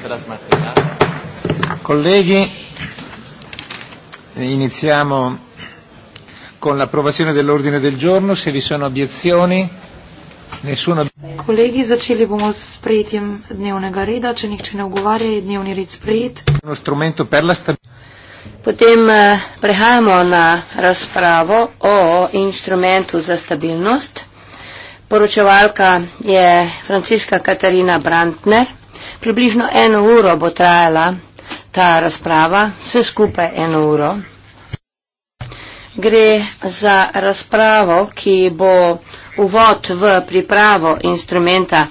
Buonasera Smartina. Colleghi, iniziamo con l'approvazione dell'ordine del giorno. Se vi sono obiezioni, nessuno. Colleghi, začeli bomo s sprejetjem dnevnega reda. Če nihče ne ugovarja, je dnevni red sprejet. Uno strumento per la Potem eh, prehajamo na razpravo o instrumentu za stabilnost. Poročevalka je Franciska Katarina Brantner. Približno eno uro bo trajala ta razprava, vse skupaj eno uro. Gre za razpravo, ki bo uvod v pripravo instrumenta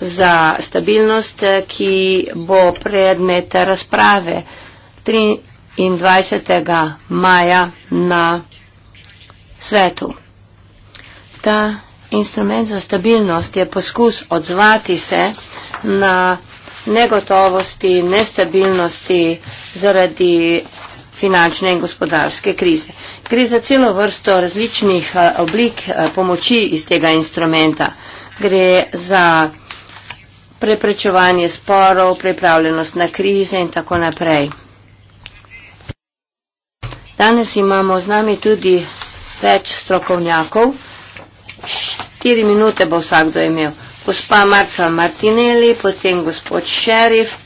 za stabilnost, ki bo predmet razprave 23. maja na svetu. Ta instrument za stabilnost je poskus odzvati se na negotovosti, nestabilnosti zaradi finančne in gospodarske krize. Gre za celo vrsto različnih eh, oblik eh, pomoči iz tega instrumenta. Gre za preprečevanje sporov, pripravljenost na krize in tako naprej. Danes imamo z nami tudi več strokovnjakov. Štiri minute bo vsakdo imel gospa Marca Martinelli, potem gospod Šerif,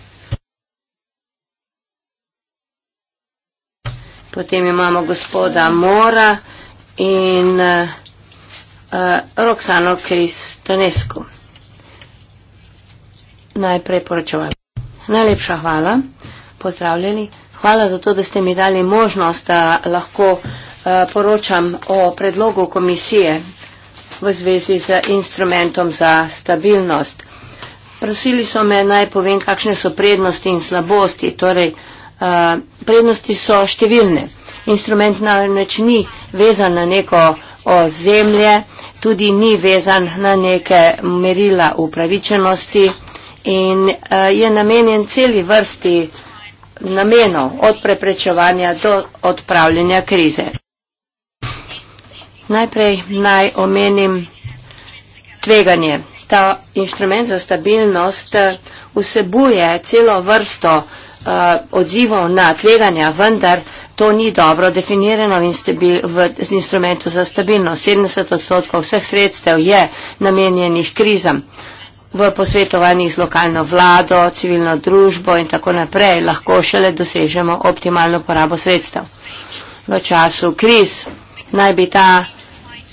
potem imamo gospoda Mora in uh, uh, eh, Roksano Kristanesku. Najprej poročevala. Najlepša hvala. Pozdravljeni. Hvala za to, da ste mi dali možnost, da lahko uh, poročam o predlogu komisije, v zvezi z instrumentom za stabilnost. Prosili so me naj povem, kakšne so prednosti in slabosti. Torej, uh, prednosti so številne. Instrument namreč ni vezan na neko ozemlje, tudi ni vezan na neke merila upravičenosti in uh, je namenjen celi vrsti namenov od preprečevanja do odpravljanja krize. Najprej naj omenim tveganje. Ta inštrument za stabilnost eh, vsebuje celo vrsto eh, odzivov na tveganja, vendar to ni dobro definirano v, v instrumentu za stabilnost. 70 odstotkov vseh sredstev je namenjenih krizam v posvetovanjih z lokalno vlado, civilno družbo in tako naprej, lahko šele dosežemo optimalno porabo sredstev. V času kriz naj bi ta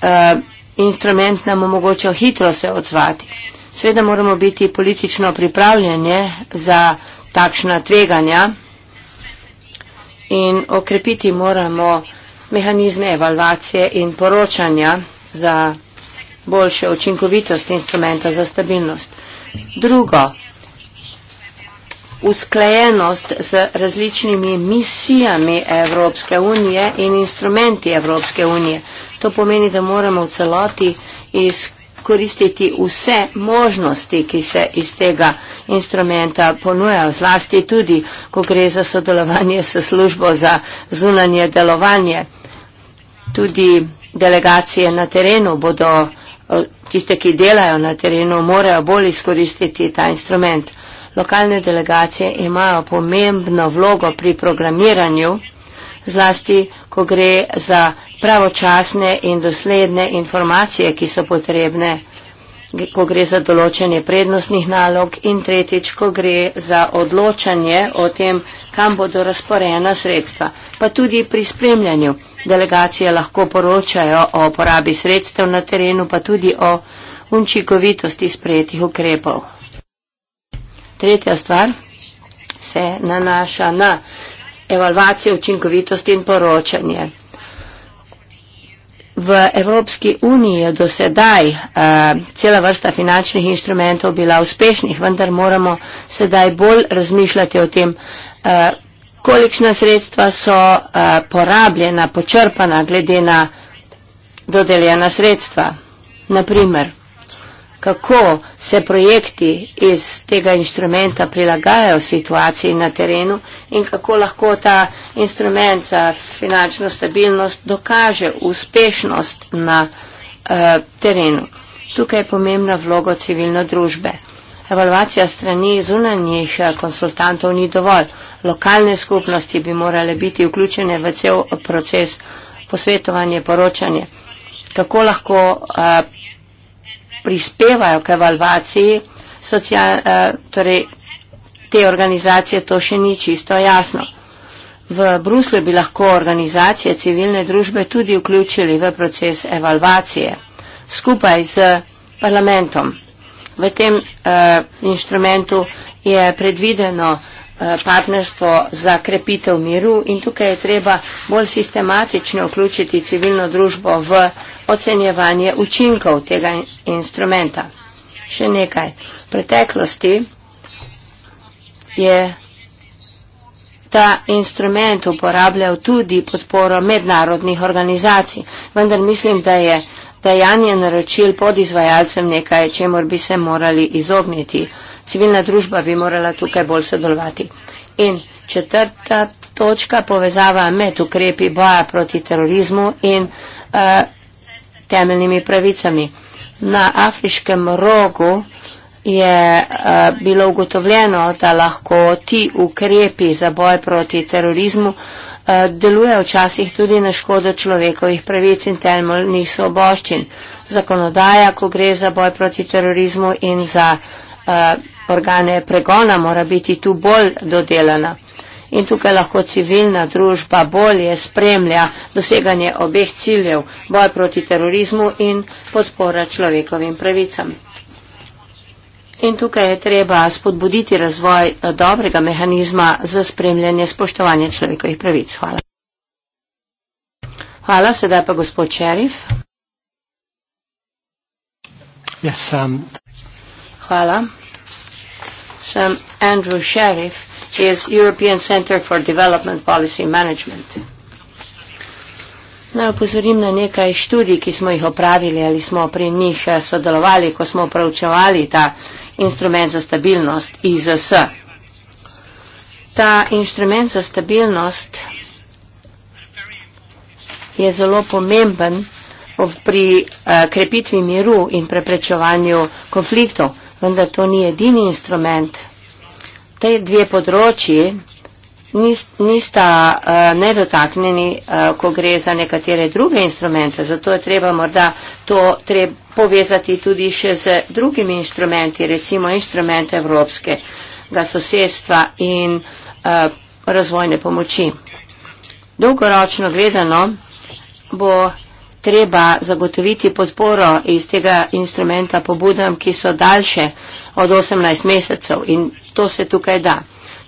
Eh, instrument nam omogočal hitro se odzvati. Sveda moramo biti politično pripravljeni za takšna tveganja in okrepiti moramo mehanizme evalvacije in poročanja za boljšo učinkovitost instrumenta za stabilnost. Drugo, usklajenost z različnimi misijami Evropske unije in instrumenti Evropske unije. To pomeni, da moramo v celoti izkoristiti vse možnosti, ki se iz tega instrumenta ponujajo, zlasti tudi, ko gre za sodelovanje s službo za zunanje delovanje. Tudi delegacije na terenu bodo, eh, tiste, ki delajo na terenu, morajo bolj izkoristiti ta instrument. Lokalne delegacije imajo pomembno vlogo pri programiranju, zlasti, ko gre za pravočasne in dosledne informacije, ki so potrebne, ko gre za določenje prednostnih nalog in tretjič, ko gre za odločanje o tem, kam bodo razporena sredstva. Pa tudi pri spremljanju delegacije lahko poročajo o porabi sredstev na terenu, pa tudi o učinkovitosti sprejetih ukrepov. Tretja stvar se nanaša na evalvacijo učinkovitosti in poročanje. V Evropski uniji je dosedaj uh, eh, cela vrsta finančnih inštrumentov bila uspešnih, vendar moramo sedaj bolj razmišljati o tem, uh, kolikšna sredstva so uh, porabljena, počrpana glede na dodeljena sredstva. Naprimer, kako se projekti iz tega inštrumenta prilagajajo situaciji na terenu in kako lahko ta instrument za finančno stabilnost dokaže uspešnost na uh, terenu. Tukaj je pomembna vlogo civilne družbe. Evaluacija strani zunanjih eh, konsultantov ni dovolj. Lokalne skupnosti bi morale biti vključene v cel proces posvetovanje, poročanje. Kako lahko uh, prispevajo k evalvaciji social, eh, torej te organizacije, to še ni čisto jasno. V Bruslju bi lahko organizacije civilne družbe tudi vključili v proces evalvacije skupaj z parlamentom. V tem uh, inštrumentu je predvideno Eh, partnerstvo za krepitev miru in tukaj je treba bolj sistematično vključiti civilno družbo v ocenjevanje učinkov tega instrumenta. Še nekaj. V preteklosti je ta instrument uporabljal tudi podporo mednarodnih organizacij, vendar mislim, da je dajanje naročil pod izvajalcem nekaj, čemor bi se morali izogniti civilna družba bi morala tukaj bolj sodelovati. In četrta točka povezava med ukrepi boja proti terorizmu in uh, temeljnimi pravicami. Na afriškem rogu je uh, bilo ugotovljeno, da lahko ti ukrepi za boj proti terorizmu uh, delujejo včasih tudi na škodo človekovih pravic in temeljnih svoboščin. Zakonodaja, ko gre za boj proti terorizmu in za. Uh, organe pregona mora biti tu bolj dodelana. In tukaj lahko civilna družba bolje spremlja doseganje obeh ciljev, boj proti terorizmu in podpora človekovim pravicam. In tukaj je treba spodbuditi razvoj eh, dobrega mehanizma za spremljanje spoštovanja človekovih pravic. Hvala. Hvala, sedaj pa gospod Šerif. Yes, um... Hvala. Sam Andrew Sheriff is European Center for Development Policy Management. Naj opozorim na nekaj študij, ki smo jih opravili ali smo pri njih eh, sodelovali, ko smo preučevali ta instrument za stabilnost IZS. Ta instrument za stabilnost je zelo pomemben pri eh, krepitvi miru in preprečevanju konfliktov vendar to ni edini instrument. Te dve področji nista uh, nedotaknjeni, uh, ko gre za nekatere druge instrumente, zato je treba morda to treb povezati tudi še z drugimi instrumenti, recimo instrument evropskega sosedstva in uh, razvojne pomoči. Dolgoročno gledano bo treba zagotoviti podporo iz tega instrumenta pobudam, ki so daljše od 18 mesecev in to se tukaj da.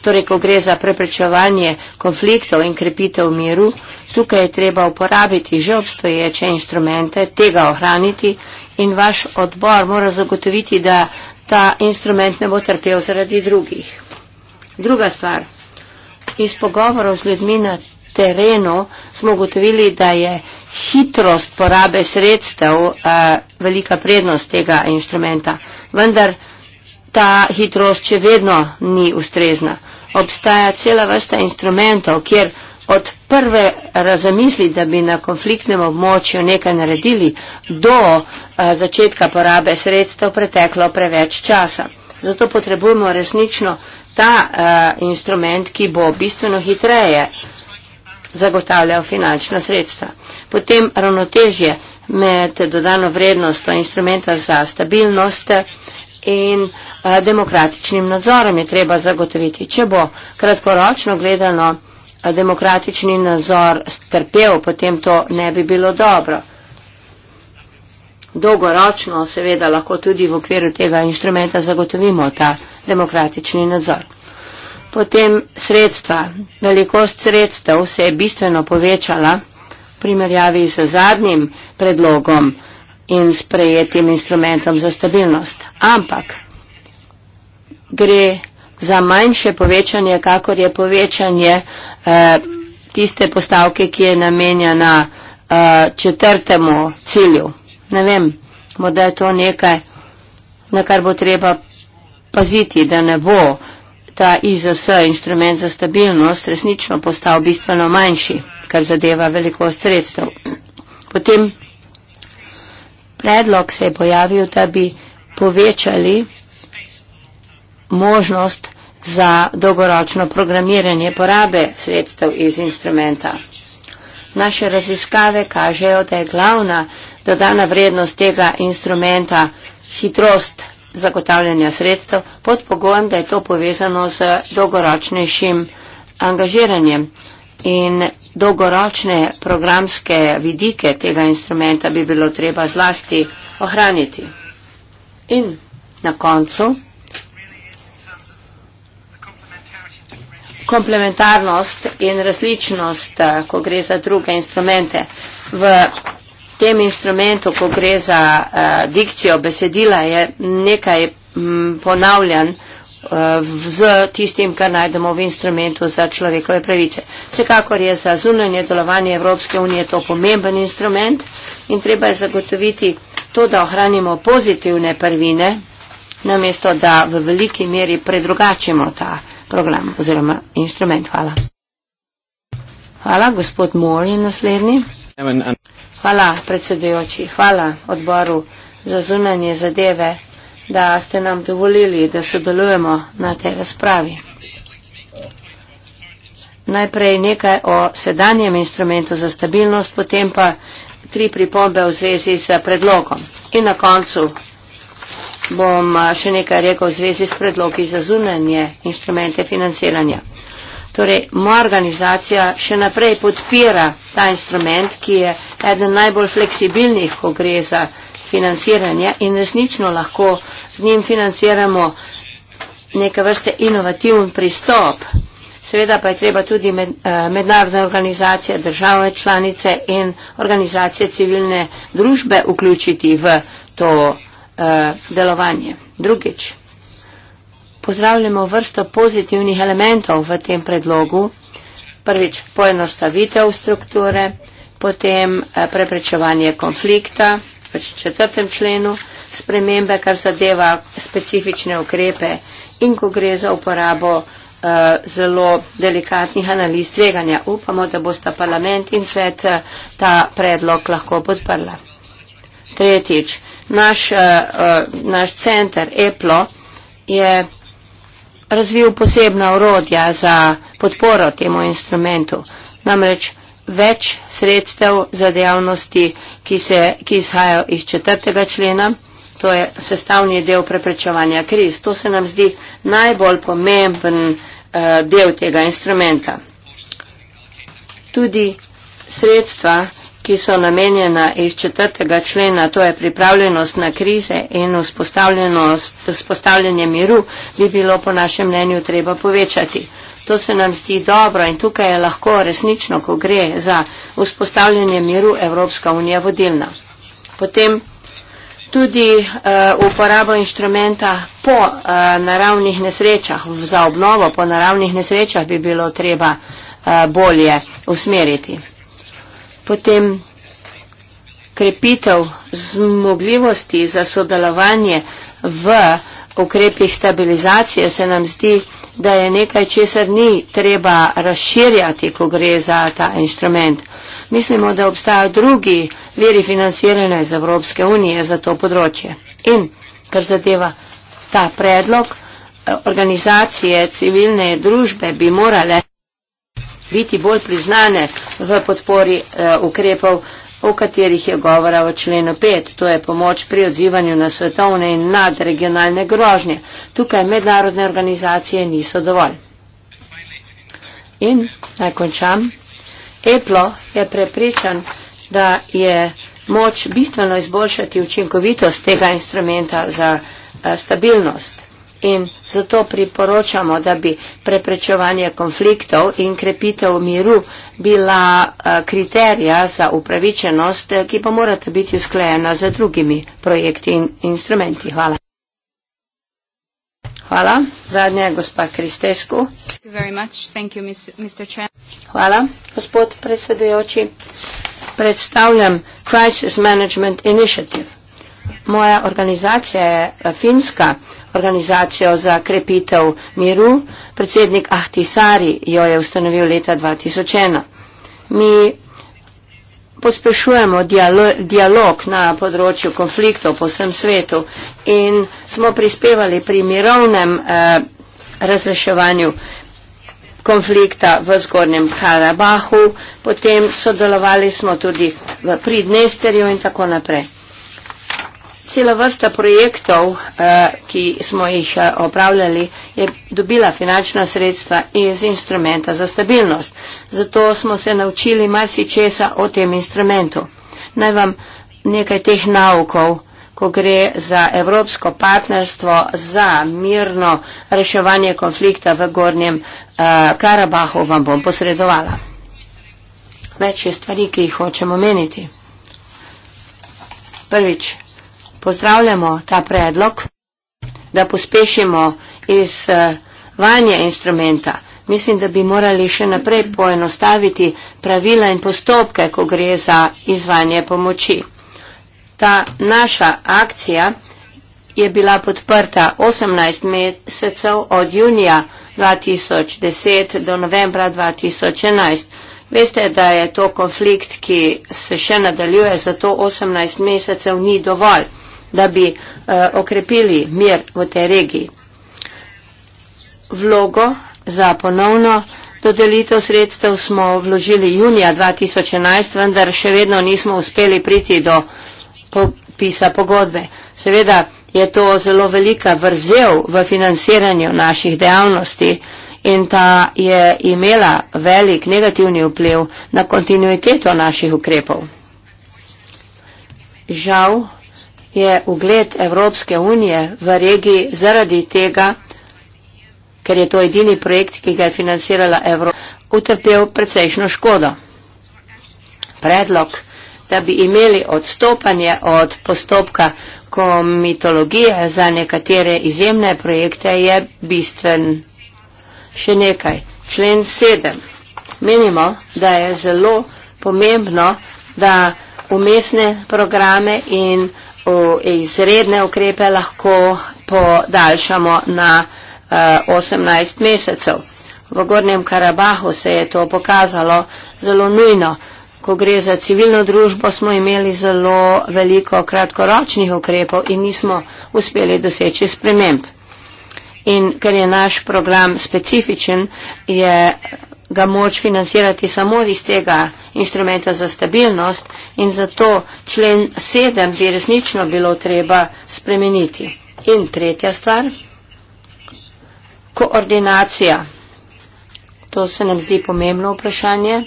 Torej, ko gre za preprečevanje konfliktov in krepitev miru, tukaj je treba uporabiti že obstoječe instrumente, tega ohraniti in vaš odbor mora zagotoviti, da ta instrument ne bo trpel zaradi drugih. Druga stvar. Iz pogovorov z ljudmi na terenu smo ugotovili, da je hitrost porabe sredstev eh, velika prednost tega inštrumenta. Vendar ta hitrost še vedno ni ustrezna. Obstaja cela vrsta instrumentov, kjer od prve razmisli, da bi na konfliktnem območju nekaj naredili, do eh, začetka porabe sredstev preteklo preveč časa. Zato potrebujemo resnično ta eh, instrument, ki bo bistveno hitreje zagotavljal finančna sredstva potem ravnotežje med dodano vrednostjo instrumenta za stabilnost in eh, demokratičnim nadzorom je treba zagotoviti. Če bo kratkoročno gledano eh, demokratični nadzor strpel, potem to ne bi bilo dobro. Dolgoročno seveda lahko tudi v okviru tega inštrumenta zagotovimo ta demokratični nadzor. Potem sredstva, velikost sredstev se je bistveno povečala primerjavi z zadnjim predlogom in sprejetim instrumentom za stabilnost. Ampak gre za manjše povečanje, kakor je povečanje eh, tiste postavke, ki je namenjena eh, četrtemu cilju. Ne vem, morda je to nekaj, na kar bo treba paziti, da ne bo ta IZS, instrument za stabilnost, resnično postal bistveno manjši, kar zadeva veliko sredstev. Potem predlog se je pojavil, da bi povečali možnost za dolgoročno programiranje porabe sredstev iz instrumenta. Naše raziskave kažejo, da je glavna dodana vrednost tega instrumenta hitrost zagotavljanja sredstev pod pogojem, da je to povezano z dolgoročnejšim angažiranjem. In dolgoročne programske vidike tega instrumenta bi bilo treba zlasti ohraniti. In na koncu komplementarnost in različnost, ko gre za druge instrumente. V tem instrumentu, ko gre za uh, dikcijo besedila, je nekaj m, mm, ponavljan uh, z tistim, kar najdemo v instrumentu za človekove pravice. Vsekakor je za zunanje delovanje Evropske unije to pomemben instrument in treba je zagotoviti to, da ohranimo pozitivne prvine, namesto da v veliki meri predrugačimo ta program oziroma instrument. Hvala. Hvala, gospod Mori je naslednji. Hvala, predsedujoči. Hvala odboru za zunanje zadeve, da ste nam dovolili, da sodelujemo na tej razpravi. Najprej nekaj o sedanjem instrumentu za stabilnost, potem pa tri pripombe v zvezi s predlogom. In na koncu bom še nekaj rekel v zvezi s predlogi za zunanje inštrumente financiranja. Torej, moja organizacija še naprej podpira ta instrument, ki je eden najbolj fleksibilnih, ko gre za financiranje in resnično lahko z njim financiramo neke vrste inovativen pristop. Seveda pa je treba tudi med, eh, mednarodne organizacije, države članice in organizacije civilne družbe vključiti v to uh, delovanje. Drugič pozdravljamo vrsto pozitivnih elementov v tem predlogu. Prvič poenostavitev strukture, potem eh, preprečevanje konflikta v četrtem členu, spremembe, kar zadeva specifične ukrepe in ko gre za uporabo uh, zelo delikatnih analiz tveganja. Upamo, da bosta parlament in svet uh, ta predlog lahko podprla. Tretjič, naš, uh, uh, naš center EPLO je razvil posebna orodja za podporo temu instrumentu. Namreč več sredstev za dejavnosti, ki, se, ki izhajajo iz četrtega člena, to je sestavni del preprečevanja kriz. To se nam zdi najbolj pomemben eh, del tega instrumenta. Tudi sredstva, ki so namenjena iz četrtega člena, to je pripravljenost na krize in spostavljanje miru, bi bilo po našem mnenju treba povečati. To se nam zdi dobro in tukaj je lahko resnično, ko gre za vzpostavljanje miru Evropska unija vodilna. Potem tudi uh, uporabo inštrumenta po uh, naravnih nesrečah, za obnovo po naravnih nesrečah bi bilo treba uh, bolje usmeriti potem krepitev zmogljivosti za sodelovanje v ukrepih stabilizacije se nam zdi, da je nekaj, česar ni treba razširjati, ko gre za ta inštrument. Mislimo, da obstajajo drugi viri financiranja iz Evropske unije za to področje. In kar zadeva ta predlog, eh, organizacije civilne družbe bi morale biti bolj priznane v podpori eh, ukrepov, o katerih je govora v členu 5. To je pomoč pri odzivanju na svetovne in nadregionalne grožnje. Tukaj mednarodne organizacije niso dovolj. In naj končam. Eplo je prepričan, da je moč bistveno izboljšati učinkovitost tega instrumenta za eh, stabilnost. In zato priporočamo, da bi preprečevanje konfliktov in krepitev miru bila eh, kriterija za upravičenost, eh, ki pa morata biti usklajena z drugimi projekti in instrumenti. Hvala. Hvala. Zadnja je gospa Kristesku. Hvala, gospod predsedujoči. Predstavljam Crisis Management Initiative. Moja organizacija je eh, finska organizacijo za krepitev miru, predsednik Ahtisari jo je ustanovil leta 2001. Mi pospešujemo dialo dialog na področju konfliktov po vsem svetu in smo prispevali pri mirovnem eh, razreševanju konflikta v zgornjem Karabahu, potem sodelovali smo tudi v Pridnesterju in tako naprej cela vrsta projektov, eh, ki smo jih eh, opravljali, je dobila finančna sredstva iz instrumenta za stabilnost. Zato smo se naučili marsi česa o tem instrumentu. Naj vam nekaj teh naukov, ko gre za evropsko partnerstvo za mirno reševanje konflikta v Gornjem eh, Karabahu, vam bom posredovala. Več je stvari, ki jih hočemo meniti. Prvič, pozdravljamo ta predlog, da pospešimo izvanje instrumenta. Mislim, da bi morali še naprej poenostaviti pravila in postopke, ko gre za izvanje pomoči. Ta naša akcija je bila podprta 18 mesecev od junija 2010 do novembra 2011. Veste, da je to konflikt, ki se še nadaljuje, zato 18 mesecev ni dovolj da bi eh, okrepili mir v tej regiji. Vlogo za ponovno dodelitev sredstev smo vložili junija 2011, vendar še vedno nismo uspeli priti do pisa pogodbe. Seveda je to zelo velika vrzel v financiranju naših dejavnosti in ta je imela velik negativni vpliv na kontinuiteto naših ukrepov. Žal je ugled Evropske unije v regiji zaradi tega, ker je to edini projekt, ki ga je financirala Evropa, utrpel precejšno škodo. Predlog, da bi imeli odstopanje od postopka komitologije za nekatere izjemne projekte, je bistven. Še nekaj. Člen 7. Menimo, da je zelo pomembno, da umestne programe in programe izredne ukrepe lahko podaljšamo na 18 eh, mesecev. V Gornjem Karabahu se je to pokazalo zelo nujno. Ko gre za civilno družbo, smo imeli zelo veliko kratkoročnih ukrepov in nismo uspeli doseči sprememb. In ker je naš program specifičen, je ga moč financirati samo iz tega instrumenta za stabilnost in zato člen 7 bi resnično bilo treba spremeniti. In tretja stvar, koordinacija. To se nam zdi pomembno vprašanje.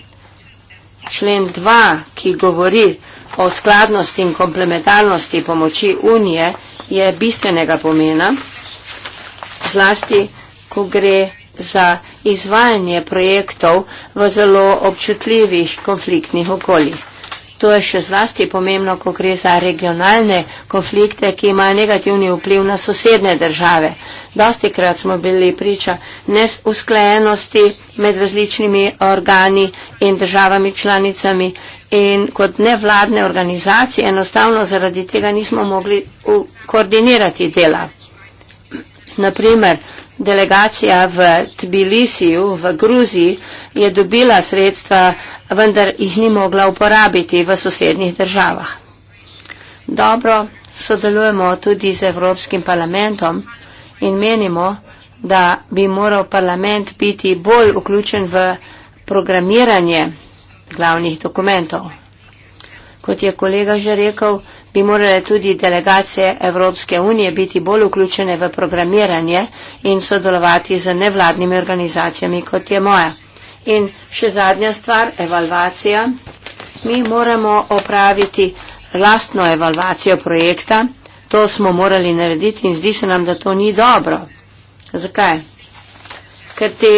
Člen 2, ki govori o skladnosti in komplementarnosti pomoči Unije, je bistvenega pomena, zlasti, ko gre za izvajanje projektov v zelo občutljivih konfliktnih okoljih. To je še zlasti pomembno, ko gre za regionalne konflikte, ki imajo negativni vpliv na sosedne države. Dosti krat smo bili priča neusklajenosti med različnimi organi in državami članicami in kot nevladne organizacije enostavno zaradi tega nismo mogli koordinirati dela. Naprimer, delegacija v Tbilisiju, v Gruziji, je dobila sredstva, vendar jih ni mogla uporabiti v sosednjih državah. Dobro, sodelujemo tudi z Evropskim parlamentom in menimo, da bi moral parlament biti bolj vključen v programiranje glavnih dokumentov. Kot je kolega že rekel, bi morale tudi delegacije Evropske unije biti bolj vključene v programiranje in sodelovati z nevladnimi organizacijami, kot je moja. In še zadnja stvar, evalvacija. Mi moramo opraviti lastno evalvacijo projekta. To smo morali narediti in zdi se nam, da to ni dobro. Zakaj? Ker te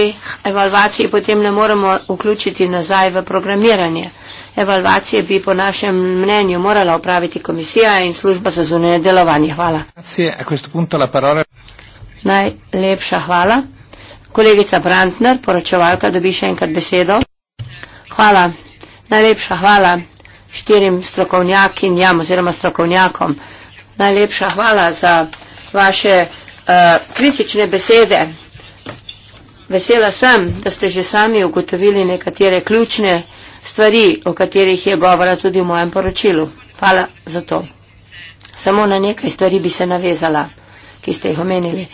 evalvacije potem ne moremo vključiti nazaj v programiranje evalvacije bi po našem mnenju morala upraviti komisija in služba za zunanje delovanje. Hvala. Najlepša hvala. Kolegica Brantner, poročevalka, dobi še enkrat besedo. Hvala. Najlepša hvala štirim strokovnjakinjam oziroma strokovnjakom. Najlepša hvala za vaše uh, kritične besede. Vesela sem, da ste že sami ugotovili nekatere ključne stvari, o katerih je govora tudi v mojem poročilu. Hvala za to. Samo na nekaj stvari bi se navezala, ki ste jih omenili.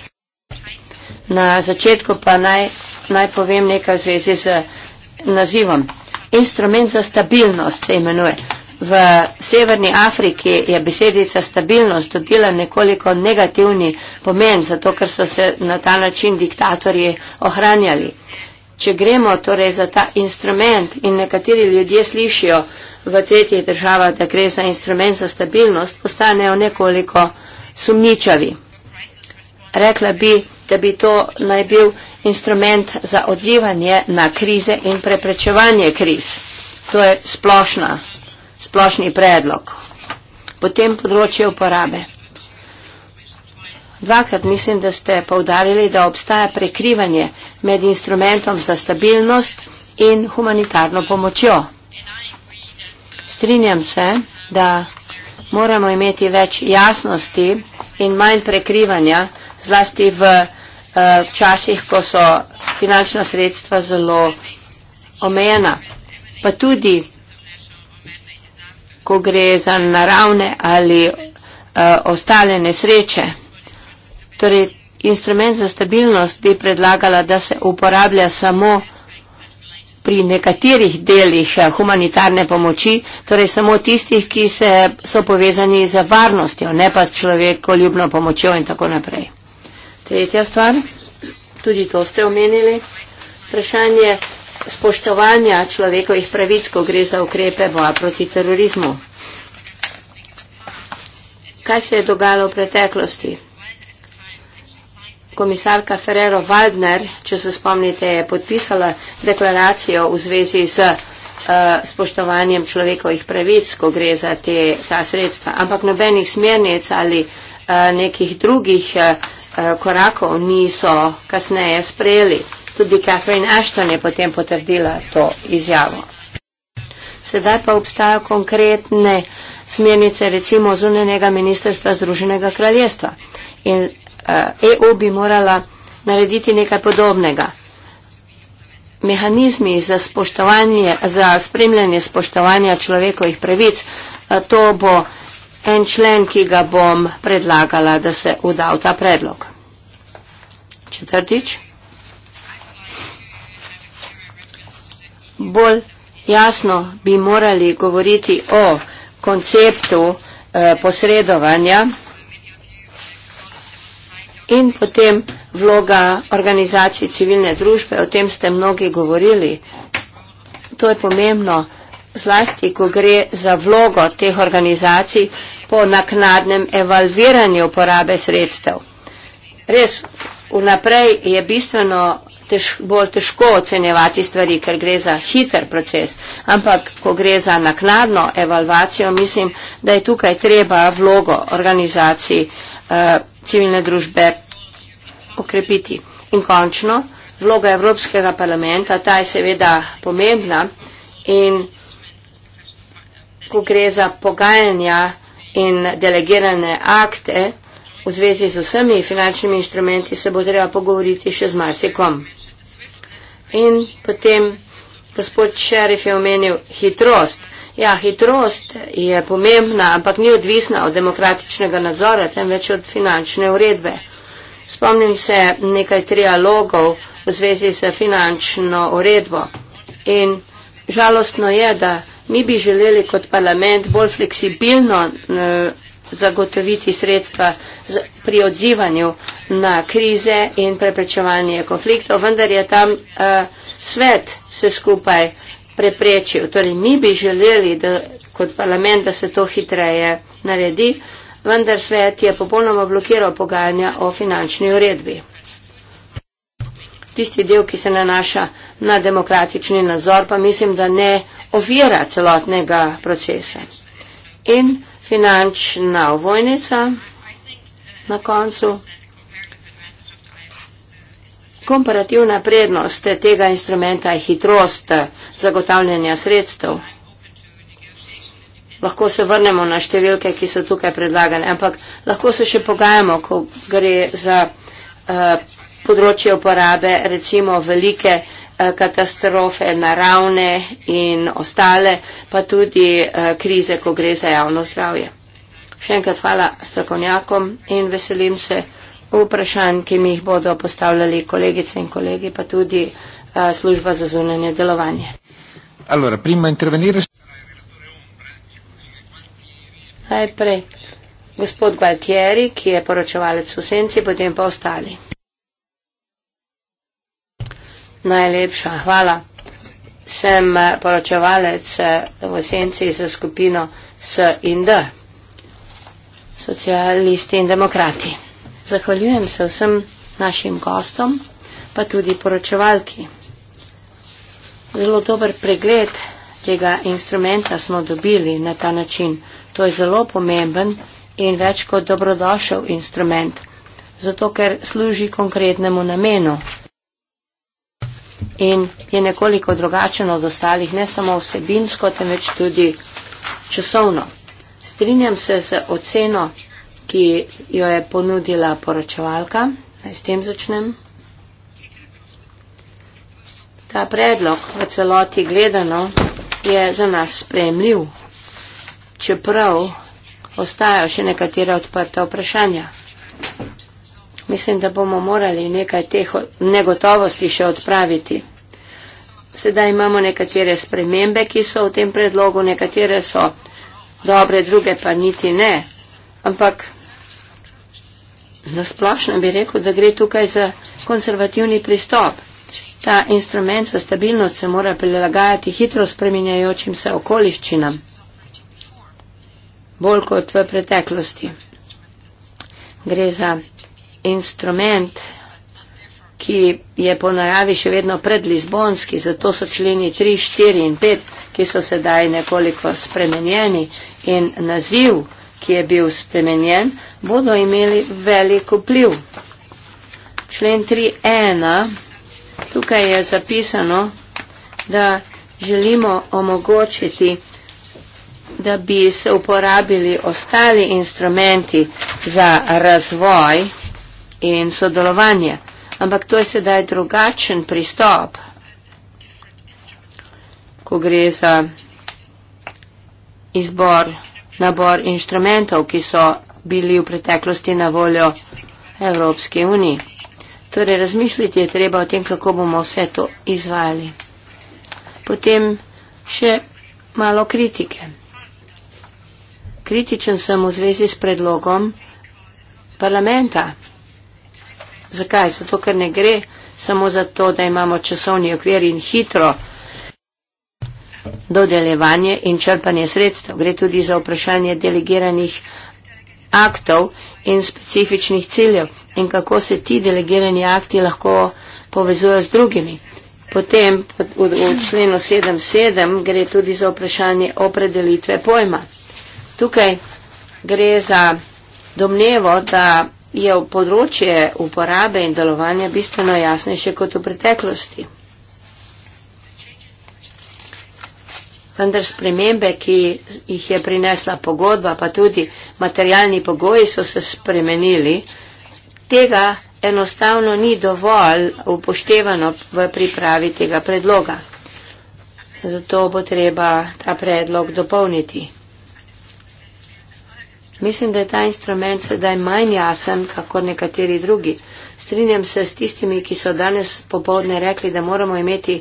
Na začetku pa naj, naj povem nekaj v zvezi z nazivom. Instrument za stabilnost se imenuje. V Severni Afriki je besedica stabilnost dobila nekoliko negativni pomen, zato ker so se na ta način diktatorji ohranjali. Če gremo torej za ta instrument in nekateri ljudje slišijo v tretjih državah, da gre za instrument za stabilnost, postanejo nekoliko sumničavi. Rekla bi, da bi to naj bil instrument za odzivanje na krize in preprečevanje kriz. To je splošna, splošni predlog. Potem področje uporabe. Dvakrat mislim, da ste povdarili, da obstaja prekrivanje krize med instrumentom za stabilnost in humanitarno pomočjo. Strinjam se, da moramo imeti več jasnosti in manj prekrivanja, zlasti v uh, časih, ko so finančna sredstva zelo omejena, pa tudi, ko gre za naravne ali uh, ostale nesreče. Torej, instrument za stabilnost bi predlagala, da se uporablja samo pri nekaterih delih eh, humanitarne pomoči, torej samo tistih, ki se so povezani z varnostjo, ne pa s človeko ljubno pomočjo in tako naprej. Tretja stvar, tudi to ste omenili, vprašanje spoštovanja človekovih pravic, ko gre za ukrepe boja proti terorizmu. Kaj se je dogajalo v preteklosti? komisarka Ferrero Waldner, če se spomnite, je podpisala deklaracijo v zvezi z eh, spoštovanjem človekovih pravic, ko gre za te, ta sredstva. Ampak nobenih smernic ali a, eh, nekih drugih a, eh, korakov niso kasneje sprejeli. Tudi Catherine Ashton je potem potrdila to izjavo. Sedaj pa obstajajo konkretne smernice recimo zunanjega ministrstva Združenega kraljestva. In EU eh, e bi morala narediti nekaj podobnega. Mehanizmi za, za spremljanje spoštovanja človekovih pravic, eh, to bo en člen, ki ga bom predlagala, da se uda v ta predlog. Četrtič. Bolj jasno bi morali govoriti o konceptu eh, posredovanja in potem vloga organizacij civilne družbe, o tem ste mnogi govorili. To je pomembno, zlasti, ko gre za vlogo teh organizacij po naknadnem evalviranju uporabe sredstev. Res, vnaprej je bistveno tež, bolj težko ocenjevati stvari, ker gre za hiter proces, ampak ko gre za naknadno evalvacijo, mislim, da je tukaj treba vlogo organizacij eh, civilne družbe okrepiti. In končno, vloga Evropskega parlamenta, ta je seveda pomembna in ko gre za pogajanja in delegirane akte v zvezi z vsemi finančnimi inštrumenti, se bo treba pogovoriti še z marsikom. In potem gospod Šerif je omenil hitrost. Ja, hitrost je pomembna, ampak ni odvisna od demokratičnega nadzora, temveč od finančne uredbe. Spomnim se nekaj trialogov v zvezi s finančno uredbo. In žalostno je, da mi bi želeli kot parlament bolj fleksibilno eh, zagotoviti sredstva pri odzivanju na krize in preprečevanje konfliktov, vendar je tam uh, svet se skupaj preprečil. Torej, mi bi želeli, da kot parlament, da se to hitreje naredi, vendar svet je popolnoma blokiral pogajanja o finančni uredbi. Tisti del, ki se nanaša na demokratični nadzor, pa mislim, da ne ovira celotnega procesa. In finančna vojnica na koncu. Komparativna prednost tega instrumenta je hitrost zagotavljanja sredstev. Lahko se vrnemo na številke, ki so tukaj predlagane, ampak lahko se še pogajamo, ko gre za uh, področje uporabe recimo velike eh, katastrofe naravne in ostale, pa tudi eh, krize, ko gre za javno zdravje. Še enkrat hvala strokovnjakom in veselim se vprašanj, ki mi jih bodo postavljali kolegice in kolegi, pa tudi a, eh, služba za zunanje delovanje. Allora, prima interveniraš? Najprej gospod Gualtieri, ki je poročevalec v senci, potem pa ostali. Najlepša hvala. Sem eh, poročevalec eh, v senci za skupino S in D, socialisti in demokrati. Zahvaljujem se vsem našim gostom, pa tudi poročevalki. Zelo dober pregled tega instrumenta smo dobili na ta način. To je zelo pomemben in več kot dobrodošel instrument, zato ker služi konkretnemu namenu in je nekoliko drugačen od ostalih, ne samo vsebinsko, temveč tudi časovno. Strinjam se z oceno ki jo je ponudila poročevalka. Naj s tem začnem. Ta predlog v celoti gledano je za nas spremljiv, čeprav ostajajo še nekatere odprte vprašanja. Mislim, da bomo morali nekaj teh negotovosti še odpraviti. Sedaj imamo nekatere spremembe, ki so v tem predlogu, nekatere so dobre, druge pa niti ne. Ampak Na splošno bi rekel, da gre tukaj za konservativni pristop. Ta instrument za stabilnost se mora prilagajati hitro spreminjajočim se okoliščinam, bolj kot v preteklosti. Gre za instrument, ki je po naravi še vedno predlizbonski, zato so členi 3, 4 in 5, ki so sedaj nekoliko spremenjeni in naziv ki je bil spremenjen, bodo imeli veliko pliv. Člen 3.1. Tukaj je zapisano, da želimo omogočiti, da bi se uporabili ostali instrumenti za razvoj in sodelovanje. Ampak to je sedaj drugačen pristop, ko gre za izbor nabor inštrumentov, ki so bili v preteklosti na voljo Evropske unije. Torej, razmisliti je treba o tem, kako bomo vse to izvajali. Potem še malo kritike. Kritičen sem v zvezi s predlogom parlamenta. Zakaj? Zato, ker ne gre samo za to, da imamo časovni okvir in hitro dodeljevanje in črpanje sredstev. Gre tudi za vprašanje delegiranih aktov in specifičnih ciljev in kako se ti delegirani akti lahko povezujejo z drugimi. Potem v, v členu 7.7 gre tudi za vprašanje opredelitve pojma. Tukaj gre za domnevo, da je področje uporabe in delovanja bistveno jasnejše kot v preteklosti. vendar spremembe, ki jih je prinesla pogodba, pa tudi materialni pogoji so se spremenili, tega enostavno ni dovolj upoštevano v pripravi tega predloga. Zato bo treba ta predlog dopolniti. Mislim, da je ta instrument sedaj manj jasen, kakor nekateri drugi. Strinjam se s tistimi, ki so danes popovdne rekli, da moramo imeti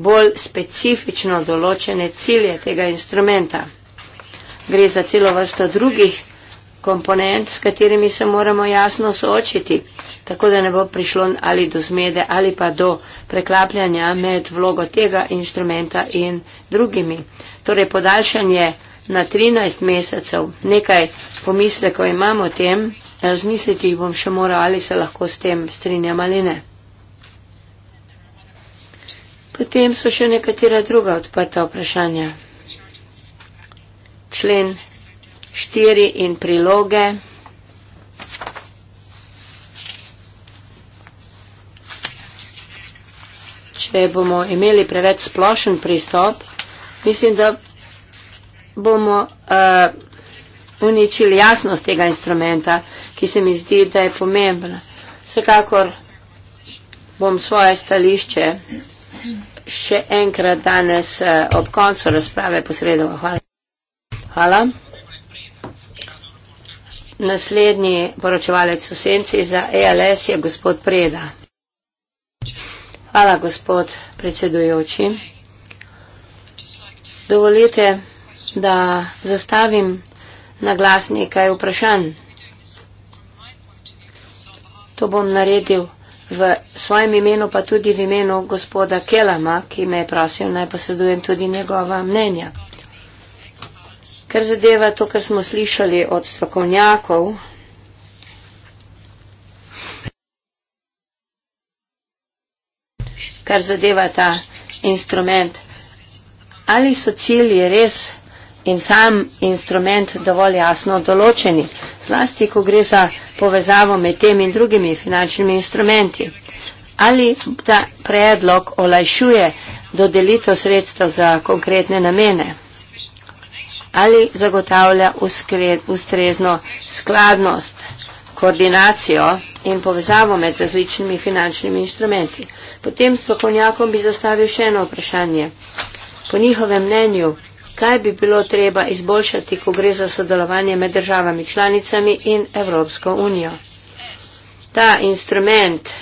bolj specifično določene cilje tega instrumenta. Gre za celo vrsto drugih komponent, s katerimi se moramo jasno soočiti, tako da ne bo prišlo ali do zmede ali pa do preklapljanja med vlogo tega instrumenta in drugimi. Torej podaljšanje na 13 mesecev, nekaj pomisle, ko imamo o tem, razmisliti bom še moral, ali se lahko s tem strinjam ali ne. Potem so še nekatera druga odprta vprašanja. Člen 4 in priloge. Če bomo imeli preveč splošen pristop, mislim, da bomo uh, uničili jasnost tega instrumenta, ki se mi zdi, da je pomembna. Vsekakor bom svoje stališče še enkrat danes eh, ob koncu razprave posredova. Hvala. Hvala. Naslednji poročevalec v senci za ELS je gospod Preda. Hvala, gospod predsedujoči. Dovolite, da zastavim na glas nekaj vprašanj. To bom naredil v svojem imenu, pa tudi v imenu gospoda Kelama, ki me je prosil, naj posredujem tudi njegova mnenja. Ker zadeva to, kar smo slišali od strokovnjakov, kar zadeva ta instrument, ali so cilji res? in sam instrument dovolj jasno določeni, zlasti, ko gre za povezavo med tem in drugimi finančnimi instrumenti. Ali ta predlog olajšuje dodelitev sredstva za konkretne namene? Ali zagotavlja ustrezno skladnost, koordinacijo in povezavo med različnimi finančnimi instrumenti? Potem strokovnjakom bi zastavil še eno vprašanje. Po njihovem mnenju, kaj bi bilo treba izboljšati, ko gre za sodelovanje med državami članicami in Evropsko unijo. Ta instrument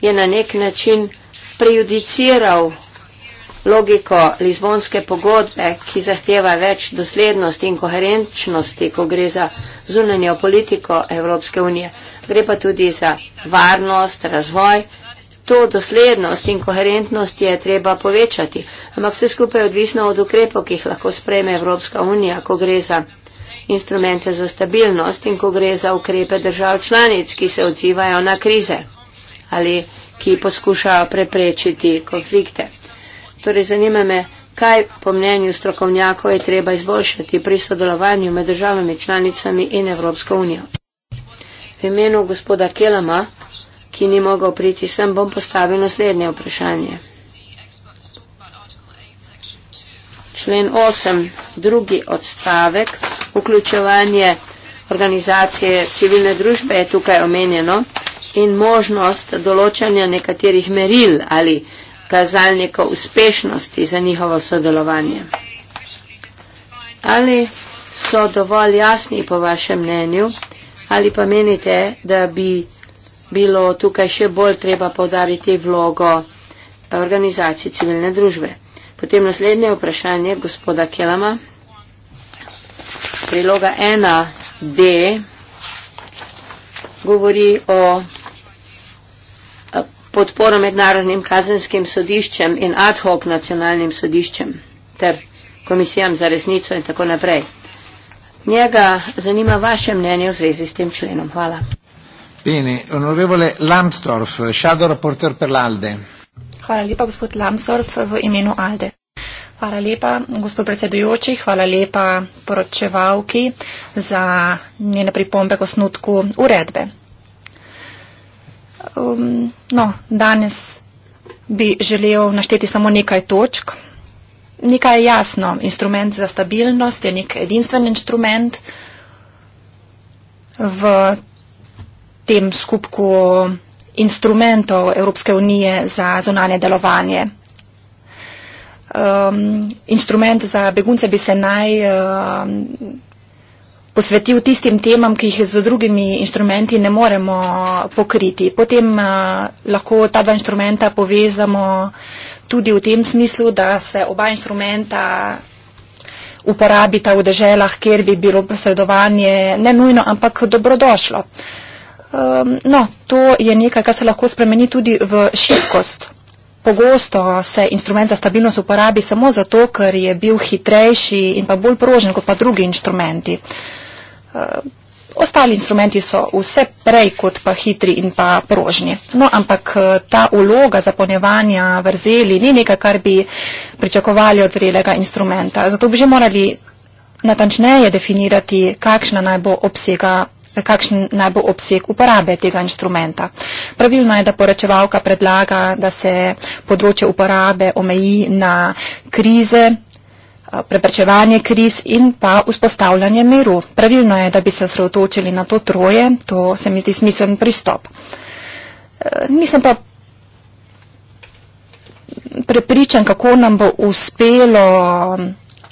je na nek način prejudiciral logiko Lizbonske pogodbe, ki zahteva več doslednosti in koherenčnosti, ko gre za zunanjo politiko Evropske unije. Gre pa tudi za varnost, razvoj to doslednost in koherentnost je treba povečati. Ampak vse skupaj je odvisno od ukrepov, ki jih lahko spreme Evropska unija, ko gre za instrumente za stabilnost in ko gre za ukrepe držav članic, ki se odzivajo na krize ali ki poskušajo preprečiti konflikte. Torej zanima me, kaj po mnenju strokovnjakov je treba izboljšati pri sodelovanju med državami članicami in Evropsko unijo. V imenu gospoda Kelama ki ni mogel priti sem, bom postavil naslednje vprašanje. Člen 8, drugi odstavek, vključevanje organizacije civilne družbe je tukaj omenjeno in možnost določanja nekaterih meril ali kazalnikov uspešnosti za njihovo sodelovanje. Ali so dovolj jasni po vašem mnenju ali pa menite, da bi bilo tukaj še bolj treba povdariti vlogo organizacij civilne družbe. Potem naslednje vprašanje gospoda Kelama. Priloga 1D govori o eh, podporo mednarodnim kazenskim sodiščem in ad hoc nacionalnim sodiščem ter komisijam za resnico in tako naprej. Njega zanima vaše mnenje v zvezi s tem členom. Hvala. Bene, onorevole Lambsdorff, shadow reporter per l'ALDE. Hvala lepa, gospod Lambsdorff, v imenu ALDE. Hvala lepa, gospod predsedujoči, hvala lepa poročevalki za njene pripombe k osnutku uredbe. Um, no, danes bi želel našteti samo nekaj točk. Nekaj je jasno, instrument za stabilnost je nek edinstven instrument v tem skupku instrumentov Evropske unije za zonanje delovanje. Um, instrument za begunce bi se naj um, posvetil tistim temam, ki jih z drugimi instrumenti ne moremo pokriti. Potem uh, lahko ta dva instrumenta povezamo tudi v tem smislu, da se oba instrumenta uporabita v deželah, kjer bi bilo posredovanje ne nujno, ampak dobrodošlo. Uh, Um, no, to je nekaj, kar se lahko spremeni tudi v šibkost. Pogosto se instrument za stabilnost uporabi samo zato, ker je bil hitrejši in pa bolj prožen kot pa drugi instrumenti. Ostali instrumenti so vse prej kot pa hitri in pa prožni. No, ampak eh, ta uloga zaponjevanja vrzeli ni nekaj, kar bi pričakovali od zrelega instrumenta. Zato bi že morali natančneje definirati, kakšna naj bo obsega kakšen naj bo obseg uporabe tega inštrumenta. Pravilno je, da poročevalka predlaga, da se področje uporabe omeji na krize, preprečevanje kriz in pa vzpostavljanje miru. Pravilno je, da bi se osredotočili na to troje, to se mi zdi smiseln pristop. E, nisem pa prepričan, kako nam bo uspelo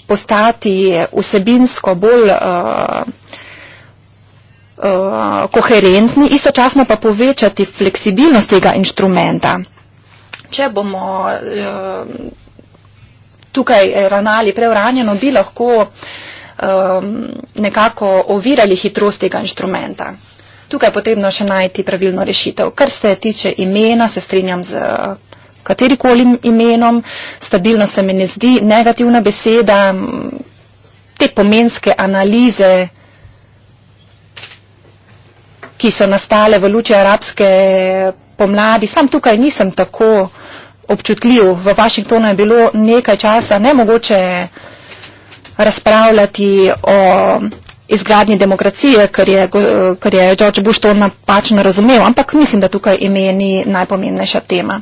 postati vsebinsko bolj uh, Eh, koherentni, istočasno pa povečati fleksibilnost tega inštrumenta. Če bomo eh, tukaj ranali preuranjeno, bi lahko eh, nekako ovirali hitrost tega inštrumenta. Tukaj je potrebno še najti pravilno rešitev. Kar se tiče imena, se strinjam z katerikoli imenom, stabilnost se mi ne zdi negativna beseda, te pomenske analize, ki so nastale v luči arabske pomladi. Sam tukaj nisem tako občutljiv. V Washingtonu je bilo nekaj časa nemogoče razpravljati o izgradnji demokracije, ker je, ker je George Bush to napačno razumel, ampak mislim, da tukaj ime ni najpomembnejša tema.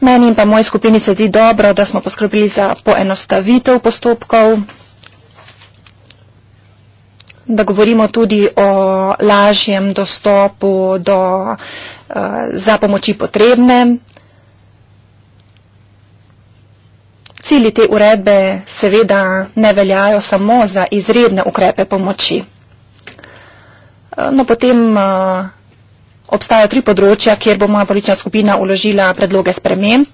Meni in pa moji skupini se zdi dobro, da smo poskrbili za poenostavitev postopkov da govorimo tudi o lažjem dostopu do, eh, za pomoči potrebne. Cili te uredbe seveda ne veljajo samo za izredne ukrepe pomoči. Eh, no, potem eh, obstajajo tri področja, kjer bo moja politična skupina uložila predloge sprememb.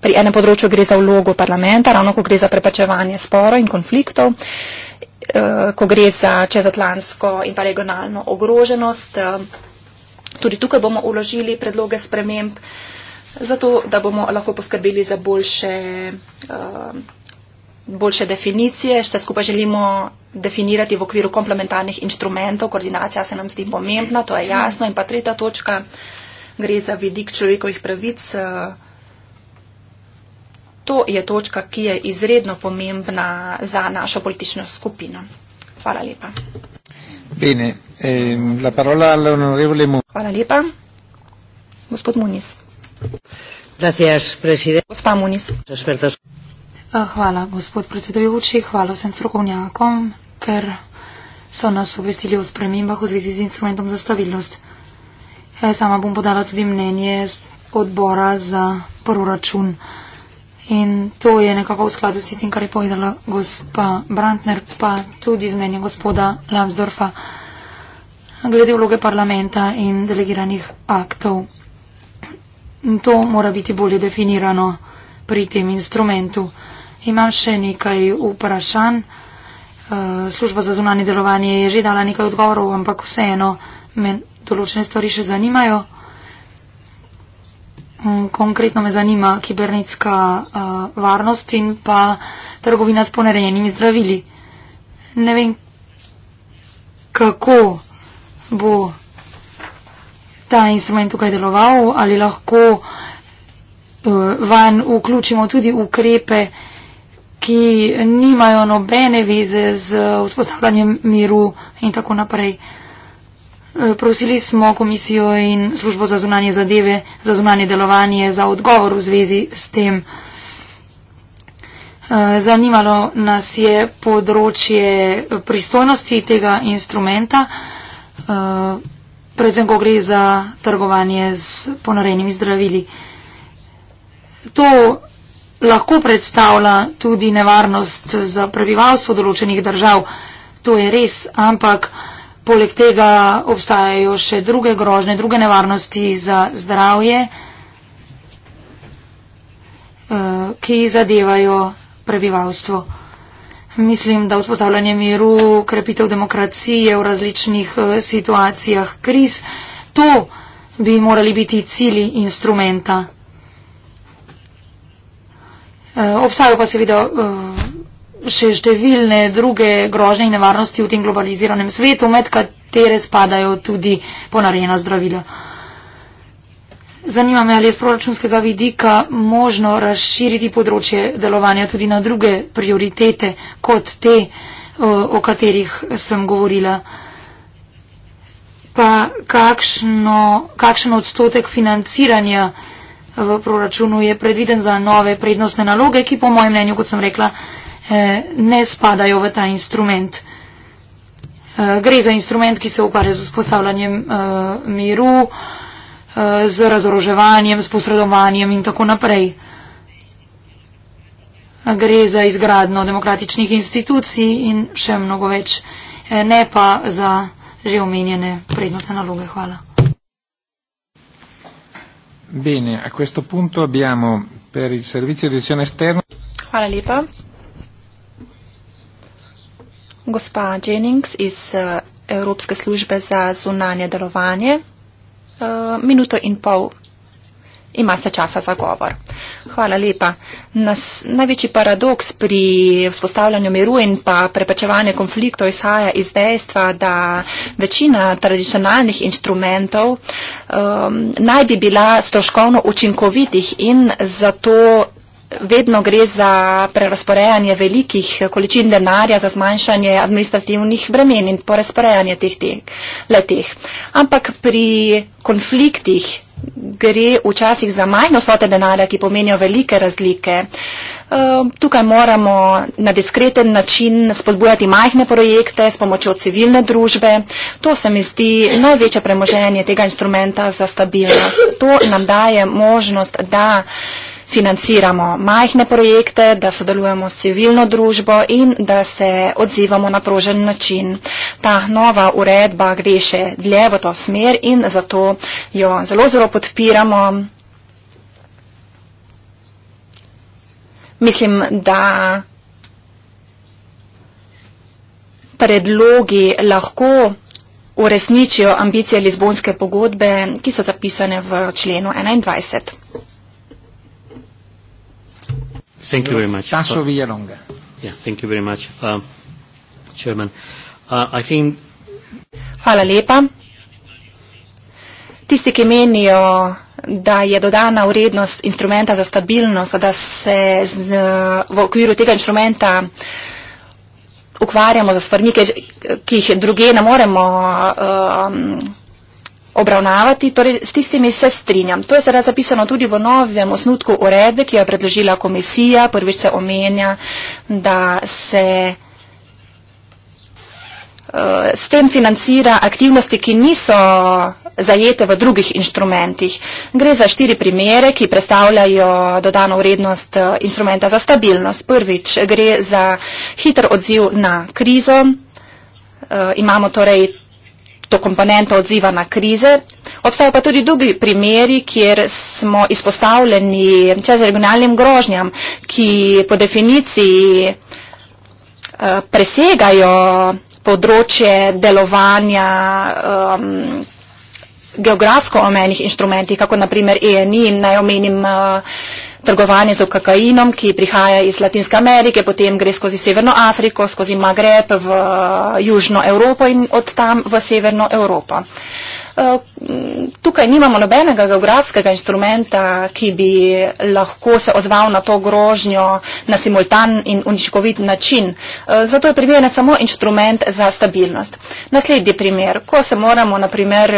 Pri enem področju gre za vlogo parlamenta, ravno ko gre za preprečevanje sporo in konfliktov. Eh, ko gre za čezatlansko in pa regionalno ogroženost. Eh, tudi tukaj bomo uložili predloge sprememb, zato da bomo lahko poskrbeli za boljše, eh, boljše definicije. Še skupaj želimo definirati v okviru komplementarnih inštrumentov. Koordinacija se nam zdi pomembna, to je jasno. In pa tretja točka gre za vidik človekovih pravic to je točka, ki je izredno pomembna za našo politično skupino. Hvala lepa. Bene, eh, la parola all'onorevole Muniz. Hvala lepa. Gospod Muniz. Gracias, presidente. Gospa Muniz. Respertos. Ah, hvala, gospod predsedujoči, hvala vsem strokovnjakom, ker so nas obvestili o spremembah v zvezi z instrumentom za stabilnost. Sama bom podala tudi mnenje z odbora za proračun. In to je nekako v skladu s tistim, kar je povedala gospa Brantner, pa tudi z menjem gospoda Lambsdorfa, glede vloge parlamenta in delegiranih aktov. In to mora biti bolje definirano pri tem instrumentu. Imam še nekaj vprašanj. Eh, služba za zunanje delovanje je že dala nekaj odgovorov, ampak vseeno me določene stvari še zanimajo. Mm, konkretno me zanima kibernetska uh, varnost in pa trgovina s ponerejenimi zdravili. Ne vem, kako bo ta instrument tukaj deloval, ali lahko uh, eh, van vključimo tudi ukrepe, ki nimajo nobene veze z vzpostavljanjem miru in tako naprej. Uh, Eh, prosili smo komisijo in službo za zunanje zadeve, za zunanje delovanje, za odgovor v zvezi s tem. Eh, zanimalo nas je področje pristojnosti tega instrumenta, eh, predvsem ko gre za trgovanje z ponarejnimi zdravili. To lahko predstavlja tudi nevarnost za prebivalstvo določenih držav. To je res, ampak. Poleg tega obstajajo še druge grožne, druge nevarnosti za zdravje, eh, ki zadevajo prebivalstvo. Mislim, da vzpostavljanje miru, krepitev demokracije v različnih eh, situacijah, kriz, to bi morali biti cili instrumenta. Eh, obstajajo pa seveda še številne druge grožnje in nevarnosti v tem globaliziranem svetu, med katere spadajo tudi ponarejena zdravila. Zanima me, ali je z proračunskega vidika možno razširiti področje delovanja tudi na druge prioritete kot te, o katerih sem govorila. Pa kakšno, kakšen odstotek financiranja v proračunu je predviden za nove prednostne naloge, ki po mojem mnenju, kot sem rekla, Eh, ne spadajo v ta instrument. Eh, gre za instrument, ki se ukvarja z vzpostavljanjem eh, miru, z razoroževanjem, s posredovanjem in tako naprej. Gre za izgradno demokratičnih institucij in še mnogo več, ne pa za že omenjene prednostne naloge. Hvala. Bene, a questo punto abbiamo per il servizio di visione esterna. Hvala lepa. Gospa Jennings iz eh, Evropske službe za zunanje delovanje. Eh, minuto in pol ima se časa za govor. Hvala lepa. Nas, največji paradoks pri vzpostavljanju miru in pa prepečevanju konfliktov izhaja iz dejstva, da večina tradicionalnih inštrumentov um, naj bi bila stroškovno učinkovitih in zato vedno gre za prerasporejanje velikih količin denarja za zmanjšanje administrativnih bremen in porasporejanje teh teh leteh. Ampak pri konfliktih gre včasih za manj vsote denarja, ki pomenijo velike razlike. Ehm, tukaj moramo na diskreten način spodbujati majhne projekte s pomočjo civilne družbe. To se mi zdi največje premoženje tega instrumenta za stabilnost. To nam daje možnost, da uh, financiramo majhne projekte, da sodelujemo s civilno družbo in da se odzivamo na prožen način. Ta nova uredba gre še dlje v to smer in zato jo zelo zelo podpiramo. Mislim, da predlogi lahko uresničijo ambicije Lizbonske pogodbe, ki so zapisane v členu 21. Thank you very much. Tasso uh, Villalonga. Yeah, thank you very much, uh, Chairman. Uh, I think. Hvala lepa. Tisti, ki menijo, da je dodana vrednost instrumenta za stabilnost, da se z, v okviru tega instrumenta ukvarjamo za stvarmi, ki jih druge ne moremo. Um, obravnavati, torej s tistimi se strinjam. To je zdaj zapisano tudi v novem osnutku uredbe, ki jo je predložila komisija. Prvič se omenja, da se eh, s tem financira aktivnosti, ki niso zajete v drugih inštrumentih. Gre za štiri primere, ki predstavljajo dodano vrednost eh, instrumenta za stabilnost. Prvič gre za hiter odziv na krizo. Eh, imamo torej to komponento odziva na krize. Obstajajo pa tudi drugi primeri, kjer smo izpostavljeni čez regionalnim grožnjam, ki po definiciji eh, presegajo področje delovanja um, geografsko omenjenih inštrumentih, kako naprimer ENI, naj omenim uh, trgovanje z kokainom, ki prihaja iz Latinske Amerike, potem gre skozi Severno Afriko, skozi Magreb v eh, Južno Evropo in od tam v Severno Evropo. Eh, tukaj nimamo nobenega geografskega instrumenta, ki bi lahko se ozval na to grožnjo na simultan in uničkovit način. Eh, zato je primerne samo instrument za stabilnost. Naslednji primer, ko se moramo naprimer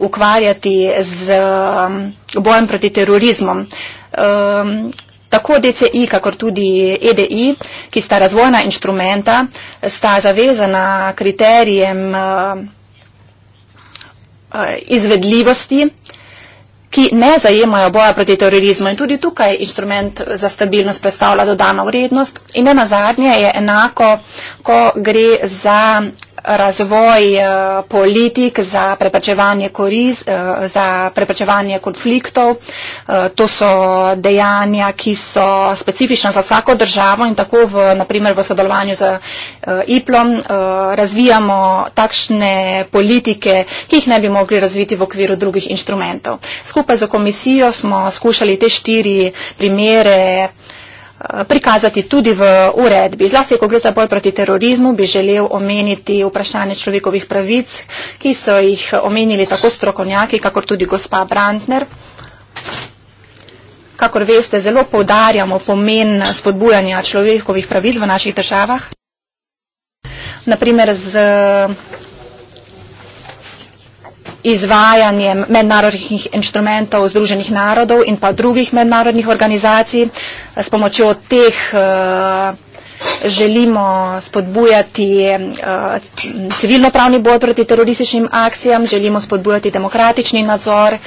ukvarjati z bojem proti terorizmom. Ehm, tako DCI, kakor tudi EDI, ki sta razvojna inštrumenta, sta zavezana kriterijem eh, izvedljivosti, ki ne zajemajo boja proti terorizmu. In tudi tukaj inštrument za stabilnost predstavlja dodano vrednost. In ne nazadnje je enako, ko gre za razvoj eh, politik za preprečevanje, koriz, eh, za preprečevanje konfliktov. Eh, to so dejanja, ki so specifična za vsako državo in tako v, naprimer, v sodelovanju z IPLOM razvijamo takšne politike, ki jih ne bi mogli razviti v okviru drugih inštrumentov. Skupaj z komisijo smo skušali te štiri primere prikazati tudi v uredbi. Zlasti, ko gre za boj proti terorizmu, bi želel omeniti vprašanje človekovih pravic, ki so jih omenili tako strokovnjaki, kakor tudi gospa Brandner. Kakor veste, zelo poudarjamo pomen spodbujanja človekovih pravic v naših državah. Naprimer, z izvajanjem mednarodnih inštrumentov Združenih narodov in pa drugih mednarodnih organizacij. S pomočjo teh eh, želimo spodbujati eh, civilno-pravni boj proti terorističnim akcijam, želimo spodbujati demokratični nadzor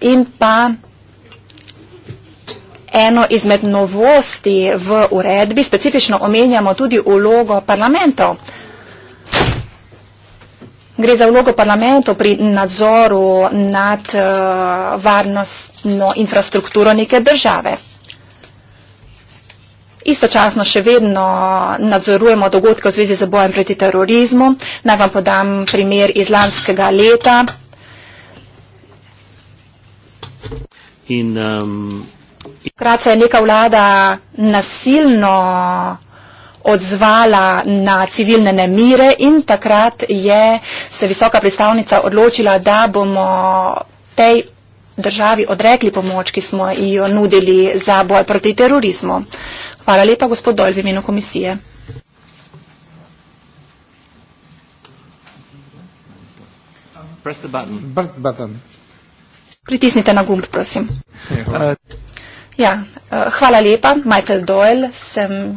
in pa eno izmed novosti v uredbi, specifično omenjamo tudi ulogo parlamentov. Gre za vlogo parlamentov pri nadzoru nad uh, varnostno infrastrukturo neke države. Istočasno še vedno nadzorujemo dogodke v zvezi z bojem proti terorizmu. Naj vam podam primer iz lanskega leta. In, um, in... Krat se je neka vlada nasilno odzvala na civilne nemire in takrat je se visoka predstavnica odločila, da bomo tej državi odrekli pomoč, ki smo jo nudili za boj proti terorizmu. Hvala lepa, gospod Dolj, v imenu komisije. Pritisnite na gumb, prosim. Ja, hvala ja, eh, lepa, Michael Doyle, sem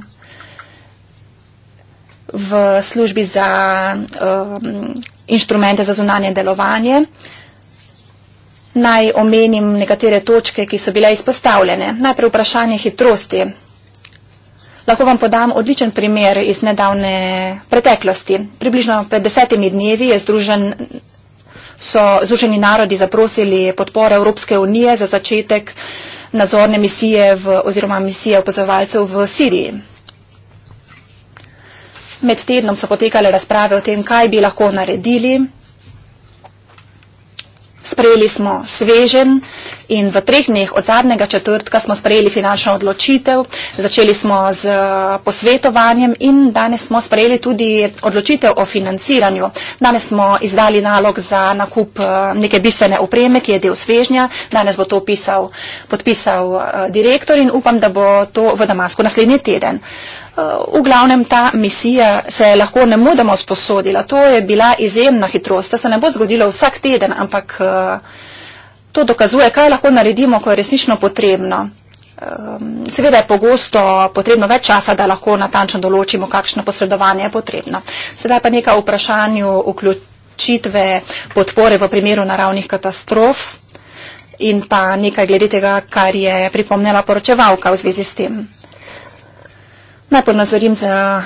v službi za um, inštrumente za zunanje delovanje. Naj omenim nekatere točke, ki so bile izpostavljene. Najprej vprašanje hitrosti. Lahko vam podam odličen primer iz nedavne preteklosti. Približno pred desetimi dnevi je združen so Združeni narodi zaprosili podporo Evropske unije za začetek nadzorne misije v, oziroma misije opozovalcev v Siriji. Med tednom so potekale razprave o tem, kaj bi lahko naredili. Sprejeli smo svežen in v treh dneh od zadnjega četrtka smo sprejeli finančno odločitev, začeli smo z eh, posvetovanjem in danes smo sprejeli tudi odločitev o financiranju. Danes smo izdali nalog za nakup eh, neke bistvene opreme, ki je del svežnja. Danes bo to pisal, podpisal eh, direktor in upam, da bo to v Damasku naslednji teden. Uh, Eh, v glavnem ta misija se je lahko ne mudamo sposodila. To je bila izjemna hitrost. To se ne bo zgodilo vsak teden, ampak eh, to dokazuje, kaj lahko naredimo, ko je resnično potrebno. Ehm, seveda je pogosto potrebno več časa, da lahko natančno določimo, kakšno posredovanje je potrebno. Sedaj pa nekaj o vprašanju vključitve podpore v primeru naravnih katastrof in pa nekaj glede tega, kar je pripomnila poročevalka v zvezi s tem. Naj ponazorim za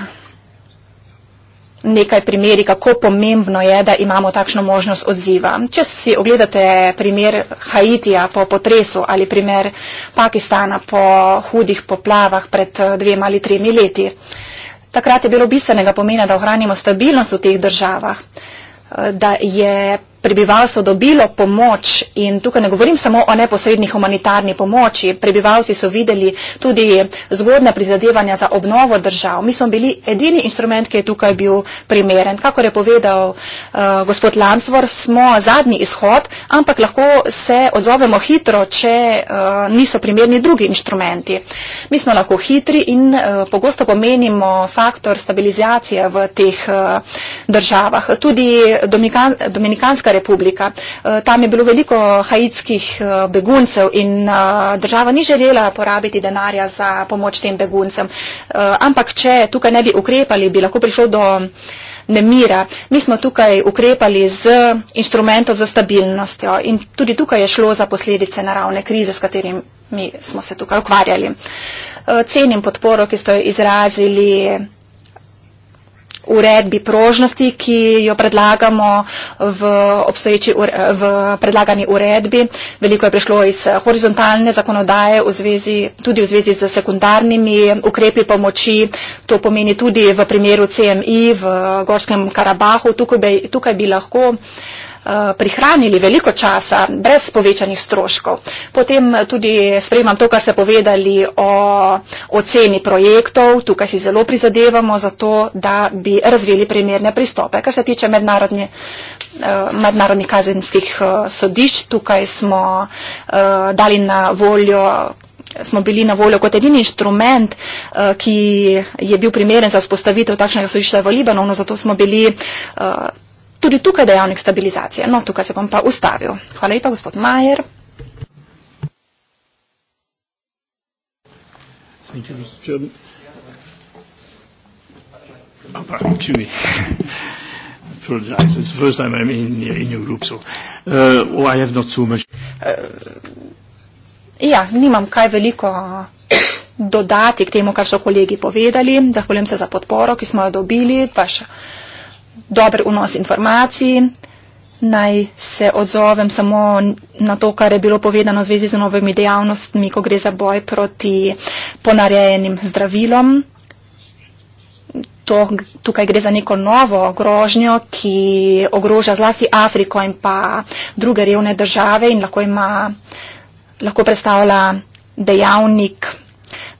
nekaj primeri, kako pomembno je, da imamo takšno možnost odziva. Če si ogledate primer Haitija po potresu ali primer Pakistana po hudih poplavah pred dvema ali tremi leti, takrat je bilo bistvenega pomena, da ohranimo stabilnost v teh državah, da je prebivalstvo dobilo pomoč in tukaj ne govorim samo o neposrednji humanitarni pomoči, prebivalci so videli tudi zgodne prizadevanja za obnovo držav. Mi smo bili edini instrument, ki je tukaj bil primeren. Kako je povedal uh, gospod Lansvor, smo zadnji izhod, ampak lahko se odzovemo hitro, če uh, niso primerni drugi inštrumenti. Mi smo lahko hitri in uh, pogosto pomenimo faktor stabilizacije v teh uh, državah. Tudi Dominikan, Dominikanska republika. Eh, tam je bilo veliko haitskih eh, beguncev in eh, država ni želela porabiti denarja za pomoč tem beguncem. Ampak če tukaj ne bi ukrepali, bi lahko prišlo do nemira. Mi smo tukaj ukrepali z instrumentov za stabilnostjo in tudi tukaj je šlo za posledice naravne krize, s katerimi smo se tukaj ukvarjali. Cenim podporo, ki ste jo izrazili uredbi prožnosti, ki jo predlagamo v, obstoječi, v predlagani uredbi. Veliko je prišlo iz eh, horizontalne zakonodaje v zvezi, tudi v zvezi z sekundarnimi ukrepi pomoči. To pomeni tudi v primeru CMI v Gorskem Karabahu. Tukaj bi, tukaj bi lahko uh, Eh, prihranili veliko časa brez povečanih stroškov. Potem tudi spremam to, kar ste povedali o oceni projektov. Tukaj si zelo prizadevamo za to, da bi razvili primerne pristope. Kar se tiče eh, mednarodnih kazenskih eh, sodišč, tukaj smo dali na voljo smo bili na voljo kot edini inštrument, ki je bil primeren za spostavitev takšnega sodišča v Libanonu, zato smo bili tudi tukaj dejavnik stabilizacije. No, tukaj se bom pa ustavil. Hvala lepa, gospod Majer. Ja, nimam kaj veliko dodati k temu, kar so kolegi povedali. Zahvaljujem se za podporo, ki smo jo dobili. Vaša dober vnos informacij. Naj se odzovem samo na to, kar je bilo povedano v zvezi z novimi dejavnostmi, ko gre za boj proti ponarejenim zdravilom. To, tukaj gre za neko novo grožnjo, ki ogroža zlasti Afriko in pa druge revne države in lahko, ima, lahko predstavlja dejavnik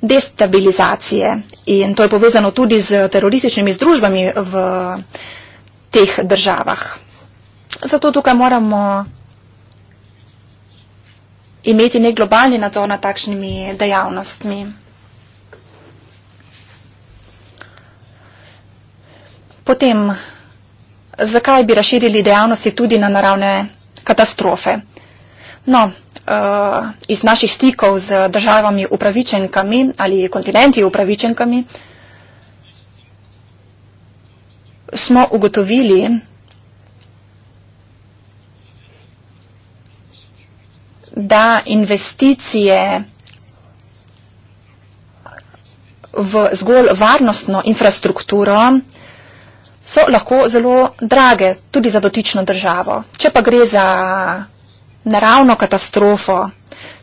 destabilizacije. In to je povezano tudi z terorističnimi združbami v Afriki teh državah. Zato tukaj moramo imeti nek globalni nadzor nad takšnimi dejavnostmi. Potem, zakaj bi raširili dejavnosti tudi na naravne katastrofe? No, eh, iz naših stikov z državami upravičenkami ali kontinenti upravičenkami, smo ugotovili, da investicije v zgolj varnostno infrastrukturo so lahko zelo drage tudi za dotično državo. Če pa gre za naravno katastrofo,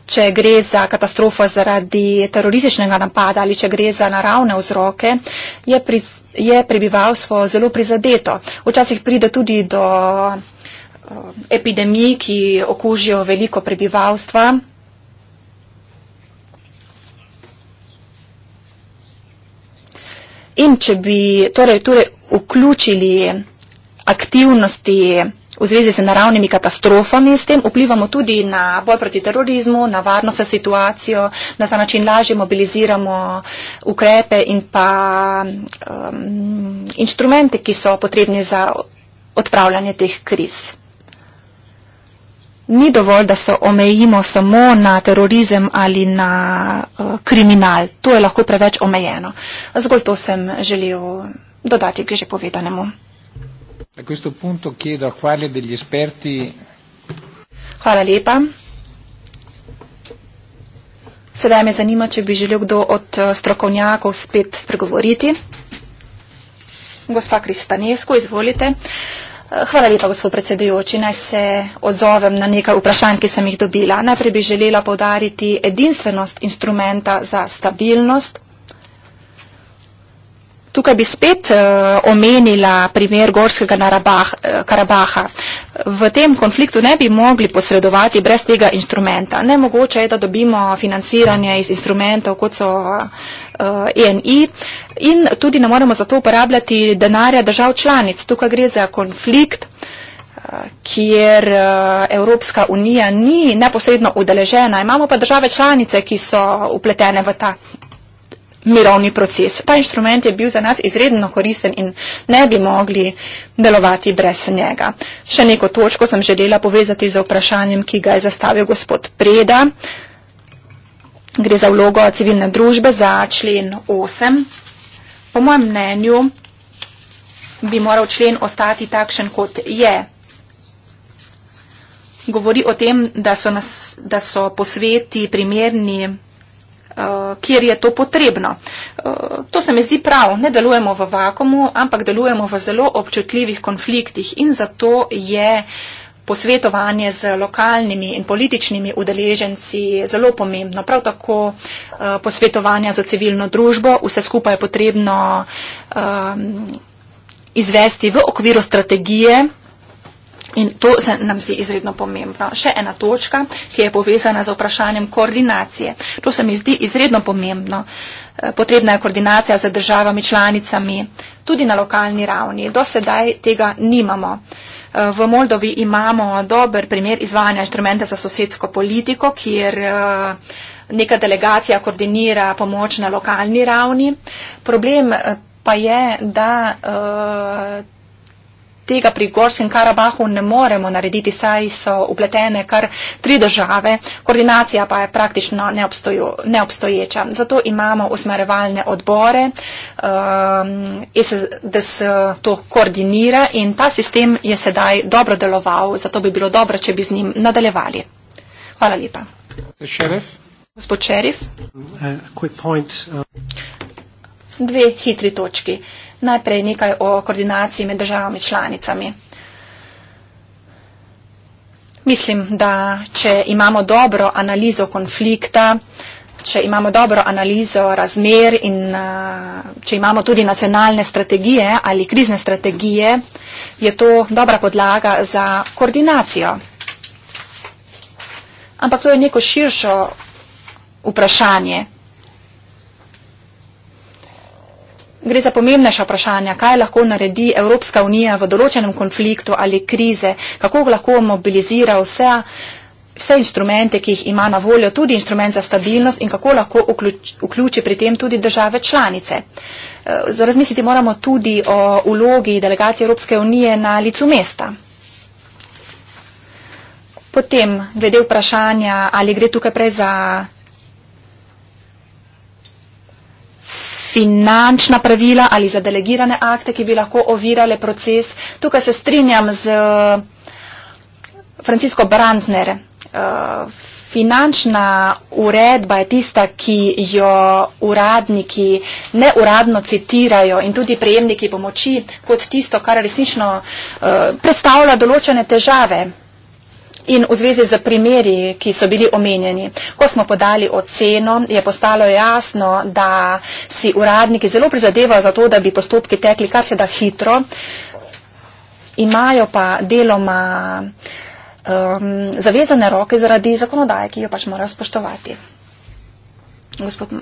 če gre za katastrofo zaradi terorističnega napada ali če gre za naravne vzroke, je, pri, je prebivalstvo zelo prizadeto. Včasih pride tudi do eh, epidemij, ki okužijo veliko prebivalstva. In če bi torej, torej vključili aktivnosti v zvezi z naravnimi katastrofami, s tem vplivamo tudi na boj proti terorizmu, na varnostno situacijo, na ta način lažje mobiliziramo ukrepe in pa um, inštrumente, ki so potrebni za odpravljanje teh kriz. Ni dovolj, da se omejimo samo na terorizem ali na uh, kriminal. To je lahko preveč omejeno. Zgolj to sem želel dodati k že povedanemu. A questo punto chiedo a quale degli esperti. Hvala lepa. Sedaj me zanima, če bi želel kdo od eh, strokovnjakov spet spregovoriti. Gospa Kristanesko, izvolite. Eh, hvala lepa, gospod predsedujoči. Naj se odzovem na nekaj vprašanj, ki sem jih dobila. Najprej bi želela povdariti edinstvenost instrumenta za stabilnost, Tukaj bi spet uh, omenila primer Gorskega Narabah, eh, Karabaha. V tem konfliktu ne bi mogli posredovati brez tega instrumenta. Nemogoče je, da dobimo financiranje iz instrumentov, kot so uh, eh, ENI, in tudi ne moremo zato uporabljati denarja držav članic. Tukaj gre za konflikt kjer Evropska unija ni neposredno udeležena. Imamo pa države članice, ki so upletene v ta mirovni proces. Ta inštrument je bil za nas izredno koristen in ne bi mogli delovati brez njega. Še neko točko sem želela povezati z vprašanjem, ki ga je zastavil gospod Preda. Gre za vlogo civilne družbe za člen 8. Po mojem mnenju bi moral člen ostati takšen, kot je. Govori o tem, da so, nas, da so posveti primerni Eh, kjer je to potrebno. Eh, to se mi zdi prav, ne delujemo v vakumu, ampak delujemo v zelo občutljivih konfliktih in zato je posvetovanje z lokalnimi in političnimi udeleženci zelo pomembno. Prav tako eh, posvetovanja za civilno družbo, vse skupaj je potrebno izvesti v okviru strategije, In to se nam zdi izredno pomembno. Še ena točka, ki je povezana z vprašanjem koordinacije. To se mi zdi izredno pomembno. Eh, potrebna je koordinacija z državami, članicami, tudi na lokalni ravni. Do sedaj tega nimamo. Eh, v Moldovi imamo dober primer izvajanja inštrumenta za sosedsko politiko, kjer eh, neka delegacija koordinira pomoč na lokalni ravni. Problem pa je, da tega pri Gorskem Karabahu ne moremo narediti, saj so upletene kar tri države, koordinacija pa je praktično neobstoju, neobstoječa. Zato imamo usmerevalne odbore, um, da se to koordinira in ta sistem je sedaj dobro deloval, zato bi bilo dobro, če bi z njim nadaljevali. Hvala lepa. Šerif. Gospod Šerif. Uh, quick point, uh... Dve hitri točki. Uh, Najprej nekaj o koordinaciji med državami članicami. Mislim, da če imamo dobro analizo konflikta, če imamo dobro analizo razmer in uh, če imamo tudi nacionalne strategije ali krizne strategije, je to dobra podlaga za koordinacijo. Ampak to je neko širšo vprašanje. Gre za pomembnejša vprašanja, kaj lahko naredi Evropska unija v določenem konfliktu ali krize, kako lahko mobilizira vse, vse instrumente, ki jih ima na voljo, tudi instrument za stabilnost in kako lahko vključ, vključi pri tem tudi države članice. Eh, razmisliti moramo tudi o ulogi delegacije Evropske unije na licu mesta. Potem, glede vprašanja, ali gre tukaj prej za finančna pravila ali za delegirane akte, ki bi lahko ovirale proces. Tukaj se strinjam z eh, Francisco Brandner. Eh, finančna uredba je tista, ki jo uradniki neuradno citirajo in tudi prejemniki pomoči kot tisto, kar resnično eh, predstavlja določene težave. In v zvezi z primeri, ki so bili omenjeni, ko smo podali oceno, je postalo jasno, da si uradniki zelo prizadevajo za to, da bi postopki tekli kar se da hitro, imajo pa deloma um, zavezane roke zaradi zakonodaje, ki jo pač morajo spoštovati. Gospod,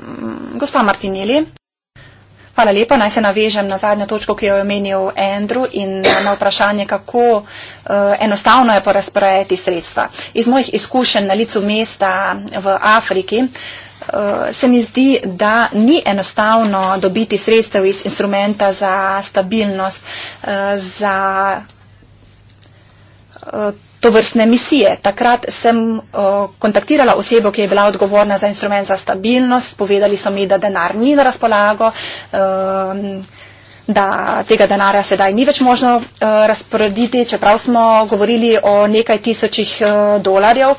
gospa Martinelli. Hvala lepa. Naj se navežem na zadnjo točko, ki jo je omenil Andrew in na vprašanje, kako eh, enostavno je porazporediti sredstva. Iz mojih izkušenj na licu mesta v Afriki eh, se mi zdi, da ni enostavno dobiti sredstev iz instrumenta za stabilnost, eh, za to vrstne misije. Takrat sem uh, kontaktirala osebo, ki je bila odgovorna za instrument za stabilnost. Povedali so mi, da denar ni na razpolago, uh, da tega denarja sedaj ni več možno uh, razporediti, čeprav smo govorili o nekaj tisočih uh, dolarjev.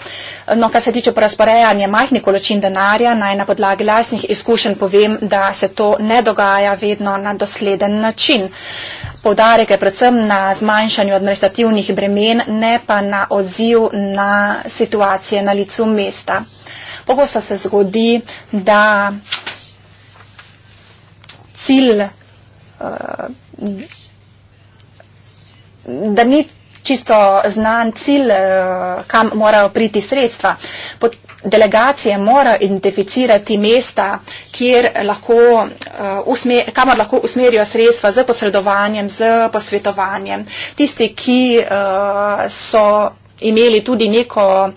No, kar se tiče porazporejanja majhnih količin denarja, naj na podlagi lasnih izkušenj povem, da se to ne dogaja vedno na dosleden način. Uh, Poudarek je predvsem na zmanjšanju administrativnih bremen, ne pa na odziv na situacije na licu mesta. Pogosto se zgodi, da cilj, eh, da ni čisto znan cilj, eh, kam morajo priti sredstva. Pot delegacije morajo identificirati mesta, kjer lahko, eh, usme, kamor lahko usmerijo sredstva z posredovanjem, z posvetovanjem. Tisti, ki eh, so imeli tudi neko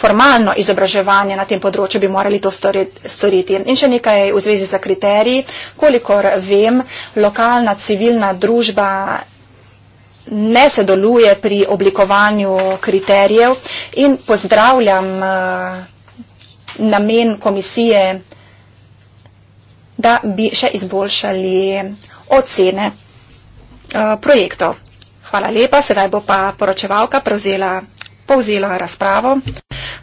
formalno izobraževanje na tem področju, bi morali to storiti. In še nekaj v zvezi za kriteriji. Kolikor vem, lokalna civilna družba ne sedoluje pri oblikovanju kriterijev in pozdravljam uh, namen komisije, da bi še izboljšali ocene eh, projektov. Hvala lepa, sedaj bo pa poročevalka prevzela povzela razpravo.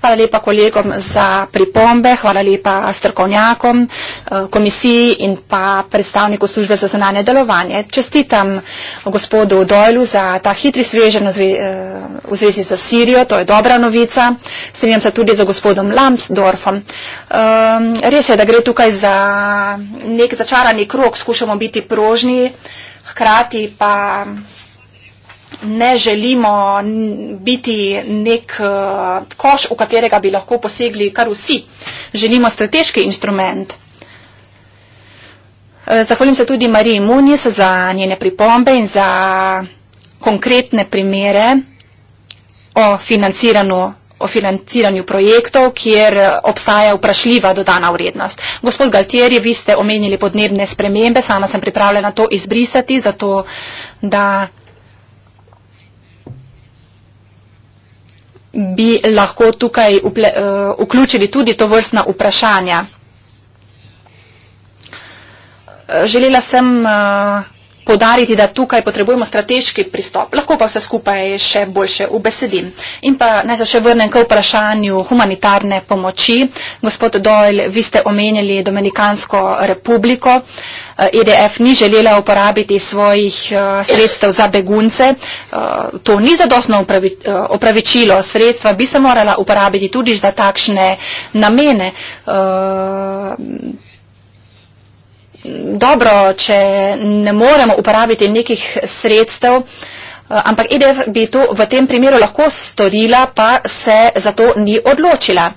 Hvala lepa kolegom za pripombe, hvala lepa strkovnjakom, eh, komisiji in pa predstavniku službe za zunanje delovanje. Čestitam gospodu Dojlu za ta hitri svežen v zvezi eh, za Sirijo, to je dobra novica. Strenjam se tudi za gospodom Lambsdorfom. Ehm, res je, da gre tukaj za nek začarani krok, skušamo biti prožni, hkrati pa ne želimo biti nek eh, koš, v katerega bi lahko posegli kar vsi. Želimo strateški instrument. Eh, Zahvaljujem se tudi Mariji Munjes za njene pripombe in za konkretne primere o financiranju o financiranju projektov, kjer eh, obstaja vprašljiva dodana vrednost. Gospod Galtieri, vi ste omenili podnebne spremembe, sama sem pripravljena to izbrisati, zato da bi lahko tukaj uple, uh, vključili tudi to vrstna vprašanja. Eh, želela sem uh, podariti, da tukaj potrebujemo strateški pristop. Lahko pa vse skupaj še boljše ubesedim. In pa naj se še vrnem k vprašanju humanitarne pomoči. Gospod Doyle, vi ste omenjali Dominikansko republiko. EDF eh, e ni želela uporabiti svojih eh, sredstev za begunce. Eh, to ni zadostno opravičilo. Sredstva bi se morala uporabiti tudi za takšne namene dobro, če ne moremo uporabiti nekih sredstev, eh, ampak IDF e bi to v tem primeru lahko storila, pa se za to ni odločila.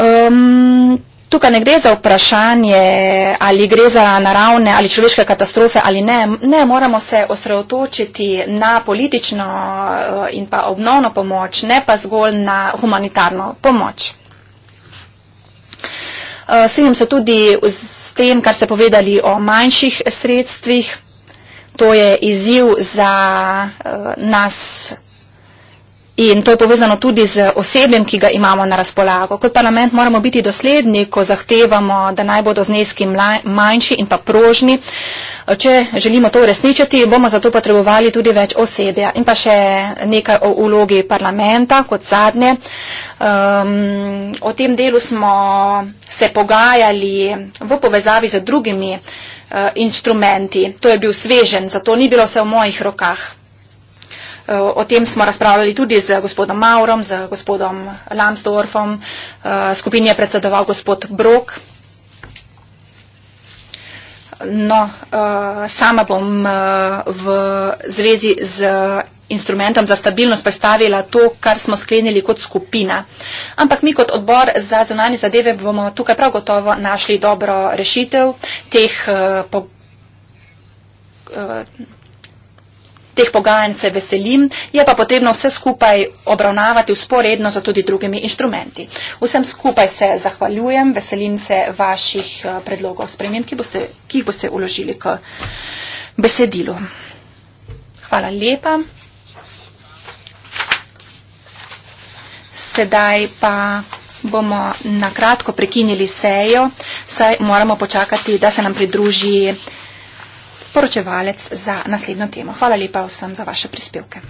Um, tukaj ne gre za vprašanje, ali gre za naravne ali človeške katastrofe ali ne. Ne, moramo se osredotočiti na politično eh, in pa obnovno pomoč, ne pa zgolj na humanitarno pomoč. Eh, strinjam se tudi s tem, kar ste povedali o manjših sredstvih. To je izziv za eh, nas In to je povezano tudi z osebjem, ki ga imamo na razpolago. Kot parlament moramo biti dosledni, ko zahtevamo, da naj bodo zneski manjši in pa prožni. Če želimo to uresničiti, bomo zato potrebovali tudi več osebja. In pa še nekaj o ulogi parlamenta kot zadnje. Um, o tem delu smo se pogajali v povezavi z drugimi uh, inštrumenti. To je bil svežen, zato ni bilo vse v mojih rokah o tem smo razpravljali tudi z gospodom Maurom, z gospodom Lambsdorfom, eh, skupin je predsedoval gospod Brok. No, eh, sama bom eh, v zvezi z instrumentom za stabilnost predstavila to, kar smo sklenili kot skupina. Ampak mi kot odbor za zunanje zadeve bomo tukaj prav gotovo našli dobro rešitev teh pogledov teh pogajanj se veselim, je pa potrebno vse skupaj obravnavati usporedno za tudi drugimi inštrumenti. Vsem skupaj se zahvaljujem, veselim se vaših eh, predlogov spremem, ki, boste, ki jih boste uložili k besedilu. Hvala lepa. Sedaj pa bomo nakratko prekinili sejo, saj moramo počakati, da se nam pridruži poročevalec za naslednjo temo. Hvala lepa vsem za vaše prispevke.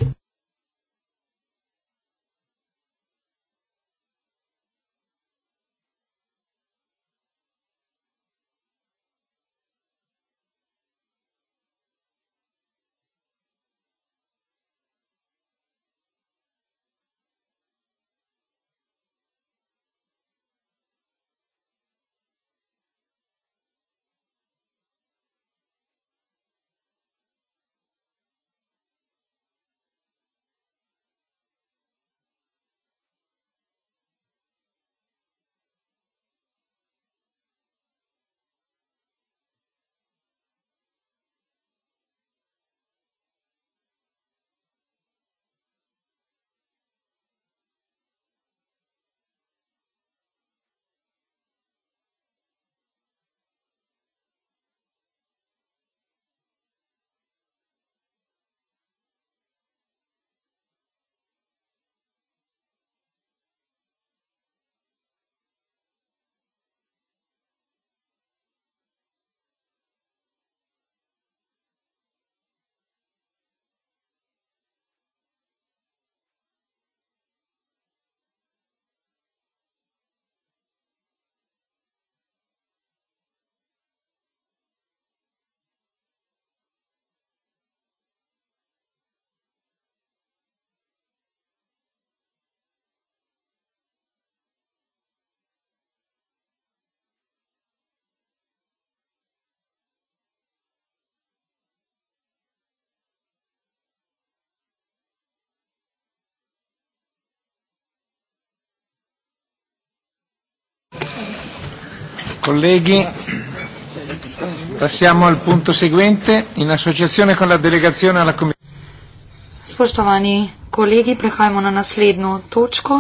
Colleghi, passiamo al punto seguente in associazione con la delegazione alla Commissione. Spoštovani kolegi, prehajamo na naslednjo točko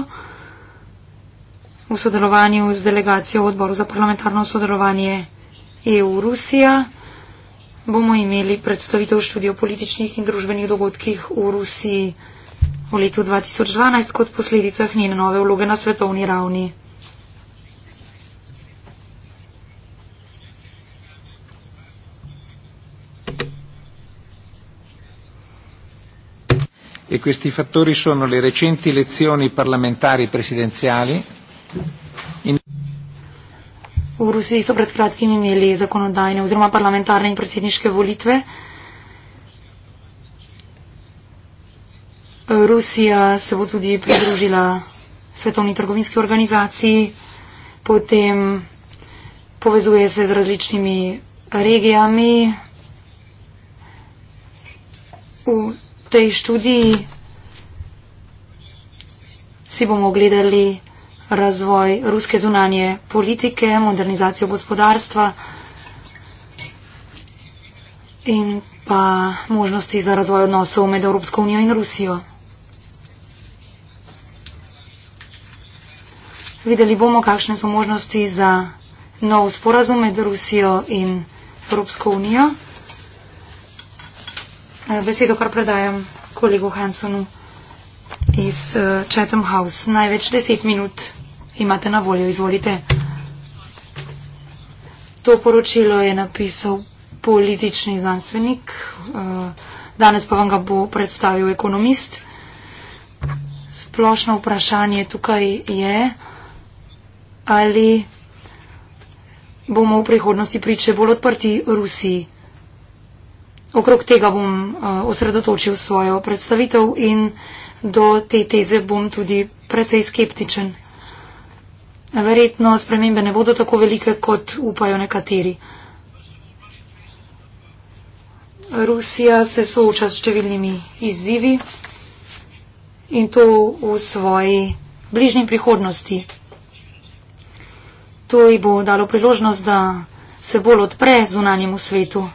v sodelovanju z delegacijo odboru za parlamentarno sodelovanje EU-Rusija. Bomo imeli predstavitev študijo političnih in družbenih dogodkih v Rusiji v letu 2012 kot posledicah njene nove vloge na svetovni ravni. e questi fattori sono le recenti elezioni parlamentari presidenziali. In... V Rusiji so pred kratkim imeli zakonodajne oziroma parlamentarne in predsedniške volitve. Rusija se bo tudi pridružila svetovni trgovinski organizaciji, potem povezuje se z različnimi regijami tej študiji si bomo ogledali razvoj ruske zunanje politike, modernizacijo gospodarstva in pa možnosti za razvoj odnosov med Evropsko unijo in Rusijo. Videli bomo, kakšne so možnosti za nov sporazum med Rusijo in Evropsko unijo. Eh, besedo kar predajam kolegu Hansonu iz uh, Chatham House. Največ deset minut imate na voljo, izvolite. To poročilo je napisal politični znanstvenik, eh, danes pa vam ga bo predstavil ekonomist. Splošno vprašanje tukaj je, ali bomo v prihodnosti priče bolj odprti Rusiji okrog tega bom eh, osredotočil svojo predstavitev in do te teze bom tudi precej skeptičen. Verjetno spremembe ne bodo tako velike, kot upajo nekateri. Rusija se sooča s številnimi izzivi in to v svoji bližnji prihodnosti. To ji bo dalo priložnost, da se bolj odpre zunanjemu svetu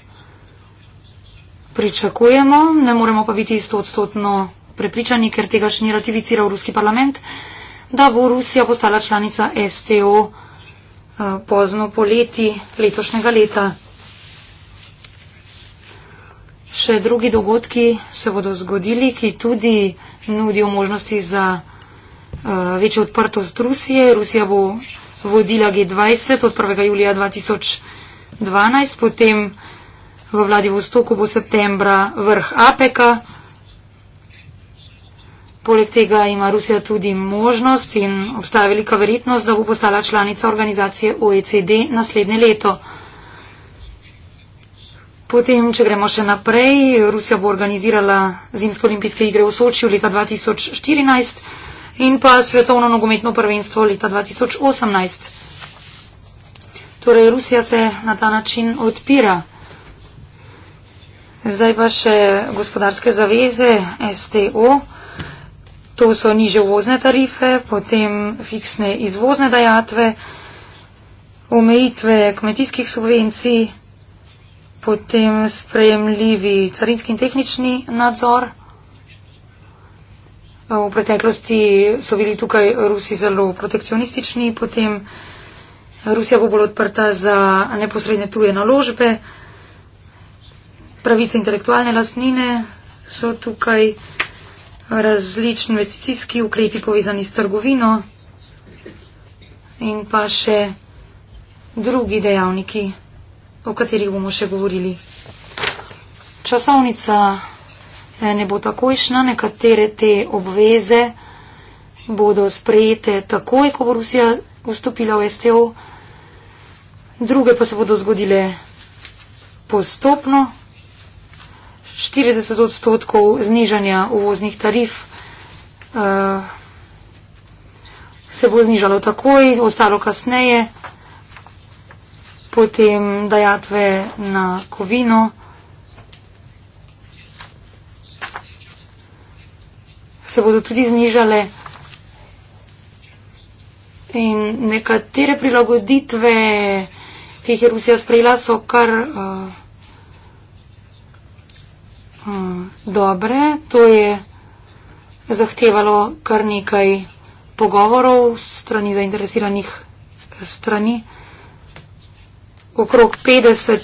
pričakujemo, ne moremo pa biti sto odstotno prepričani, ker tega še ni ratificiral ruski parlament, da bo Rusija postala članica STO eh, pozno poleti letošnjega leta. Še drugi dogodki se bodo zgodili, ki tudi nudijo možnosti za eh, večjo odprtost Rusije. Rusija bo vodila G20 od 1. julija 2012, potem V Vladivostoku bo septembra vrh APEKA. Poleg tega ima Rusija tudi možnost in obstaja velika verjetnost, da bo postala članica organizacije OECD naslednje leto. Potem, če gremo še naprej, Rusija bo organizirala zimske olimpijske igre v Sočiju leta 2014 in pa svetovno nogometno prvenstvo leta 2018. Torej, Rusija se na ta način odpira. Zdaj pa še gospodarske zaveze, STO. To so niže vozne tarife, potem fiksne izvozne dajatve, omejitve kmetijskih subvencij, potem sprejemljivi carinski in tehnični nadzor. V preteklosti so bili tukaj Rusi zelo protekcionistični, potem Rusija bo bolj odprta za neposredne tuje naložbe pravice intelektualne lastnine, so tukaj različni investicijski ukrepi povezani s trgovino in pa še drugi dejavniki, o katerih bomo še govorili. Časovnica eh, ne bo takojšna, nekatere te obveze bodo sprejete takoj, ko bo Rusija vstopila v STO, druge pa se bodo zgodile postopno, 40 odstotkov znižanja uvoznih tarif. Eh, se bo znižalo takoj, ostalo kasneje, potem dajatve na kovino. Se bodo tudi znižale in nekatere prilagoditve, ki jih je Rusija sprejela, so kar. Uh, dobre. To je zahtevalo kar nekaj pogovorov strani zainteresiranih strani. Okrog 50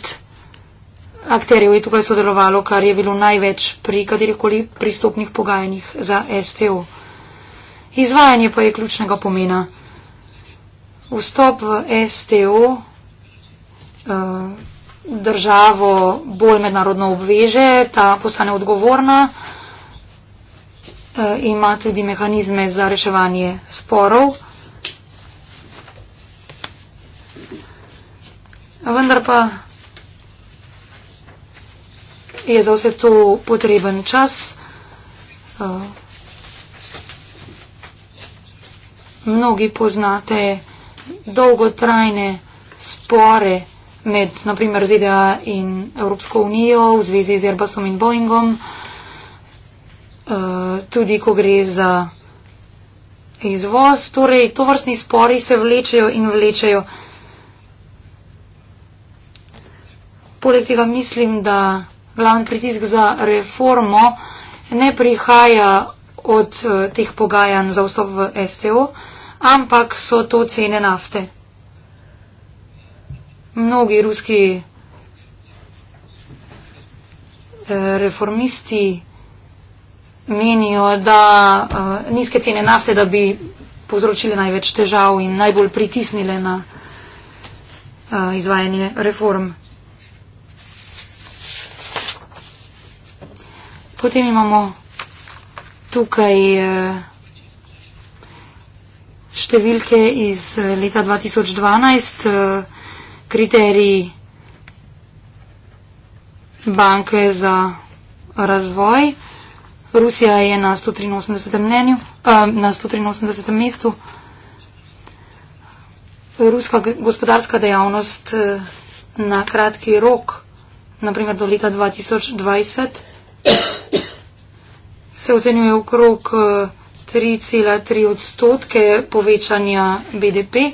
akterjev je tukaj sodelovalo, kar je bilo največ pri katerikoli pristopnih pogajanjih za STO. Izvajanje pa je ključnega pomena. Vstop v STO. Uh, eh, državo bolj mednarodno obveže, ta postane odgovorna, eh, ima tudi mehanizme za reševanje sporov. Vendar pa je za vse to potreben čas. Eh, mnogi poznate dolgotrajne spore, med naprimer ZDA in Evropsko unijo v zvezi z Airbusom in Boeingom, eh, tudi ko gre za izvoz. Torej, to vrstni spori se vlečejo in vlečejo. Poleg tega mislim, da glavni pritisk za reformo ne prihaja od eh, teh pogajanj za vstop v STO, ampak so to cene nafte mnogi ruski eh, reformisti menijo, da eh, nizke cene nafte, da bi povzročile največ težav in najbolj pritisnile na eh, izvajanje reform. Potem imamo tukaj številke iz leta 2012 kriteriji banke za razvoj. Rusija je na 183. mnenju, eh, na 183. mestu. Ruska gospodarska dejavnost eh, na kratki rok, naprimer do leta 2020, se ocenjuje okrog 3,3 eh, odstotke povečanja BDP.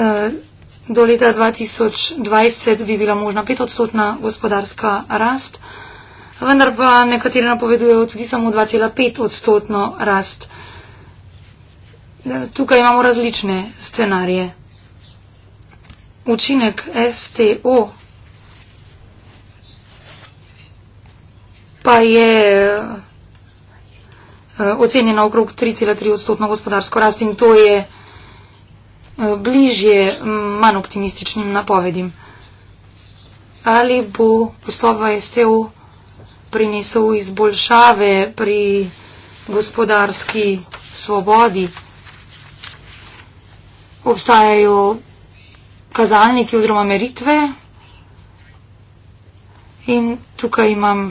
Eh, do leta 2020 bi bila možna petodstotna gospodarska rast, vendar pa nekateri napovedujejo tudi samo 2,5 odstotno rast. Eh, tukaj imamo različne scenarije. Učinek STO pa je eh, ocenjena okrog 3,3 odstotno gospodarsko rast in to je bližje manj optimističnim napovedim. Ali bo poslova STO prinesel izboljšave pri gospodarski svobodi? Obstajajo kazalniki oziroma meritve in tukaj imam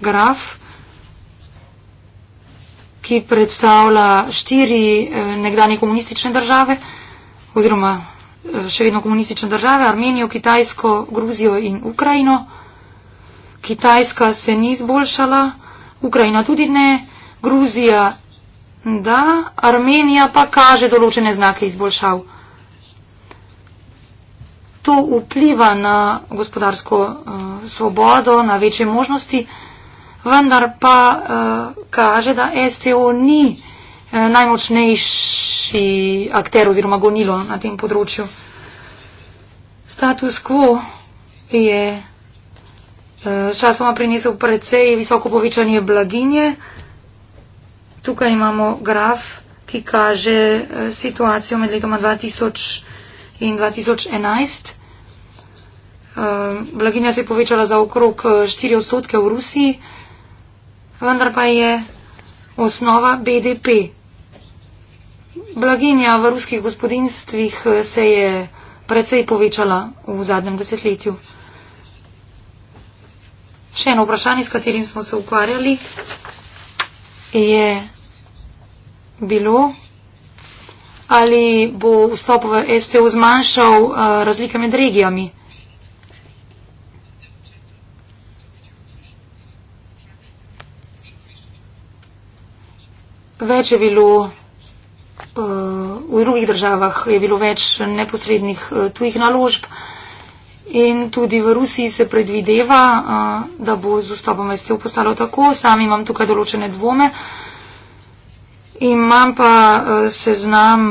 graf, ki predstavlja štiri eh, nekdanje komunistične države oziroma eh, še vedno komunistične države, Armenijo, Kitajsko, Gruzijo in Ukrajino. Kitajska se ni izboljšala, Ukrajina tudi ne, Gruzija da, Armenija pa kaže določene znake izboljšav. To vpliva na gospodarsko uh, svobodo, na večje možnosti, vendar pa uh, kaže, da STO ni. Eh, najmočnejši akter oziroma gonilo na tem področju. Status quo je eh, časoma prinesel precej visoko povečanje blaginje. Tukaj imamo graf, ki kaže eh, situacijo med letoma 2000 in 2011. Blaginja se je povečala za okrog 4 odstotke v Rusiji, vendar pa je osnova BDP Blaginja v ruskih gospodinstvih eh, se je precej povečala v zadnjem desetletju. Še eno vprašanje, s katerim smo se ukvarjali, je bilo, ali bo vstop v STO zmanjšal eh, razlike med regijami. Več je bilo Eh, v drugih državah je bilo več neposrednih eh, tujih naložb in tudi v Rusiji se predvideva, eh, da bo z vstopom STO postalo tako. Sam imam tukaj določene dvome. Imam pa seznam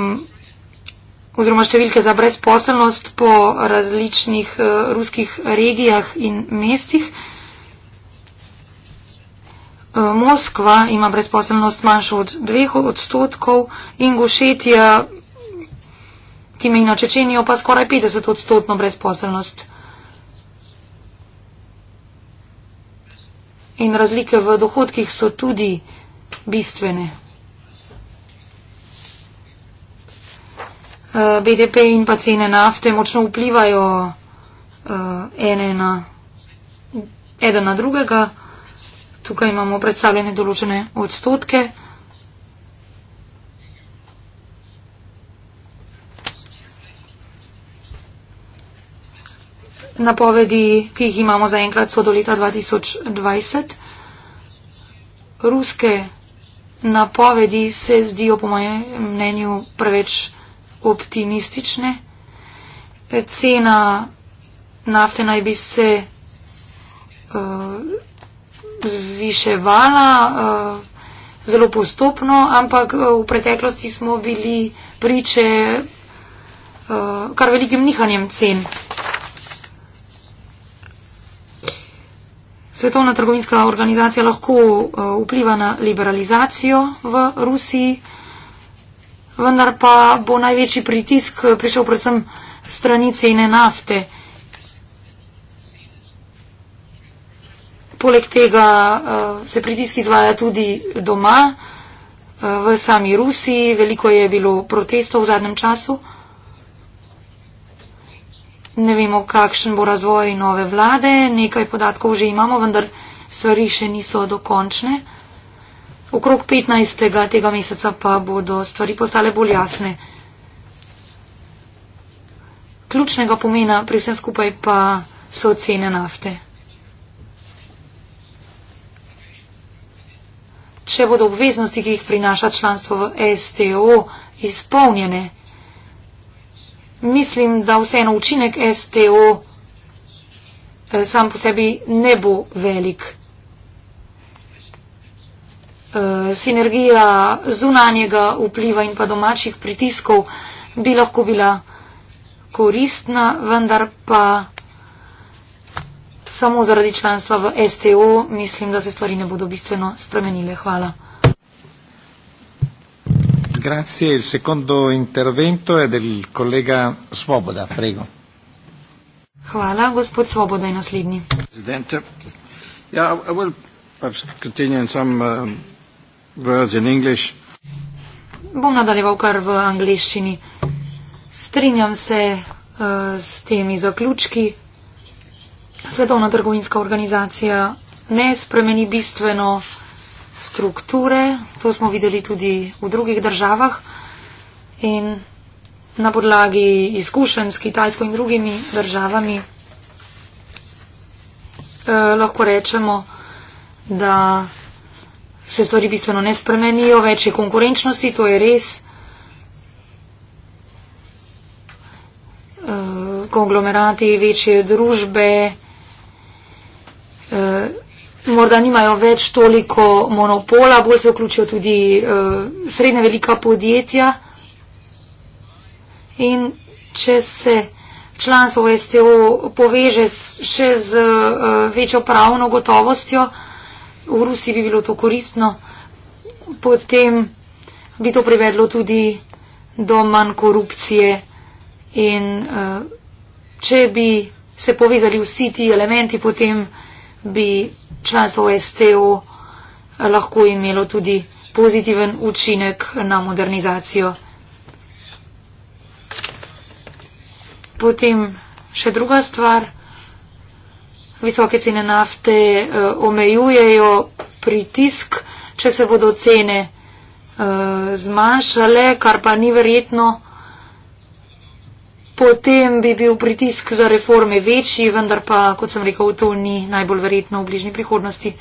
oziroma številke za brezposelnost po različnih ruskih regijah in mestih. Eh, Moskva ima brezposelnost manjšo od dveh odstotkov, Ingušetija, ki me inače čenijo, pa skoraj 50 odstotno brezposelnost. In razlike v dohodkih so tudi bistvene. Eh, BDP in pa cene nafte močno vplivajo eh, ene na, ene na drugega. Tukaj imamo predstavljene določene odstotke. Napovedi, ki jih imamo zaenkrat, so do leta 2020. Ruske napovedi se zdijo, po mojem mnenju, preveč optimistične. Cena nafte naj bi se. Uh, zviševala eh, zelo postopno, ampak eh, v preteklosti smo bili priče eh, kar velikim nihanjem cen. Svetovna trgovinska organizacija lahko vpliva na liberalizacijo v Rusiji, vendar pa bo največji pritisk prišel predvsem strani cene nafte. poleg tega uh, se pritisk izvaja tudi doma, uh, v sami Rusiji, veliko je bilo protestov v zadnjem času. Ne vemo, kakšen bo razvoj nove vlade, nekaj podatkov že imamo, vendar stvari še niso dokončne. Okrog 15. tega meseca pa bodo stvari postale bolj jasne. Ključnega pomena pri vsem skupaj pa so cene nafte. če bodo obveznosti, ki jih prinaša članstvo v STO, izpolnjene. Mislim, da vseeno učinek STO eh, sam po sebi ne bo velik. Eh, sinergija zunanjega vpliva in pa domačih pritiskov bi lahko bila koristna, vendar pa samo zaradi članstva v STO, mislim, da se stvari ne bodo bistveno spremenile. Hvala. Grazie. Il secondo intervento è del collega Svoboda. Prego. Hvala. Gospod Svoboda je naslednji. Presidente, yeah, ja, I will continue in some uh, words in English. Bom nadaljeval kar v angliščini. Strinjam se uh, s temi zaključki, svetovna trgovinska organizacija ne spremeni bistveno strukture, to smo videli tudi v drugih državah in na podlagi izkušenj s Kitajsko in drugimi državami eh, lahko rečemo, da se stvari bistveno ne spremenijo, več je konkurenčnosti, to je res. Eh, konglomerati, večje družbe, Eh, morda nimajo več toliko monopola, bolj se vključijo tudi uh, srednja velika podjetja. In če se članstvo v STO poveže s, še z uh, večjo pravno gotovostjo, v Rusiji bi bilo to koristno, potem bi to privedlo tudi do manj korupcije. In uh, če bi se povezali vsi ti elementi, potem bi članstvo v STO lahko imelo tudi pozitiven učinek na modernizacijo. Potem še druga stvar. Visoke cene nafte eh, omejujejo pritisk, če se bodo cene eh, zmanjšale, kar pa ni verjetno potem bi bil pritisk za reforme večji, vendar pa, kot sem rekel, to ni najbolj verjetno v bližnji prihodnosti.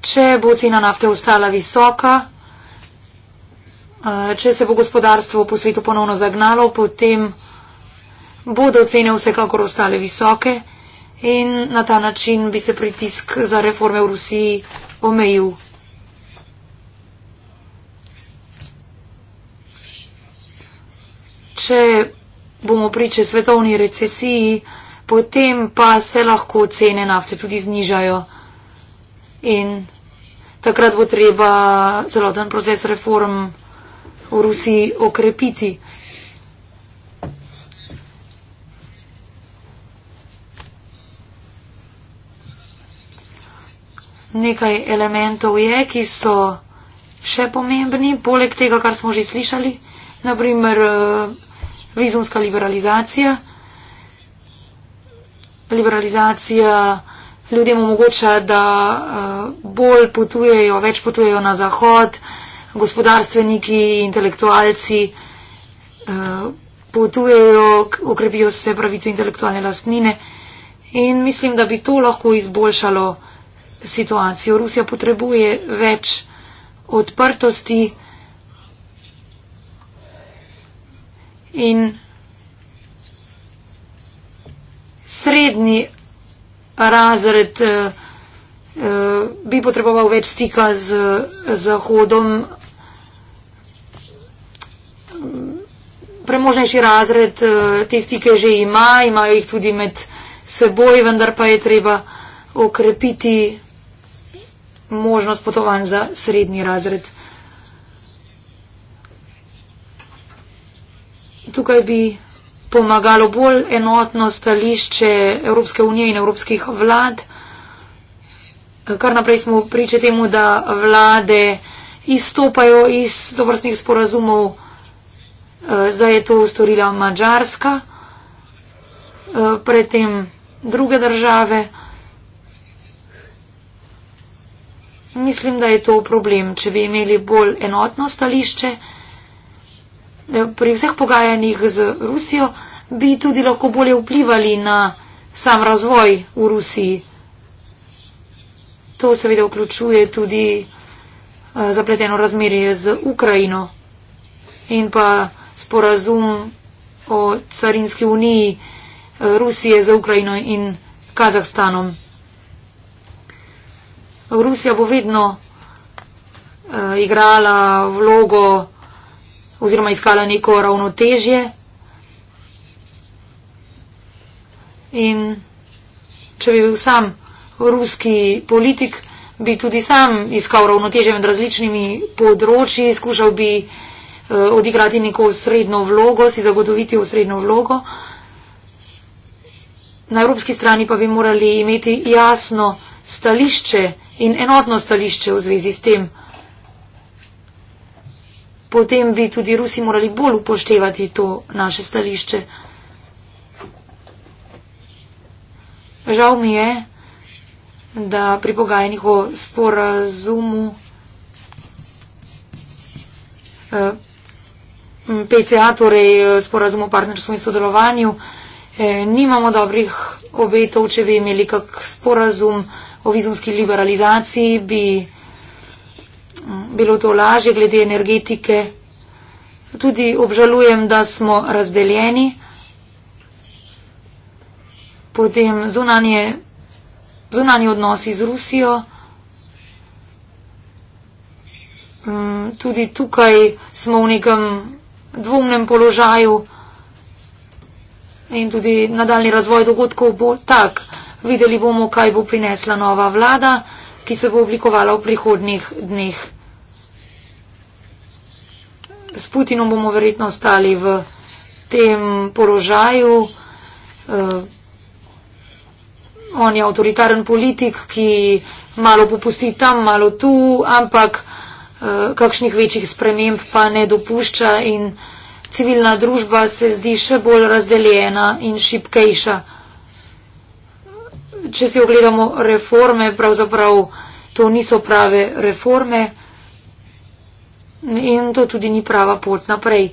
Če bo cena nafte ostala visoka, eh, če se bo gospodarstvo po svetu ponovno zagnalo, potem bodo cene vsekakor ostale visoke in na ta način bi se pritisk za reforme v Rusiji omejil. če bomo priče svetovni recesiji, potem pa se lahko cene nafte tudi znižajo. In takrat bo treba celoten proces reform v Rusiji okrepiti. Nekaj elementov je, ki so še pomembni, poleg tega, kar smo že slišali, naprimer eh, vizumska liberalizacija. Liberalizacija ljudem omogoča, da eh, bolj potujejo, več potujejo na zahod, gospodarstveniki, intelektualci eh, potujejo, okrepijo se pravice intelektualne lastnine in mislim, da bi to lahko izboljšalo situacijo. Rusija potrebuje več odprtosti. in srednji razred eh, eh, bi potreboval več stika z Zahodom. Premožnejši razred eh, te stike že ima, imajo jih tudi med seboj, vendar pa je treba okrepiti možnost potovanj za srednji razred. tukaj bi pomagalo bolj enotno stališče Evropske unije in evropskih vlad. Kar naprej smo priče temu, da vlade izstopajo iz dovrstnih sporazumov. Zdaj je to storila Mačarska, predtem druge države. Mislim, da je to problem, če bi imeli bolj enotno stališče. Eh, pri vseh pogajanjih z Rusijo bi tudi lahko bolje vplivali na sam razvoj v Rusiji. To seveda vključuje tudi eh, zapleteno razmerje z Ukrajino in pa sporazum o carinski uniji eh, Rusije za Ukrajino in Kazahstanom. Rusija bo vedno igrala vlogo oziroma iskala neko ravnotežje. In če bi bil sam ruski politik, bi tudi sam iskal ravnotežje med različnimi področji, skušal bi eh, odigrati neko srednjo vlogo, si zagotoviti srednjo vlogo. Na evropski strani pa bi morali imeti jasno stališče in enotno stališče v zvezi s tem, potem bi tudi Rusi morali bolj upoštevati to naše stališče. Žal mi je, da pri pogajanjih o sporazumu eh, PCA, torej eh, sporazum o partnerstvu in sodelovanju, eh, nimamo dobrih obetov, če bi imeli kak sporazum o vizumski liberalizaciji, bi bilo to lažje glede energetike. Tudi obžalujem, da smo razdeljeni. Potem zunanje, zunanje odnosi z Rusijo. Mm, tudi tukaj smo v nekem dvomnem položaju in tudi nadaljni razvoj dogodkov bo tak. Videli bomo, kaj bo prinesla nova vlada, ki se bo oblikovala v prihodnih dneh s Putinom bomo verjetno ostali v tem položaju. Uh, on je avtoritaren politik, ki malo popusti tam, malo tu, ampak uh, kakšnih večjih sprememb pa ne dopušča in civilna družba se zdi še bolj razdeljena in šipkejša. Če si ogledamo reforme, pravzaprav to niso prave reforme in to tudi ni prava pot naprej.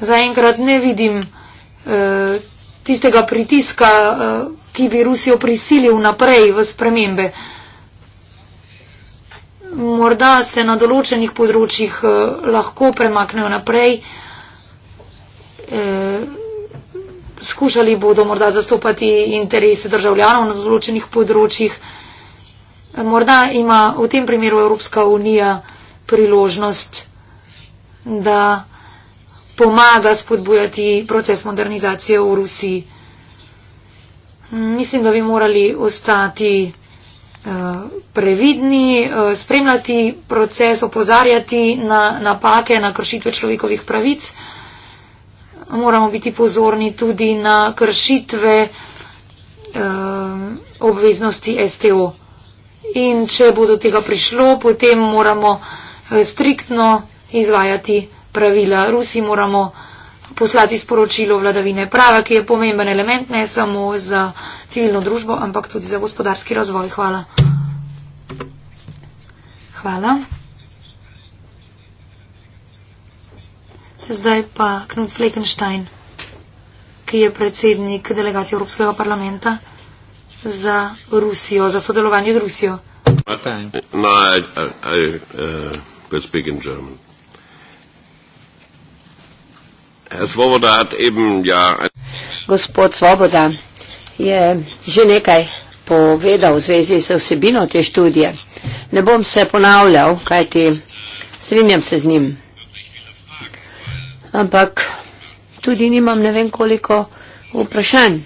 Zaenkrat ne vidim eh, tistega pritiska, eh, ki bi Rusijo prisilil naprej v spremembe. Morda se na določenih področjih eh, lahko premaknejo naprej. Eh, skušali bodo morda zastopati interese državljanov na določenih področjih. Eh, Morda ima v tem primeru Evropska unija priložnost, da pomaga spodbujati proces modernizacije v Rusiji. Mislim, da bi morali ostati eh, previdni, eh, spremljati proces, opozarjati na napake, na kršitve človekovih pravic. Moramo biti pozorni tudi na kršitve eh, obveznosti STO in če bo do tega prišlo, potem moramo eh, striktno izvajati pravila. Rusi moramo poslati sporočilo vladavine prava, ki je pomemben element ne samo za civilno družbo, ampak tudi za gospodarski razvoj. Hvala. Hvala. Zdaj pa Knut Fleckenstein, ki je predsednik delegacije Evropskega parlamenta za Rusijo, za sodelovanje z Rusijo. Uh, no, I, I, I uh, could speak in German. Eben, ja, Gospod Svoboda je že nekaj povedal v zvezi s vsebino te študije. Ne bom se ponavljal, kajti strinjam se z njim. Ampak tudi nimam ne vem koliko vprašanj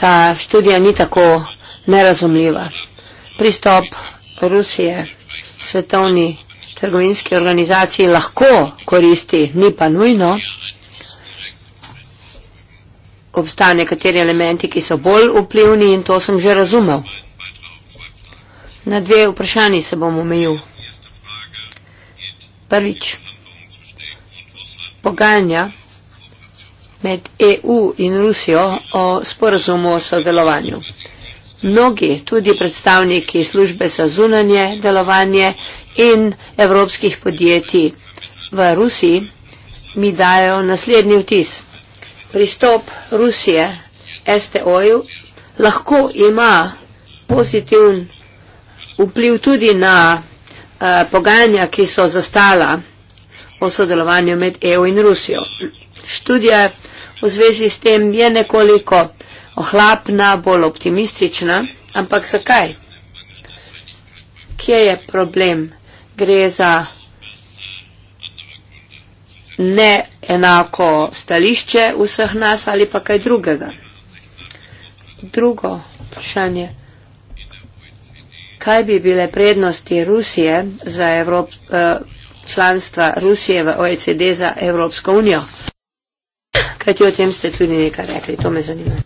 ta študija ni tako nerazumljiva. Pristop Rusije, svetovni trgovinski organizaciji lahko koristi, ni pa nujno. Obstajajo nekateri elementi, ki so bolj vplivni in to sem že razumel. Na dve vprašanji se bom omejil. Prvič, pogajanja med EU in Rusijo o sporazumu o sodelovanju. Mnogi, tudi predstavniki službe za zunanje delovanje in evropskih podjetij v Rusiji, mi dajo naslednji vtis. Pristop Rusije STO-ju lahko ima pozitiven vpliv tudi na uh, pogajanja, ki so zastala o sodelovanju med EU in Rusijo. Študija v zvezi s tem je nekoliko ohlapna, bolj optimistična, ampak zakaj? Kje je problem? Gre za neenako stališče vseh nas ali pa kaj drugega? Drugo vprašanje. Kaj bi bile prednosti Rusije za Evrop, eh, članstva Rusije v OECD za Evropsko unijo? Kajti o tem ste tudi nekaj rekli, to me zanima.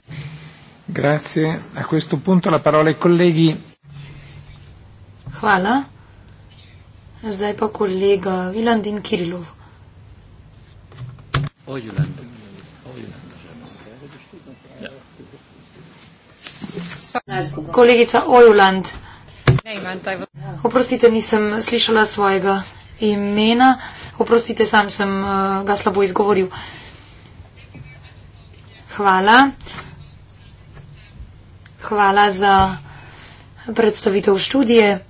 Grazie. A questo punto la parola ai colleghi. Hvala. Zdaj pa kolega Vilandin Kirilov. Oh, oh, Kolegica Ojuland. Oprostite, nisem slišala svojega imena. Oprostite, sam sem eh, ga slabo izgovoril. Hvala. Hvala za predstavitev študije.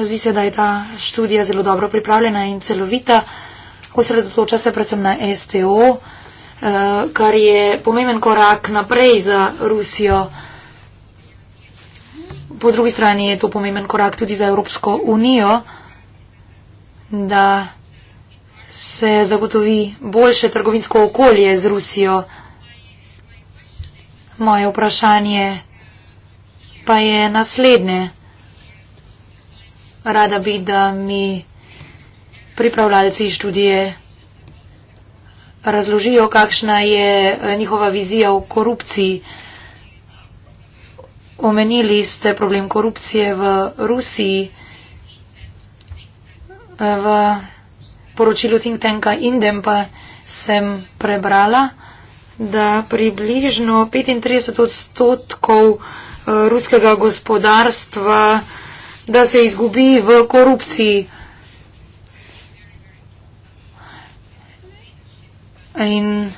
Zdi se, da je ta študija zelo dobro pripravljena in celovita. Osredotoča se predvsem na STO, eh, kar je pomemben korak naprej za Rusijo. Po drugi strani je to pomemben korak tudi za Evropsko unijo, da se zagotovi boljše trgovinsko okolje z Rusijo. Moje vprašanje pa je naslednje. Rada bi, da mi pripravljalci študije razložijo, kakšna je eh, njihova vizija o korupciji. Omenili ste problem korupcije v Rusiji. V poročilu Think Tanka Indem pa sem prebrala, da približno 35 odstotkov eh, ruskega gospodarstva, da se izgubi v korupciji. In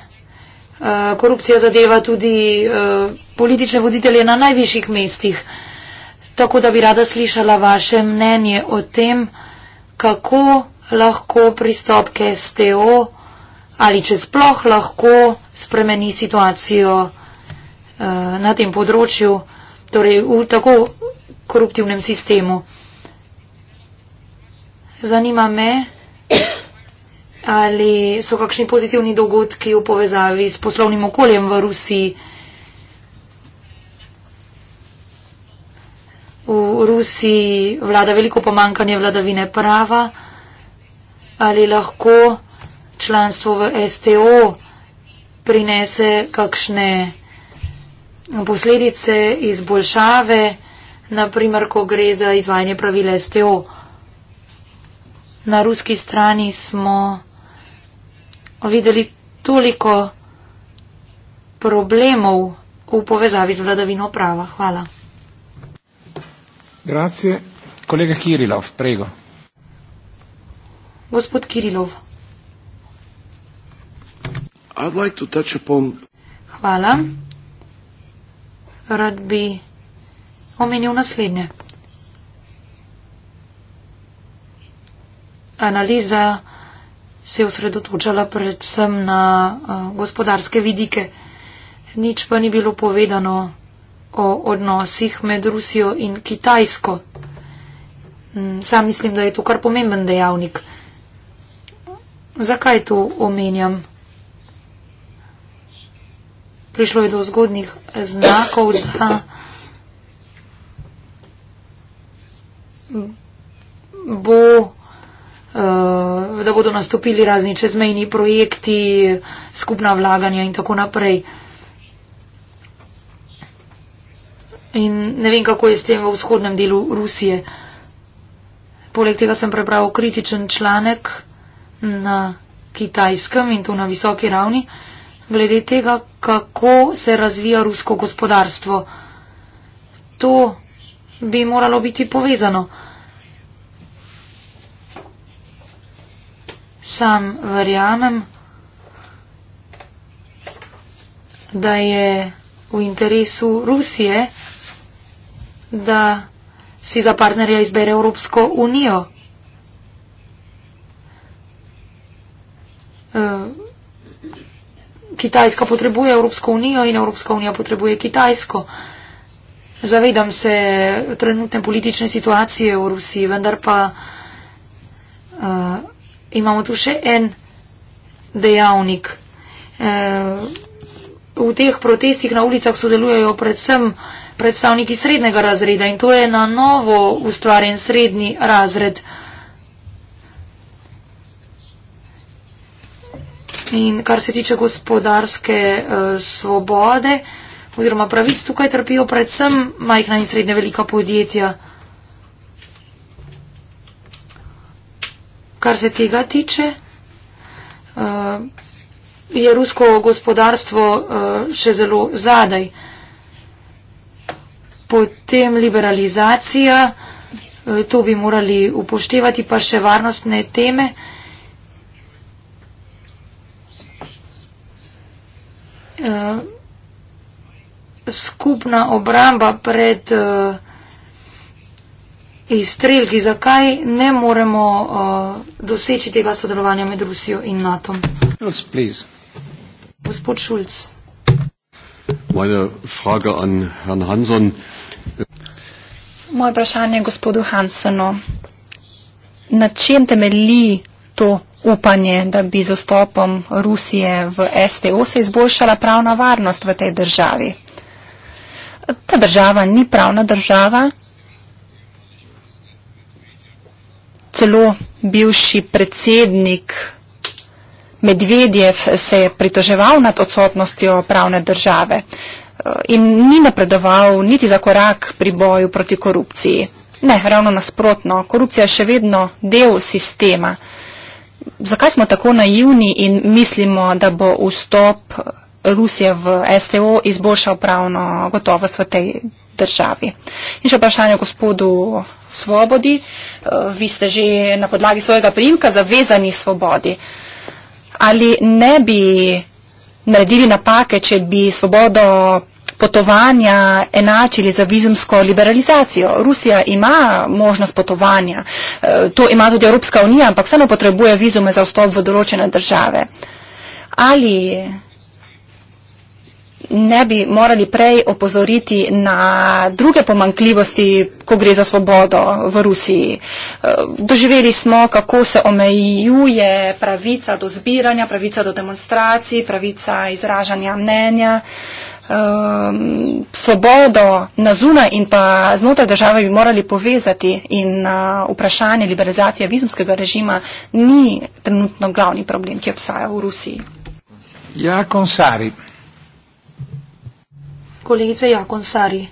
uh, korupcija zadeva tudi uh, politične voditelje na najvišjih mestih. Tako da bi rada slišala vaše mnenje o tem, kako lahko pristop k STO ali če sploh lahko spremeni situacijo eh, na tem področju, torej v tako koruptivnem sistemu. Zanima me, ali so kakšni pozitivni dogodki v povezavi s poslovnim okoljem v Rusiji. V Rusiji vlada veliko pomankanje vladavine prava, ali lahko članstvo v STO prinese kakšne posledice izboljšave, naprimer, ko gre za izvajanje pravil STO. Na ruski strani smo videli toliko problemov v povezavi z vladavino prava. Hvala. Grazie. Kolega Kirilov, prego. Gospod Kirilov. Hvala. Rad bi omenil naslednje. Analiza se je osredotočala predvsem na eh, gospodarske vidike. Nič pa ni bilo povedano o odnosih med Rusijo in Kitajsko. Hm, sam mislim, da je to kar pomemben dejavnik. Zakaj to omenjam? Prišlo je do zgodnih znakov, da bo eh, da bodo nastopili razni čezmejni projekti, skupna vlaganja in tako naprej. In ne vem, kako je s tem v vzhodnem delu Rusije. Poleg tega sem prebral kritičen članek na kitajskem in to na visoki ravni, glede tega, kako se razvija rusko gospodarstvo. To bi moralo biti povezano. Sam verjamem, da je v interesu Rusije, da si za partnerja izbere Evropsko unijo. Eh, Kitajska potrebuje Evropsko unijo in Evropska unija potrebuje Kitajsko. Zavedam se trenutne politične situacije v Rusiji, vendar pa uh, imamo tu še en dejavnik. Uh, v teh protestih na ulicah sodelujejo predvsem predstavniki srednjega razreda in to je na novo ustvarjen srednji razred. Uh, In kar se tiče gospodarske uh, svobode oziroma pravic, tukaj trpijo predvsem majhna in srednja velika podjetja. Kar se tega tiče, uh, je rusko gospodarstvo uh, še zelo zadaj. Potem liberalizacija, uh, to bi morali upoštevati, pa še varnostne teme. Uh, uh, skupna obramba pred uh, izstrelki, zakaj ne moremo uh, doseči tega sodelovanja med Rusijo in NATO. Gospod Šulc. Moje vprašanje gospodu Hansonu. Na čem temelji to upanje, da bi z vstopom Rusije v STO se izboljšala pravna varnost v tej državi. Ta država ni pravna država. Celo bivši predsednik Medvedjev se je pritoževal nad odsotnostjo pravne države eh, in ni napredoval niti za korak pri boju proti korupciji. Ne, ravno nasprotno. Korupcija je še vedno del sistema zakaj smo tako naivni in mislimo, da bo vstop Rusije v STO izboljšal pravno gotovost v tej državi. In še vprašanje gospodu Svobodi. Eh, vi ste že na podlagi svojega primka zavezani svobodi. Ali ne bi naredili napake, če bi svobodo potovanja enačili za vizumsko liberalizacijo. Rusija ima možnost potovanja, eh, to ima tudi Evropska unija, ampak vseeno potrebuje vizume za vstop v določene države. Ali ne bi morali prej opozoriti na druge pomankljivosti, ko gre za svobodo v Rusiji. Eh, doživeli smo, kako se omejuje pravica do zbiranja, pravica do demonstracij, pravica izražanja mnenja um, svobodo na zunaj in pa znotraj države bi morali povezati in uh, vprašanje liberalizacije vizumskega režima ni trenutno glavni problem, ki obstaja v Rusiji. Jakon Sari. Kolegica Jakon Sari.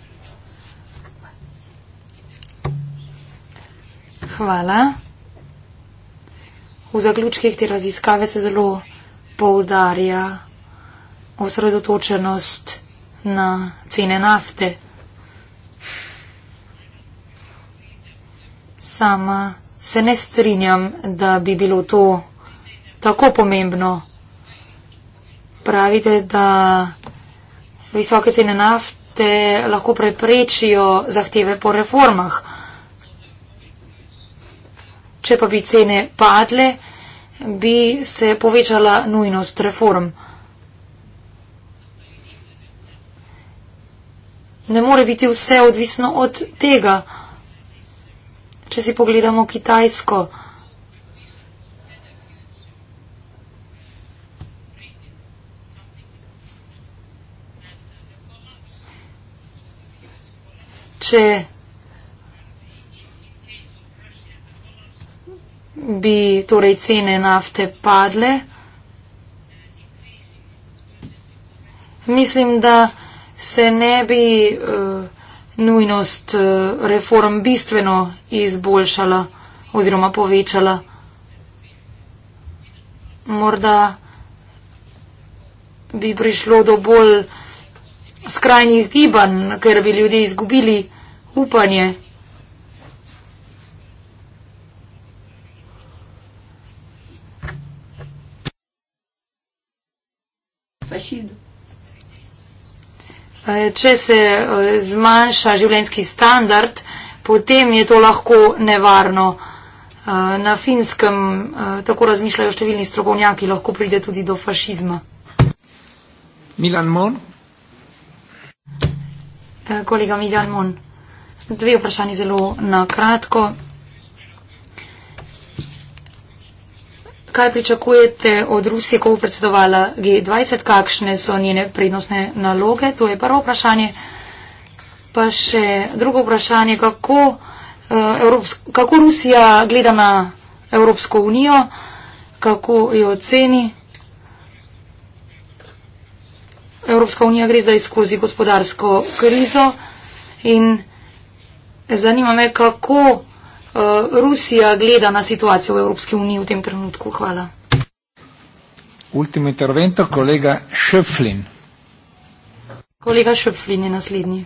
Hvala. V zaključkih te raziskave se zelo poudarja osredotočenost na cene nafte. Sama se ne strinjam, da bi bilo to tako pomembno. Pravite, da visoke cene nafte lahko preprečijo zahteve po reformah. Če pa bi cene padle, bi se povečala nujnost reform. ne more biti vse odvisno od tega. Če si pogledamo Kitajsko, če bi torej cene nafte padle, mislim, da se ne bi uh, nujnost uh, reform bistveno izboljšala oziroma povečala. Morda bi prišlo do bolj skrajnih gibanj, ker bi ljudje izgubili upanje. Fašid. Če se e, zmanjša življenski standard, potem je to lahko nevarno. E, na finskem e, tako razmišljajo številni strokovnjaki, lahko pride tudi do fašizma. Milan Mon. Kolega Milan Mon. Dve vprašanje zelo na kratko. Kaj pričakujete od Rusije, ko bo predsedovala G20? Kakšne so njene prednostne naloge? To je prvo vprašanje. Pa še drugo vprašanje, kako, uh, eh, Evropsko, kako Rusija gleda na Evropsko unijo, kako jo oceni. Evropska unija gre zdaj skozi gospodarsko krizo in zanima me, kako Eh, Rusija gleda na situacijo v Evropski uniji v tem trenutku. Hvala. Ultimo intervento, kolega Šeflin. Kolega Šeflin je naslednji.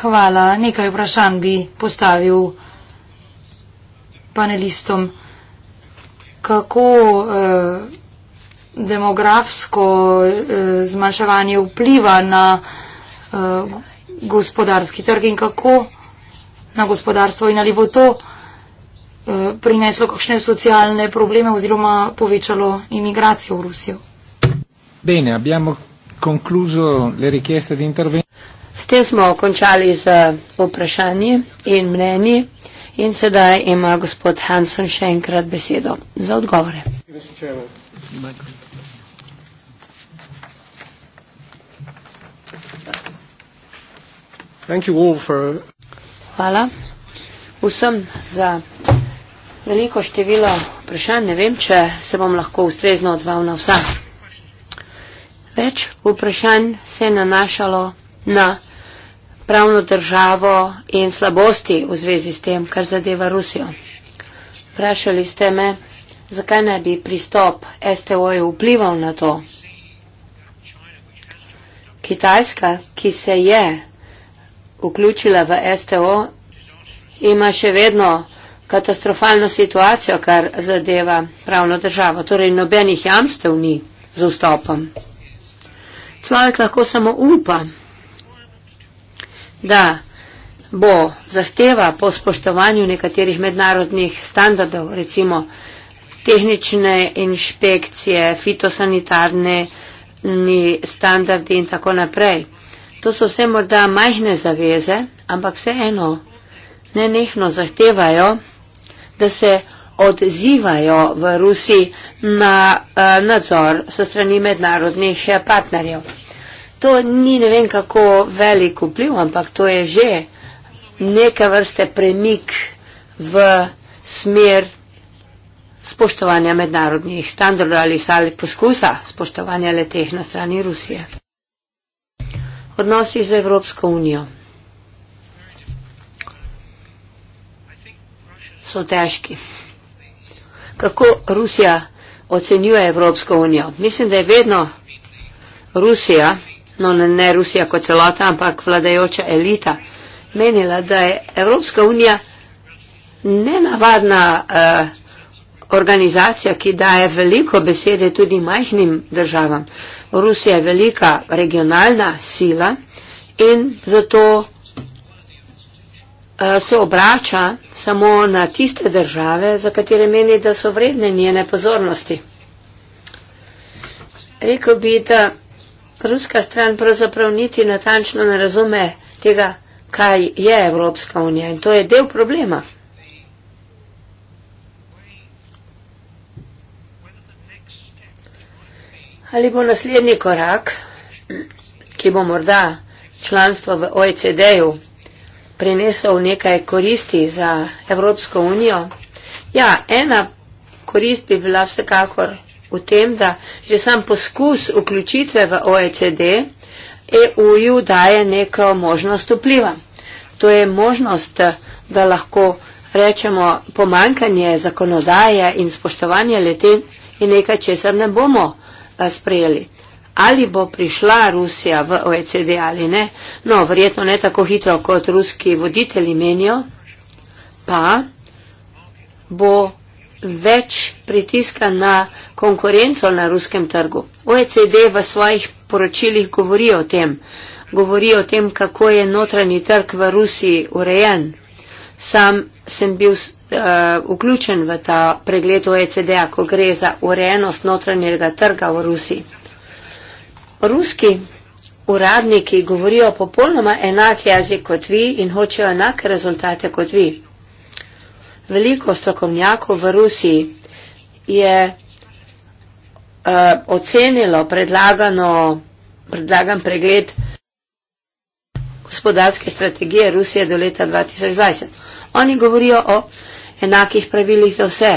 Hvala. Nekaj vprašanj bi postavil panelistom. Kako eh, demografsko eh, zmanjševanje vpliva na Eh, gospodarski trg in kako na gospodarstvo in ali bo to eh, prineslo kakšne socialne probleme oziroma povečalo imigracijo v Rusijo. Bene, abbiamo concluso le richieste di intervento. S tem smo končali z eh, vprašanji in mnenji in sedaj ima gospod Hansen še enkrat besedo za odgovore. Hvala. Hvala vsem za veliko število vprašanj. Ne vem, če se bom lahko ustrezno odzval na vsa. Več vprašanj se je nanašalo na pravno državo in slabosti v zvezi s tem, kar zadeva Rusijo. Vprašali ste me, zakaj naj bi pristop STO-ja vplival na to. Kitajska, ki se je vključila v STO, ima še vedno katastrofalno situacijo, kar zadeva pravno državo. Torej nobenih jamstev ni z vstopom. Človek lahko samo upa, da bo zahteva po spoštovanju nekaterih mednarodnih standardov, recimo tehnične inšpekcije, fitosanitarne standardi in tako naprej. To so vse morda majhne zaveze, ampak vseeno ne nehno zahtevajo, da se odzivajo v Rusi na uh, nadzor so strani mednarodnih eh, partnerjev. To ni ne vem kako velik vpliv, ampak to je že neka vrste premik v smer spoštovanja mednarodnih standardov ali vsaj poskusa spoštovanja leteh na strani Rusije odnosi z Evropsko unijo so težki. Kako Rusija ocenjuje Evropsko unijo? Mislim, da je vedno Rusija, no ne Rusija kot celota, ampak vladajoča elita, menila, da je Evropska unija nenavadna. Uh, organizacija, ki daje veliko besede tudi majhnim državam. Rusija je velika regionalna sila in zato eh, se obrača samo na tiste države, za katere meni, da so vredne njene pozornosti. Rekel bi, da ruska stran pravzaprav niti natančno ne razume tega, kaj je Evropska unija in to je del problema. Ali bo naslednji korak, ki bo morda članstvo v OECD-ju, prinesel nekaj koristi za Evropsko unijo? Ja, ena korist bi bila vsekakor v tem, da že sam poskus vključitve v OECD EU-ju daje neko možnost vpliva. To je možnost, da lahko rečemo pomankanje zakonodaje in spoštovanje leten je nekaj, česar ne bomo Eh, sprejeli. Ali bo prišla Rusija v OECD ali ne? No, verjetno ne tako hitro, kot ruski voditelji menijo, pa bo več pritiska na konkurenco na ruskem trgu. OECD v svojih poročilih govori o tem. Govori o tem, kako je notranji trg v Rusiji urejen. Sam sem bil uh, vključen v ta pregled OECD-a, ko gre za urejenost notranjega trga v Rusiji. Ruski uradniki govorijo popolnoma enak jezik kot vi in hočejo enake rezultate kot vi. Veliko strokovnjakov v Rusiji je uh, ocenilo predlagan pregled gospodarske strategije Rusije do leta 2020. Oni govorijo o enakih pravilih za vse,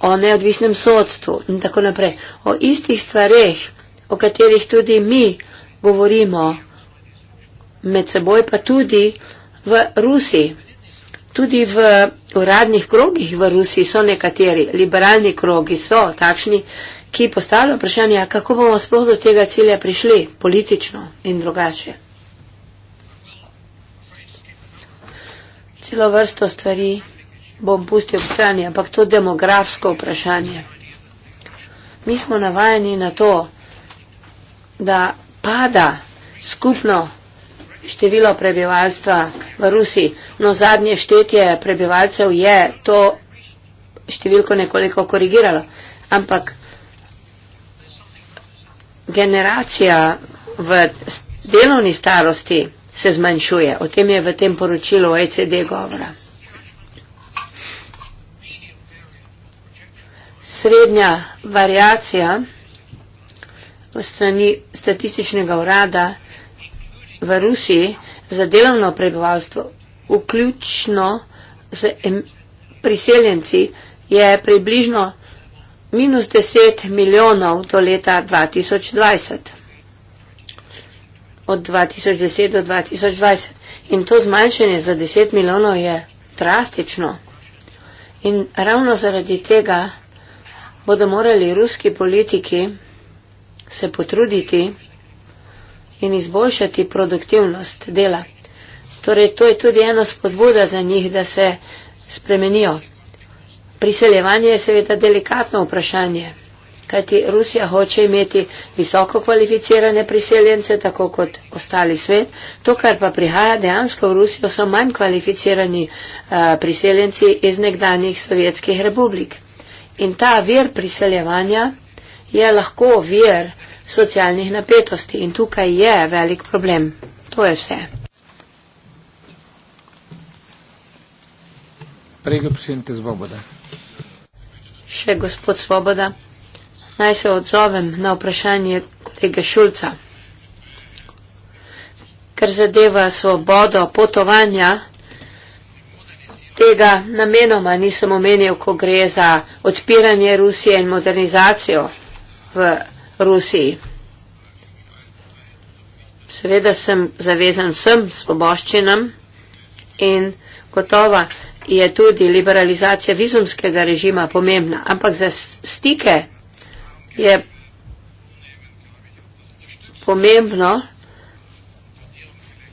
o neodvisnem sodstvu in tako naprej, o istih stvareh, o katerih tudi mi govorimo med seboj, pa tudi v Rusiji. Tudi v uradnih krogih v Rusiji so nekateri, liberalni krogi so takšni, ki postavljajo vprašanje, kako bomo sploh do tega cilja prišli politično in drugače. celo vrsto stvari bom pustil v strani, ampak to demografsko vprašanje. Mi smo navajeni na to, da pada skupno število prebivalstva v Rusiji, no zadnje štetje prebivalcev je to številko nekoliko korigiralo, ampak generacija v delovni starosti se zmanjšuje. O tem je v tem poročilu OECD govora. Srednja variacija v strani statističnega urada v Rusiji za delovno prebivalstvo, vključno z priseljenci, je približno minus 10 milijonov do leta 2020 od 2010 do 2020. In to zmanjšanje za 10 milijonov je drastično. In ravno zaradi tega bodo morali ruski politiki se potruditi in izboljšati produktivnost dela. Torej, to je tudi ena spodbuda za njih, da se spremenijo. Priseljevanje je seveda delikatno vprašanje kajti Rusija hoče imeti visoko kvalificirane priseljence, tako kot ostali svet. To, kar pa prihaja dejansko v Rusijo, so manj kvalificirani uh, priseljenci iz nekdanjih sovjetskih republik. In ta vir priseljevanja je lahko vir socialnih napetosti in tukaj je velik problem. To je vse. Prej, gospod Svoboda. Še gospod Svoboda. Naj se odzovem na vprašanje kolega Šulca. Ker zadeva svobodo potovanja, tega namenoma nisem omenil, ko gre za odpiranje Rusije in modernizacijo v Rusiji. Seveda sem zavezan vsem svoboščinam in gotova je tudi liberalizacija vizumskega režima pomembna, ampak za stike je pomembno,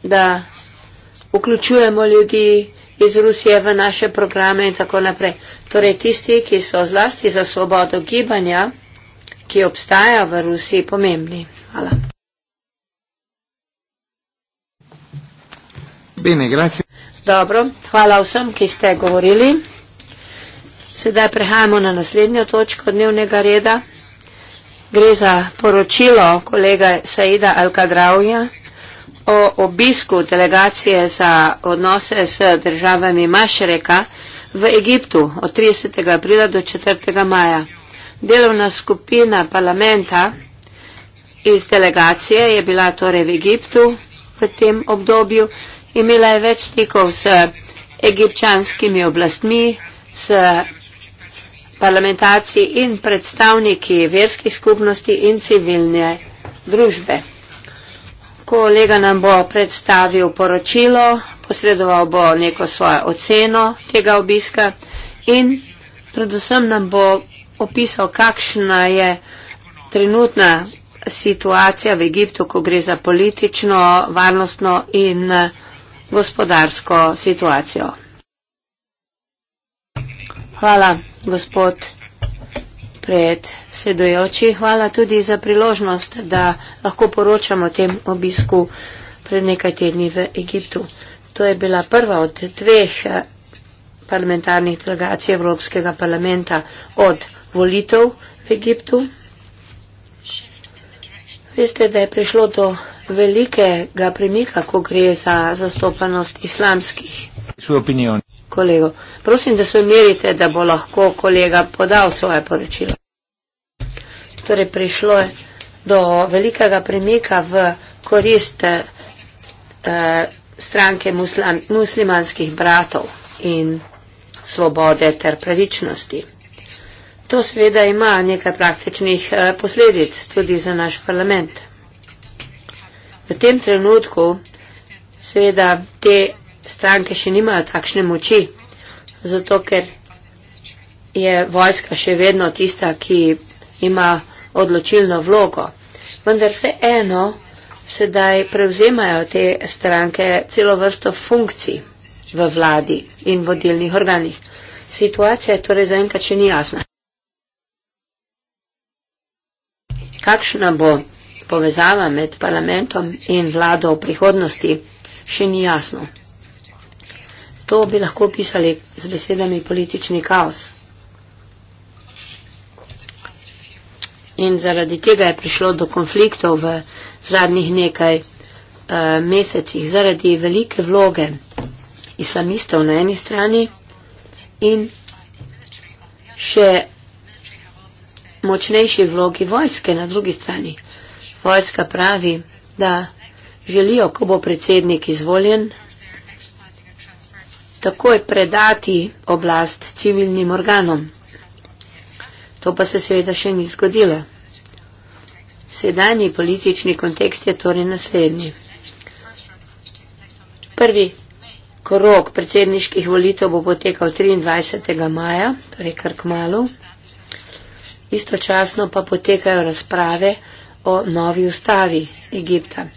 da vključujemo ljudi iz Rusije v naše programe in tako naprej. Torej tisti, ki so zlasti za svobodo gibanja, ki obstaja v Rusiji, pomembni. Hvala. Bene, Dobro, hvala vsem, ki ste govorili. Sedaj prehajamo na naslednjo točko dnevnega reda. Gre za poročilo kolega Saida Al-Kadravja o obisku delegacije za odnose s državami Mašreka v Egiptu od 30. aprila do 4. maja. Delovna skupina parlamenta iz delegacije je bila torej v Egiptu v tem obdobju, imela je več stikov s egipčanskimi oblastmi, s parlamentarci in predstavniki verskih skupnosti in civilne družbe. Kolega nam bo predstavil poročilo, posredoval bo neko svojo oceno tega obiska in predvsem nam bo opisal, kakšna je trenutna situacija v Egiptu, ko gre za politično, varnostno in gospodarsko situacijo. Hvala, gospod predsedujoči. Hvala tudi za priložnost, da lahko poročamo o tem obisku pred nekaj tedni v Egiptu. To je bila prva od dveh eh, parlamentarnih delegacij Evropskega parlamenta od volitev v Egiptu. Veste, da je prišlo do velikega premika, ko gre za zastopanost islamskih. Svoje opinije kolego. Prosim, da se umirite, da bo lahko kolega podal svoje poročilo. Torej, prišlo je do velikega premika v korist eh, stranke muslim, muslimanskih bratov in svobode ter pravičnosti. To seveda ima nekaj praktičnih eh, posledic tudi za naš parlament. V tem trenutku seveda te stranke še nimajo takšne moči, zato ker je vojska še vedno tista, ki ima odločilno vlogo. Vendar vse eno sedaj prevzemajo te stranke celo vrsto funkcij v vladi in vodilnih organih. Situacija je torej zaenkrat še ni jasna. Kakšna bo povezava med parlamentom in vlado v prihodnosti, še ni jasno. To bi lahko pisali z besedami politični kaos. In zaradi tega je prišlo do konfliktov v zadnjih nekaj uh, mesecih, zaradi velike vloge islamistov na eni strani in še močnejši vlogi vojske na drugi strani. Vojska pravi, da želijo, ko bo predsednik izvoljen, takoj predati oblast civilnim organom. To pa se seveda še ni zgodilo. Sedajni politični kontekst je torej naslednji. Prvi krok predsedniških volitev bo potekal 23. maja, torej kar kmalo. Istočasno pa potekajo razprave o novi ustavi Egipta.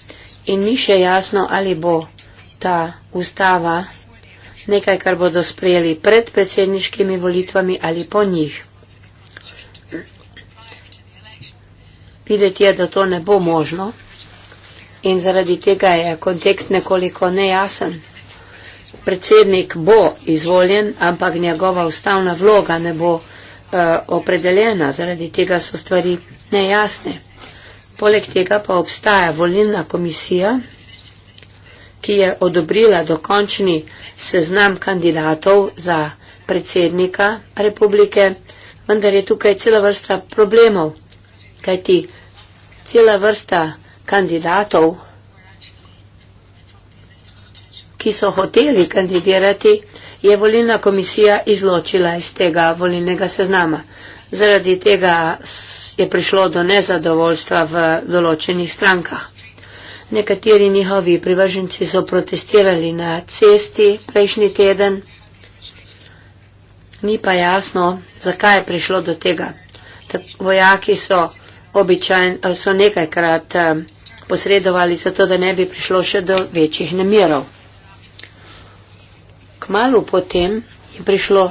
In ni še jasno, ali bo ta ustava nekaj, kar bodo sprejeli pred predsedniškimi volitvami ali po njih. Videti je, da to ne bo možno in zaradi tega je kontekst nekoliko nejasen. Predsednik bo izvoljen, ampak njegova ustavna vloga ne bo uh, opredeljena, zaradi tega so stvari nejasne. Poleg tega pa obstaja volilna komisija, ki je odobrila dokončni seznam kandidatov za predsednika republike, vendar je tukaj cela vrsta problemov, kajti cela vrsta kandidatov, ki so hoteli kandidirati, je volilna komisija izločila iz tega volilnega seznama. Zaradi tega je prišlo do nezadovoljstva v določenih strankah. Nekateri njihovi privrženci so protestirali na cesti prejšnji teden. Ni pa jasno, zakaj je prišlo do tega. Tak, vojaki so, običajn, so nekajkrat eh, posredovali zato, da ne bi prišlo še do večjih nemirov. Kmalo potem je prišlo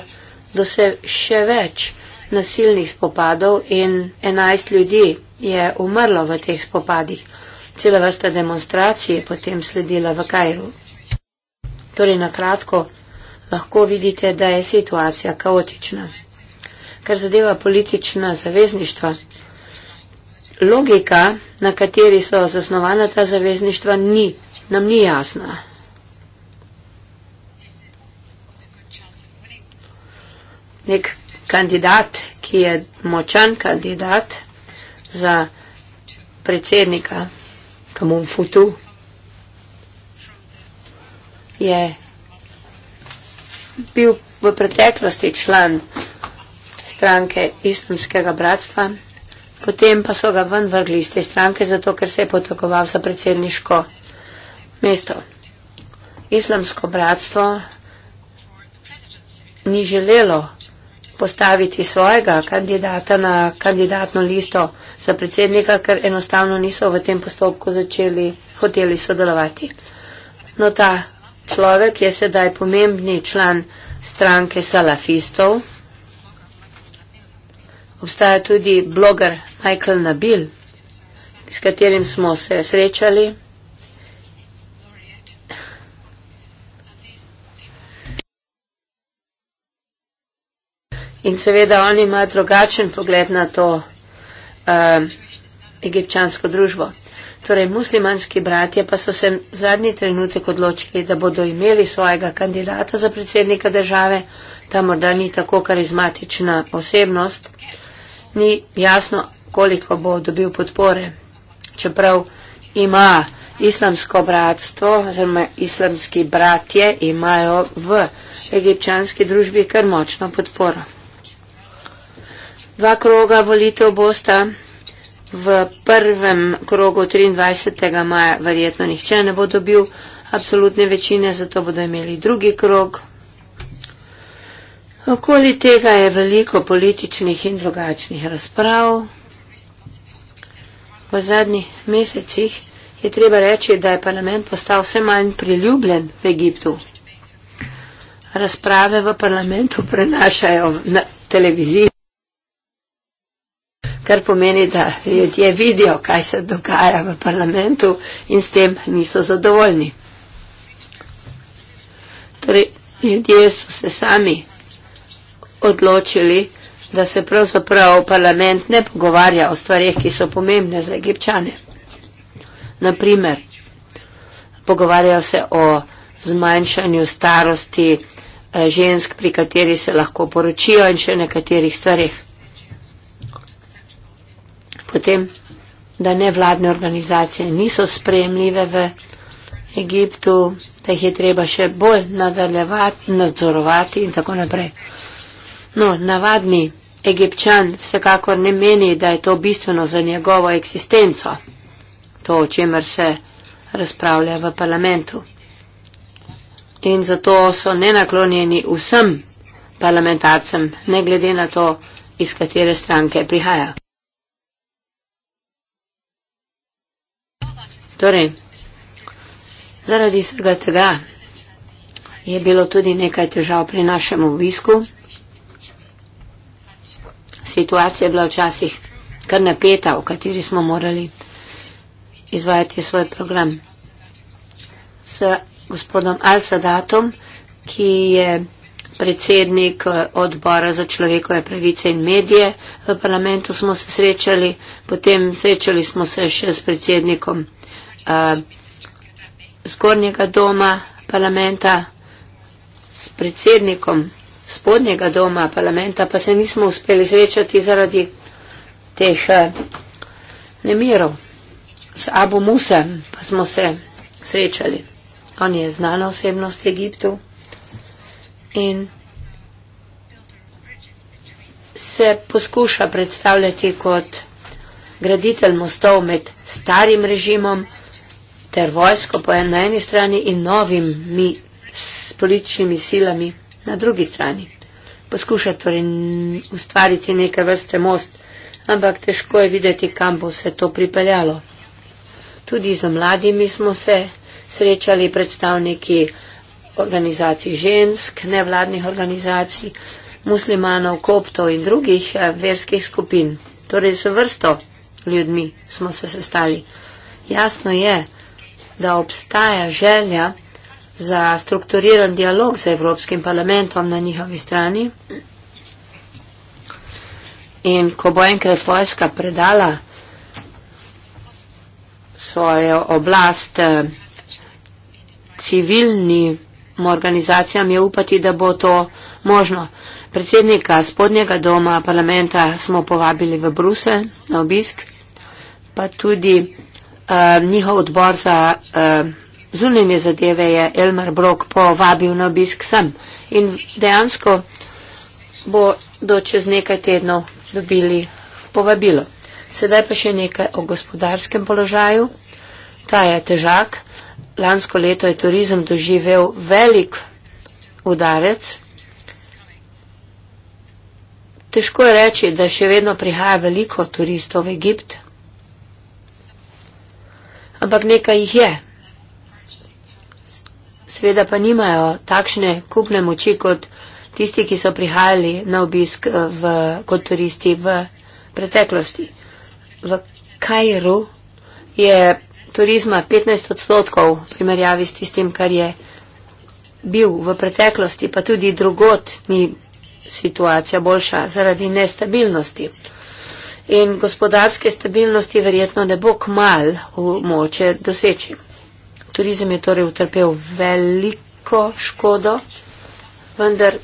do se še več nasilnih spopadov in 11 ljudi je umrlo v teh spopadih. Cela vrsta demonstracij je potem sledila v Kajru. Torej, na kratko, lahko vidite, da je situacija kaotična. Kar zadeva politična zavezništva, logika, na kateri so zasnovana ta zavezništva, ni, nam ni jasna. Nek kandidat, ki je močan kandidat za predsednika comme en photo. Je bil v preteklosti član stranke Islamskega bratstva, potem pa so ga ven vrgli iz te stranke, zato ker se je potokoval za predsedniško mesto. Islamsko bratstvo ni želelo postaviti svojega kandidata na kandidatno listo za predsednika, ker enostavno niso v tem postopku začeli hoteli sodelovati. No, ta človek je sedaj pomembni član stranke salafistov. Obstaja tudi bloger Michael Nabil, s katerim smo se srečali. In seveda on ima drugačen pogled na to uh, egipčansko družbo. Torej, muslimanski bratje pa so se zadnji trenutek odločili, da bodo imeli svojega kandidata za predsednika države, ta morda ni tako karizmatična osebnost, ni jasno, koliko bo dobil podpore. Čeprav ima islamsko bratstvo, oziroma islamski bratje imajo v egipčanski družbi kar močno podporo. Dva kroga volitev bosta v prvem krogu 23. maja. Verjetno nihče ne bo dobil absolutne večine, zato bodo imeli drugi krog. Okoli tega je veliko političnih in drugačnih razprav. V zadnjih mesecih je treba reči, da je parlament postal vse manj priljubljen v Egiptu. Razprave v parlamentu prenašajo na televiziji kar pomeni, da ljudje vidijo, kaj se dogaja v parlamentu in s tem niso zadovoljni. Torej, ljudje so se sami odločili, da se pravzaprav parlament ne pogovarja o stvarih, ki so pomembne za egipčane. Naprimer, pogovarjajo se o zmanjšanju starosti eh, žensk, pri kateri se lahko poročijo in še nekaterih stvarih potem, da nevladne organizacije niso spremljive v Egiptu, da jih je treba še bolj nadaljevati, nadzorovati in tako naprej. No, navadni egipčan vsekakor ne meni, da je to bistveno za njegovo eksistenco, to, o čemer se razpravlja v parlamentu. In zato so nenaklonjeni vsem parlamentarcem, ne glede na to, iz katere stranke prihaja. Torej, zaradi vsega tega je bilo tudi nekaj težav pri našem obisku. Situacija je bila včasih kar napeta, v kateri smo morali izvajati svoj program. S gospodom Al-Sadatom, ki je predsednik eh, odbora za človekove pravice in medije v parlamentu, smo se srečali, potem srečali smo se še s predsednikom zgornjega doma parlamenta s predsednikom spodnjega doma parlamenta, pa se nismo uspeli srečati zaradi teh nemirov. S Abu Musem pa smo se srečali. On je znana osebnost v Egiptu in se poskuša predstavljati kot graditelj mostov med starim režimom, ter vojsko po en, eni strani in novimi političnimi silami na drugi strani. Poskuša torej ustvariti neke vrste most, ampak težko je videti, kam bo se to pripeljalo. Tudi z mladimi smo se srečali predstavniki organizacij žensk, nevladnih organizacij, muslimanov, koptov in drugih eh, verskih skupin. Torej z vrsto ljudmi smo se sestali. Jasno je, da obstaja želja za strukturiran dialog z Evropskim parlamentom na njihovi strani. In ko bo enkrat vojska predala svojo oblast eh, civilnim organizacijam, je upati, da bo to možno. Predsednika spodnjega doma parlamenta smo povabili v Bruse na obisk, pa tudi Ehm, njihov odbor za uh, zunanje zadeve je Elmar Brok povabil na obisk sem. In dejansko bo do čez nekaj tednov dobili povabilo. Sedaj pa še nekaj o gospodarskem položaju. Ta je težak. Lansko leto je turizem doživel velik udarec. Težko je reči, da še vedno prihaja veliko turistov v Egipt, ampak nekaj jih je. Sveda pa nimajo takšne kupne moči kot tisti, ki so prihajali na obisk eh, v, kot turisti v preteklosti. V Kajru je turizma 15 odstotkov v primerjavi s tistim, kar je bil v preteklosti, pa tudi drugot ni situacija boljša zaradi nestabilnosti in gospodarske stabilnosti verjetno ne bo kmal v moče doseči. Turizem je torej utrpel veliko škodo, vendar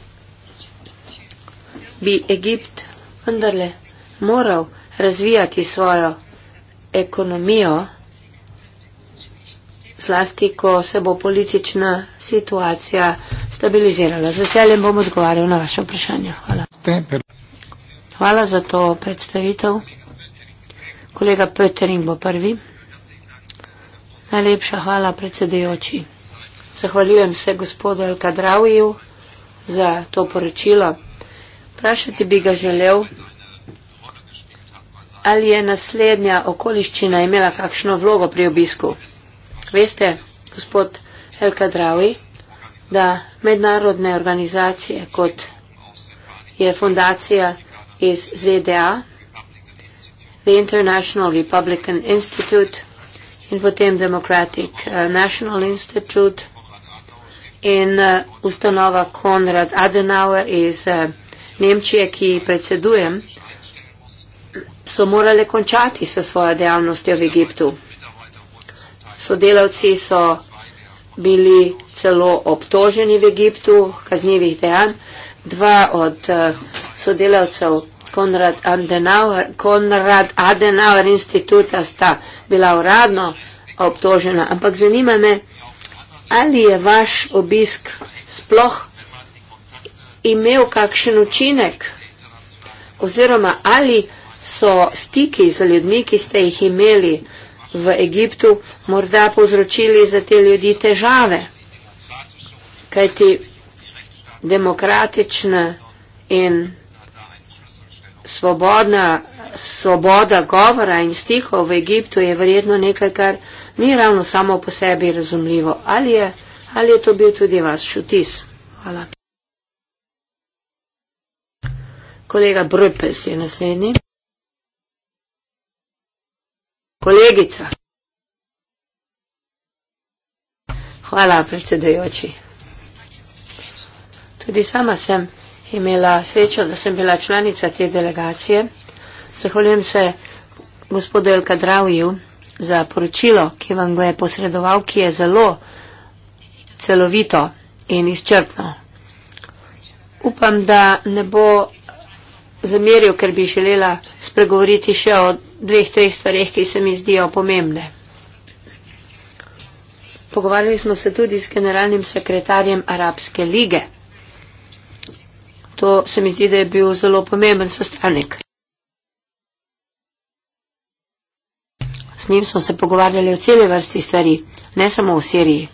bi Egipt vendarle moral razvijati svojo ekonomijo, zlasti ko se bo politična situacija stabilizirala. Z veseljem bom odgovarjal na vaše vprašanje. Hvala. Hvala za to predstavitev. Kolega Petrin bo prvi. Najlepša hvala predsedujoči. Zahvaljujem se gospodu Elkadraviju za to poročilo. Vprašati bi ga želel, ali je naslednja okoliščina imela kakšno vlogo pri obisku. Veste, gospod Elkadravi, da mednarodne organizacije, kot je fundacija iz ZDA, The International Republican Institute in potem Democratic uh, National Institute in uh, ustanova Konrad Adenauer iz uh, Nemčije, ki predsedujem, so morali končati sa svojo dejavnostjo v Egiptu. Sodelavci so bili celo obtoženi v Egiptu kaznjivih dejanj, dva od uh, sodelavcev Konrad Adenauer, Konrad Adenauer instituta sta bila uradno obtožena, ampak zanima me, ali je vaš obisk sploh imel kakšen učinek oziroma ali so stiki z ljudmi, ki ste jih imeli v Egiptu, morda povzročili za te ljudi težave. Kajti demokratična in svobodna svoboda govora in stikov v Egiptu je verjetno nekaj, kar ni ravno samo po sebi razumljivo. Ali je, ali je to bil tudi vas šutis? Hvala. Kolega Brupels je naslednji. Kolegica. Hvala, predsedajoči. Tudi sama sem imela srečo, da sem bila članica te delegacije. Zahvaljujem se gospodu El Kadravju za poročilo, ki vam ga je posredoval, ki je zelo celovito in izčrpno. Upam, da ne bo zameril, ker bi želela spregovoriti še o dveh, treh stvarih, ki se mi zdijo pomembne. Pogovarjali smo se tudi s generalnim sekretarjem Arabske lige. To se mi zdi, da je bil zelo pomemben sestanek. S njim smo se pogovarjali o cele vrsti stvari, ne samo o Siriji,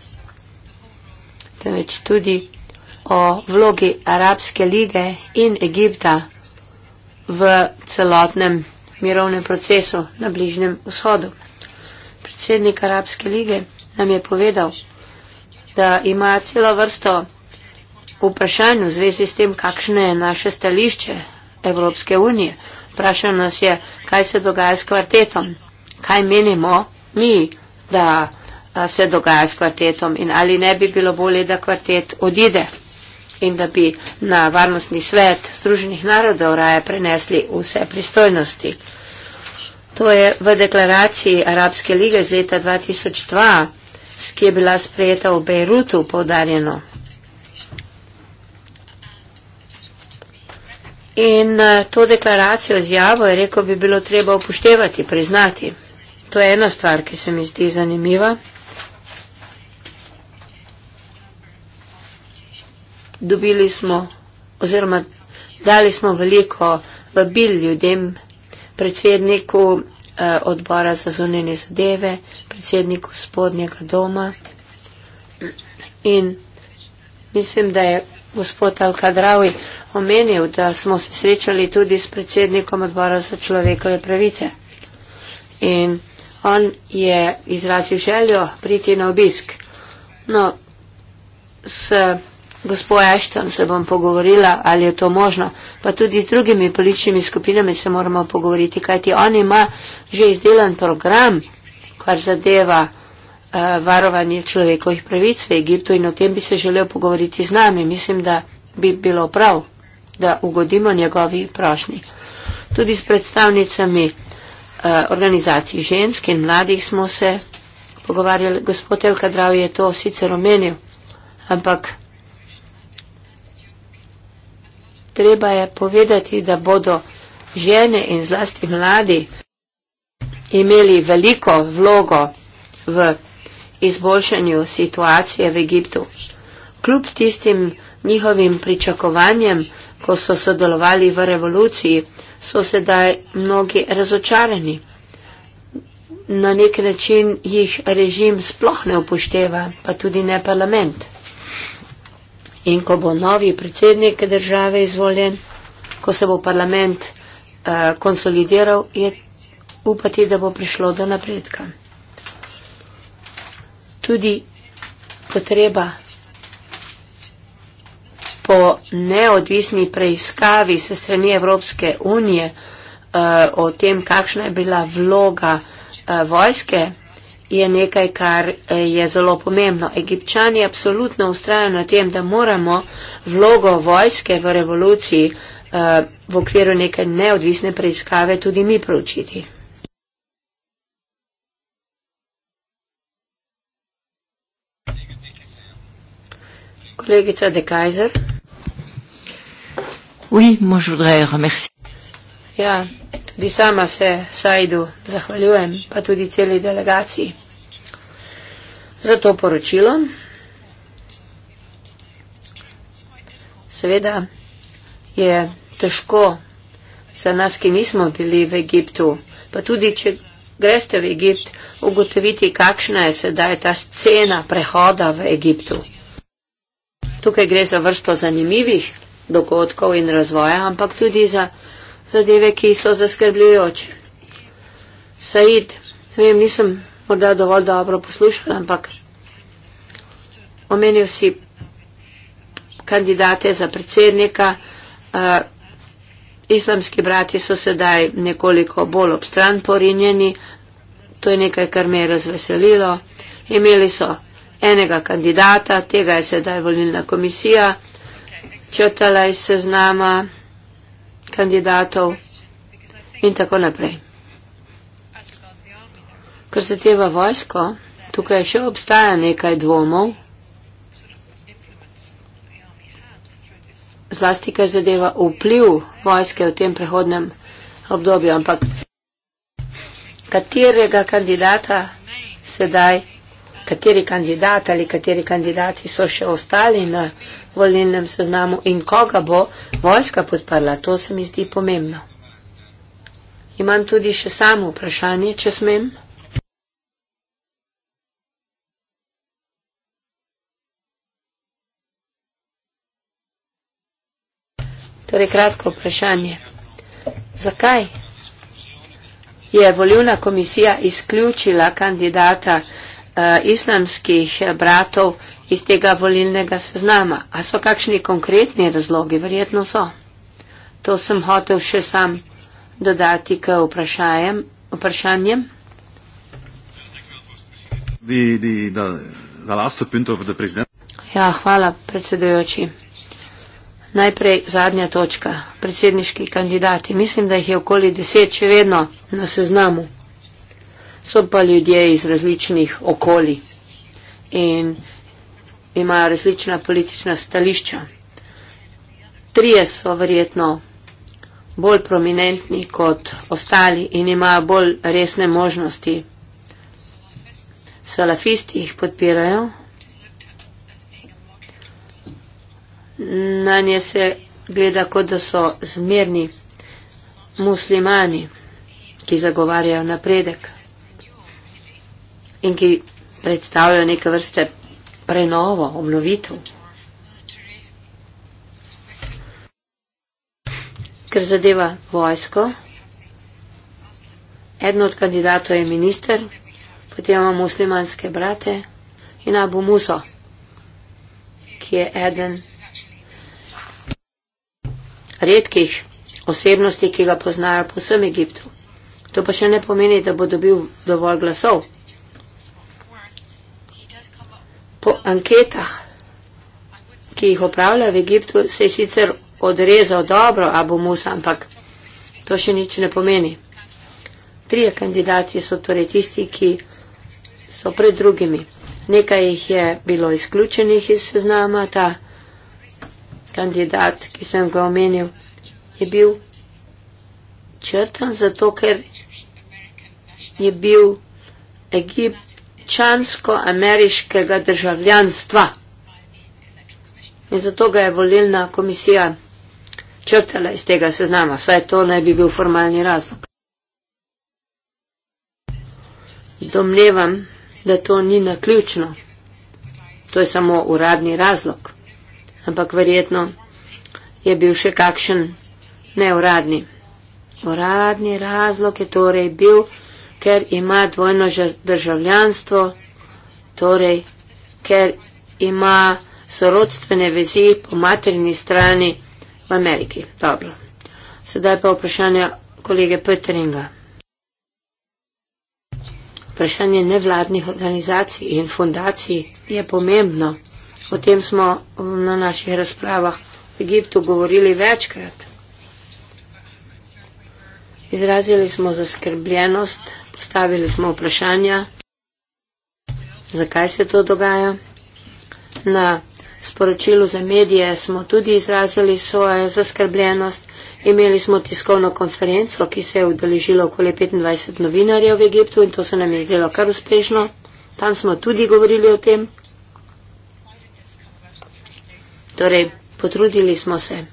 temveč tudi o vlogi Arabske lige in Egipta v celotnem mirovnem procesu na Bližnem vzhodu. Predsednik Arabske lige nam je povedal, da ima celo vrsto po vprašanju v zvezi s tem, kakšno je naše stališče Evropske unije. Vprašal nas je, kaj se dogaja s kvartetom, kaj menimo mi, da se dogaja s kvartetom in ali ne bi bilo bolje, da kvartet odide in da bi na varnostni svet Združenih narodov raje prenesli vse pristojnosti. To je v deklaraciji Arabske lige iz leta 2002, ki je bila sprejeta v Bejrutu, povdarjeno. In eh, to deklaracijo z javo je rekel, bi bilo treba upoštevati, priznati. To je ena stvar, ki se mi zdi zanimiva. Dobili smo oziroma dali smo veliko vabil ljudem, predsedniku eh, odbora za zunanje zadeve, predsedniku spodnjega doma. In mislim, da je gospod Alkadravi omenil, da smo se srečali tudi s predsednikom odbora za človekove pravice. In on je izrazil željo priti na obisk. No, s gospod Ashton se bom pogovorila, ali je to možno, pa tudi z drugimi političnimi skupinami se moramo pogovoriti, kajti on ima že izdelan program, kar zadeva uh, varovanje človekovih pravic v Egiptu in o tem bi se želel pogovoriti z nami. Mislim, da bi bilo prav da ugodimo njegovi prošnji. Tudi s predstavnicami eh, organizacij žensk in mladih smo se pogovarjali. Gospod Elkadrav je to sicer omenil, ampak treba je povedati, da bodo žene in zlasti mladi imeli veliko vlogo v izboljšanju situacije v Egiptu. Kljub tistim njihovim pričakovanjem, ko so sodelovali v revoluciji, so sedaj mnogi razočarani. Na nek način jih režim sploh ne upošteva, pa tudi ne parlament. In ko bo novi predsednik države izvoljen, ko se bo parlament uh, konsolidiral, je upati, da bo prišlo do napredka. Tudi potreba po neodvisni preiskavi se strani Evropske unije uh, o tem, kakšna je bila vloga uh, vojske, je nekaj, kar eh, je zelo pomembno. Egipčani absolutno ustrajajo na tem, da moramo vlogo vojske v revoluciji uh, v okviru neke neodvisne preiskave tudi mi pročiti. Kolegica De Kajzer. Oui, moi je voudrais remercier. Ja, tudi sama se Saidu zahvaljujem, pa tudi celi delegaciji za to poročilo. Seveda je težko za nas, ki nismo bili v Egiptu, pa tudi če greste v Egipt, ugotoviti, kakšna je sedaj ta scena prehoda v Egiptu. Tukaj gre za vrsto zanimivih dogodkov in razvoja, ampak tudi za zadeve, ki so zaskrbljujoče. Said, vem, nisem morda dovolj dobro poslušal, ampak omenil si kandidate za predsednika. Uh, islamski brati so sedaj nekoliko bolj ob stran porinjeni. To je nekaj, kar me je razveselilo. Imeli so enega kandidata, tega je sedaj volilna komisija črtala iz seznama kandidatov in tako naprej. Kar se teva vojsko, tukaj še obstaja nekaj dvomov, zlasti kar zadeva vpliv vojske v tem prehodnem obdobju, ampak katerega kandidata sedaj kateri kandidat ali kateri kandidati so še ostali na volilnem seznamu in koga bo vojska podprla. To se mi zdi pomembno. Imam tudi še samo vprašanje, če smem. Torej, kratko vprašanje. Zakaj je volilna komisija izključila kandidata Eh, islamskih bratov iz tega volilnega seznama. A so kakšni konkretni razlogi? Verjetno so. To sem hotel še sam dodati k vprašajem, vprašanjem. The, the, the, the last point of the president. Ja, hvala, predsedujoči. Najprej zadnja točka, predsedniški kandidati. Mislim, da jih je okoli deset še vedno na seznamu so pa ljudje iz različnih okoli in imajo različna politična stališča. Trije so verjetno bolj prominentni kot ostali in imajo bolj resne možnosti. Salafisti jih podpirajo. Na nje se gleda, kot da so zmerni muslimani, ki zagovarjajo napredek in ki predstavljajo neke vrste prenovo, obnovitev. Ker zadeva vojsko, eden od kandidatov je minister, potem imamo muslimanske brate in Abu Muso, ki je eden redkih osebnosti, ki ga poznajo po vsem Egiptu. To pa še ne pomeni, da bo dobil dovolj glasov po anketah, ki jih opravlja v Egiptu, se je sicer odrezal dobro Abu Musa, ampak to še nič ne pomeni. Trije kandidati so torej tisti, ki so pred drugimi. Nekaj jih je bilo izključenih iz seznama, ta kandidat, ki sem ga omenil, je bil črtan zato, ker je bil Egipt krščansko-ameriškega državljanstva. In zato ga je volilna komisija črtala iz tega seznama. Vsaj to naj bi bil formalni razlog. Domnevam, da to ni naključno. To je samo uradni razlog. Ampak verjetno je bil še kakšen neuradni. Uradni razlog je torej bil ker ima dvojno državljanstvo, torej ker ima sorodstvene vezi po materni strani v Ameriki. Dobro. Sedaj pa vprašanje kolege Petringa. Vprašanje nevladnih organizacij in fundacij je pomembno. O tem smo na naših razpravah v Egiptu govorili večkrat. Izrazili smo zaskrbljenost postavili smo vprašanja, zakaj se to dogaja. Na sporočilu za medije smo tudi izrazili svojo zaskrbljenost. Imeli smo tiskovno konferenco, ki se je udeležilo okoli 25 novinarjev v Egiptu in to se nam je zdelo kar uspešno. Tam smo tudi govorili o tem. Torej, potrudili smo se.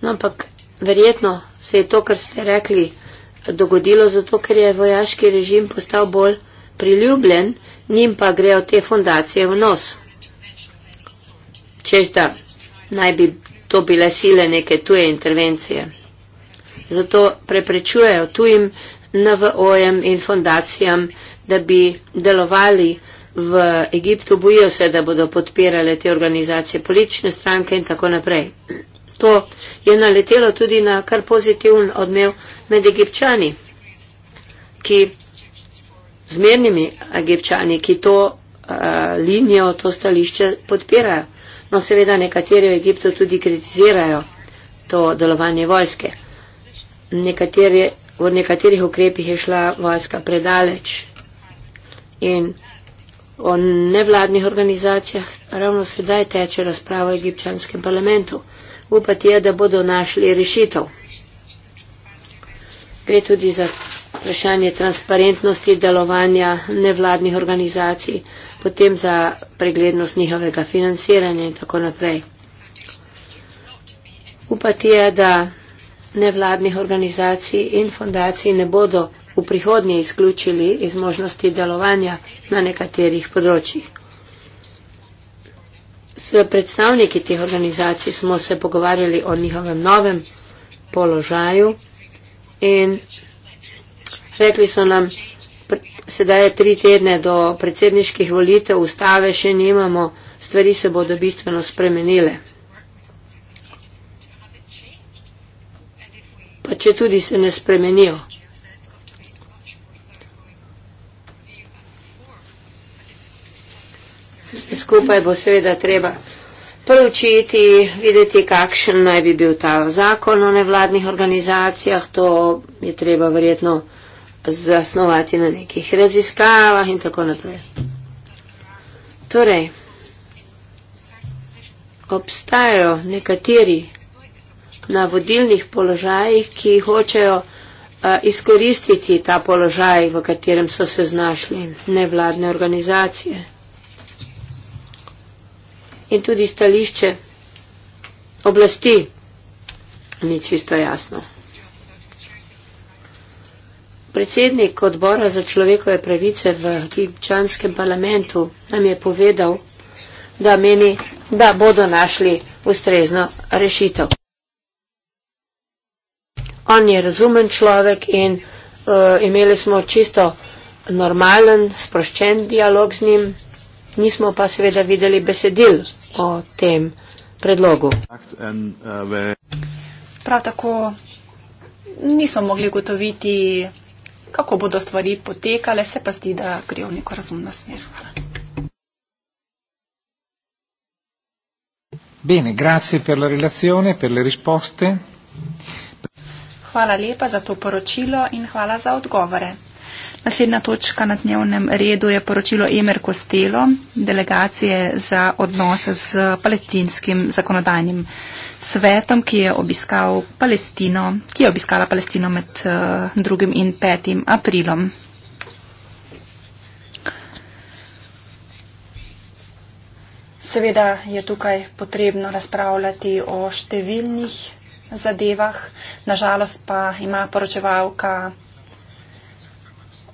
No, ampak verjetno se je to, kar ste rekli, dogodilo zato, ker je vojaški režim postal bolj priljubljen, njim pa grejo te fondacije v nos. Čež da naj bi to bile sile neke tuje intervencije. Zato preprečujejo tujim NVO-jem in fondacijam, da bi delovali v Egiptu, bojijo se, da bodo podpirale te organizacije, politične stranke in tako naprej to je naletelo tudi na kar pozitiven odmev med egipčani, ki zmernimi egipčani, ki to uh, linijo, to stališče podpirajo. No seveda nekateri v Egiptu tudi kritizirajo to delovanje vojske. Nekateri, v nekaterih ukrepih je šla vojska predaleč in o nevladnih organizacijah ravno sedaj teče razprava v egipčanskem parlamentu upati je, da bodo našli rešitev. Gre tudi za vprašanje transparentnosti delovanja nevladnih organizacij, potem za preglednost njihovega financiranja in tako naprej. Upati je, da nevladnih organizacij in fondacij ne bodo v prihodnje izključili iz možnosti delovanja na nekaterih področjih. S predstavniki teh organizacij smo se pogovarjali o njihovem novem položaju in rekli so nam, sedaj je tri tedne do predsedniških volitev, ustave še nimamo, stvari se bodo bistveno spremenile. Pa če tudi se ne spremenijo, vsi skupaj bo seveda treba preučiti, videti, kakšen naj bi bil ta zakon o nevladnih organizacijah. To je treba verjetno zasnovati na nekih raziskavah in tako naprej. Torej, obstajajo nekateri na vodilnih položajih, ki hočejo uh, izkoristiti ta položaj, v katerem so se znašli nevladne organizacije in tudi stališče oblasti ni čisto jasno. Predsednik odbora za človekove pravice v egipčanskem parlamentu nam je povedal, da meni, da bodo našli ustrezno rešitev. On je razumen človek in uh, imeli smo čisto normalen, sproščen dialog z njim, nismo pa seveda videli besedil o tem predlogu. Prav tako niso mogli gotoviti, kako bodo stvari potekale, se pa zdi, da gre v neko razumno smer. Bene, grazie per la relazione, per le risposte. Hvala lepa za to poročilo in hvala za odgovore. Naslednja točka na dnevnem redu je poročilo Emer Kostelo, delegacije za odnose z palestinskim zakonodajnim svetom, ki je, obiskal Palestino, ki je obiskala Palestino med 2. Eh, in 5. aprilom. Seveda je tukaj potrebno razpravljati o številnih zadevah, nažalost pa ima poročevalka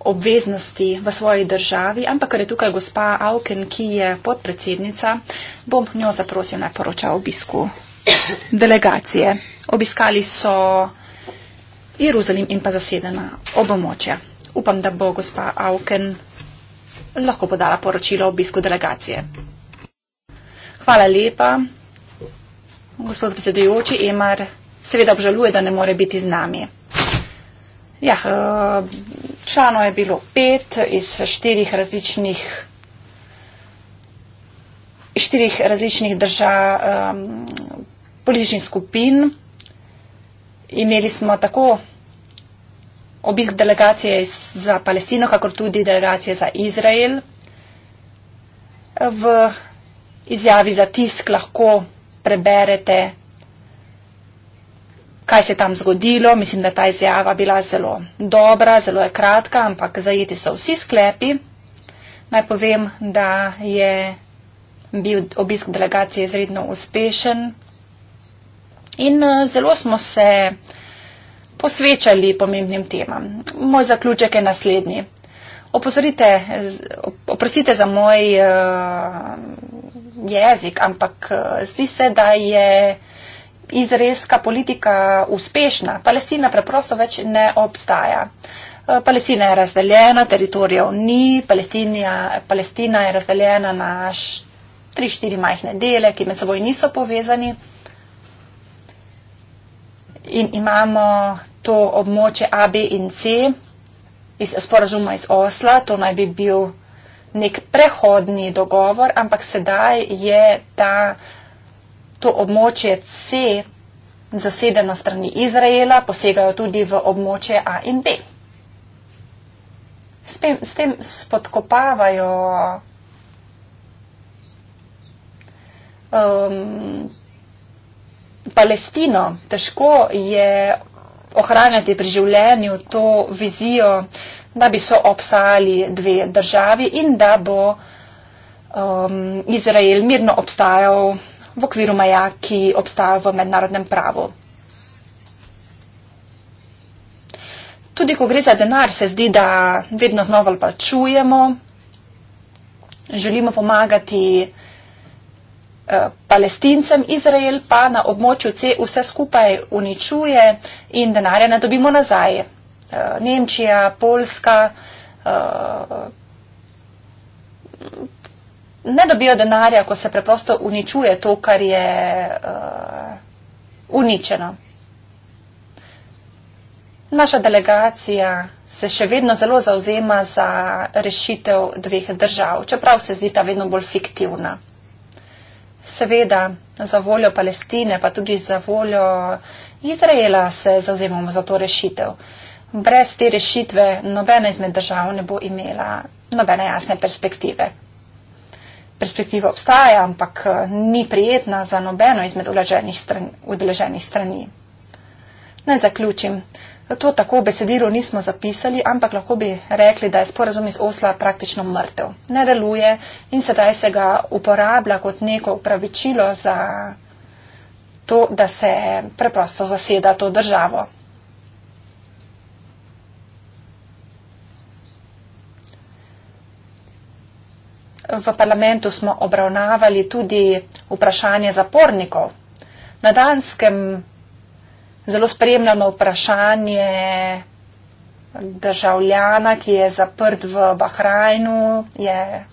obveznosti v svoji državi, ampak ker je tukaj gospa Auken, ki je podpredsednica, bom njo zaprosil naj poroča o obisku delegacije. Obiskali so Jeruzalem in pa zasedena obomočja. Upam, da bo gospa Auken lahko podala poročilo o obisku delegacije. Hvala lepa, gospod predsedujoči Emar. Seveda obžaluje, da ne more biti z nami. Ja, eh, Članov je bilo pet iz štirih različnih, štirih različnih držav, um, političnih skupin. Imeli smo tako obisk delegacije za Palestino, kakor tudi delegacije za Izrael. V izjavi za tisk lahko preberete kaj se je tam zgodilo. Mislim, da je ta izjava bila zelo dobra, zelo je kratka, ampak zajeti so vsi sklepi. Naj povem, da je bil obisk delegacije izredno uspešen in eh, zelo smo se posvečali pomembnim temam. Moj zaključek je naslednji. Opozorite, oprostite za moj uh, jezik, ampak eh, zdi se, da je uh, izraelska politika uspešna. Palestina preprosto več ne obstaja. Eh, Palestina je razdeljena, teritorijev ni, Palestinija, Palestina je razdeljena na tri, štiri majhne dele, ki med seboj niso povezani. In imamo to območje A, B in C iz sporazuma iz Osla, to naj bi bil nek prehodni dogovor, ampak sedaj je ta to območje C zasedeno strani Izraela, posegajo tudi v območje A in B. S tem, s tem spodkopavajo um, Palestino. Težko je ohranjati pri življenju to vizijo, da bi so obstajali dve državi in da bo um, Izrael mirno obstajal v okviru meja, ki obstaja v mednarodnem pravu. Tudi, ko gre za denar, se zdi, da vedno znova plačujemo, želimo pomagati eh, palestincem, Izrael pa na območju C vse skupaj uničuje in denarja ne dobimo nazaj. Eh, Nemčija, Poljska, eh, ne dobijo denarja, ko se preprosto uničuje to, kar je uh, uničeno. Naša delegacija se še vedno zelo zauzema za rešitev dveh držav, čeprav se zdi ta vedno bolj fiktivna. Seveda, za voljo Palestine, pa tudi za voljo Izraela se zauzemamo za to rešitev. Brez te rešitve nobena izmed držav ne bo imela nobene jasne perspektive perspektiva obstaja, ampak eh, ni prijetna za nobeno izmed udeleženih strani. Naj zaključim. To tako v besedilu nismo zapisali, ampak lahko bi rekli, da je sporazum iz Osla praktično mrtev. Ne deluje in sedaj se ga uporablja kot neko upravičilo za to, da se preprosto zaseda to državo. V parlamentu smo obravnavali tudi vprašanje zapornikov. Na danskem zelo spremljamo vprašanje državljana, ki je zaprt v Bahrajnu, je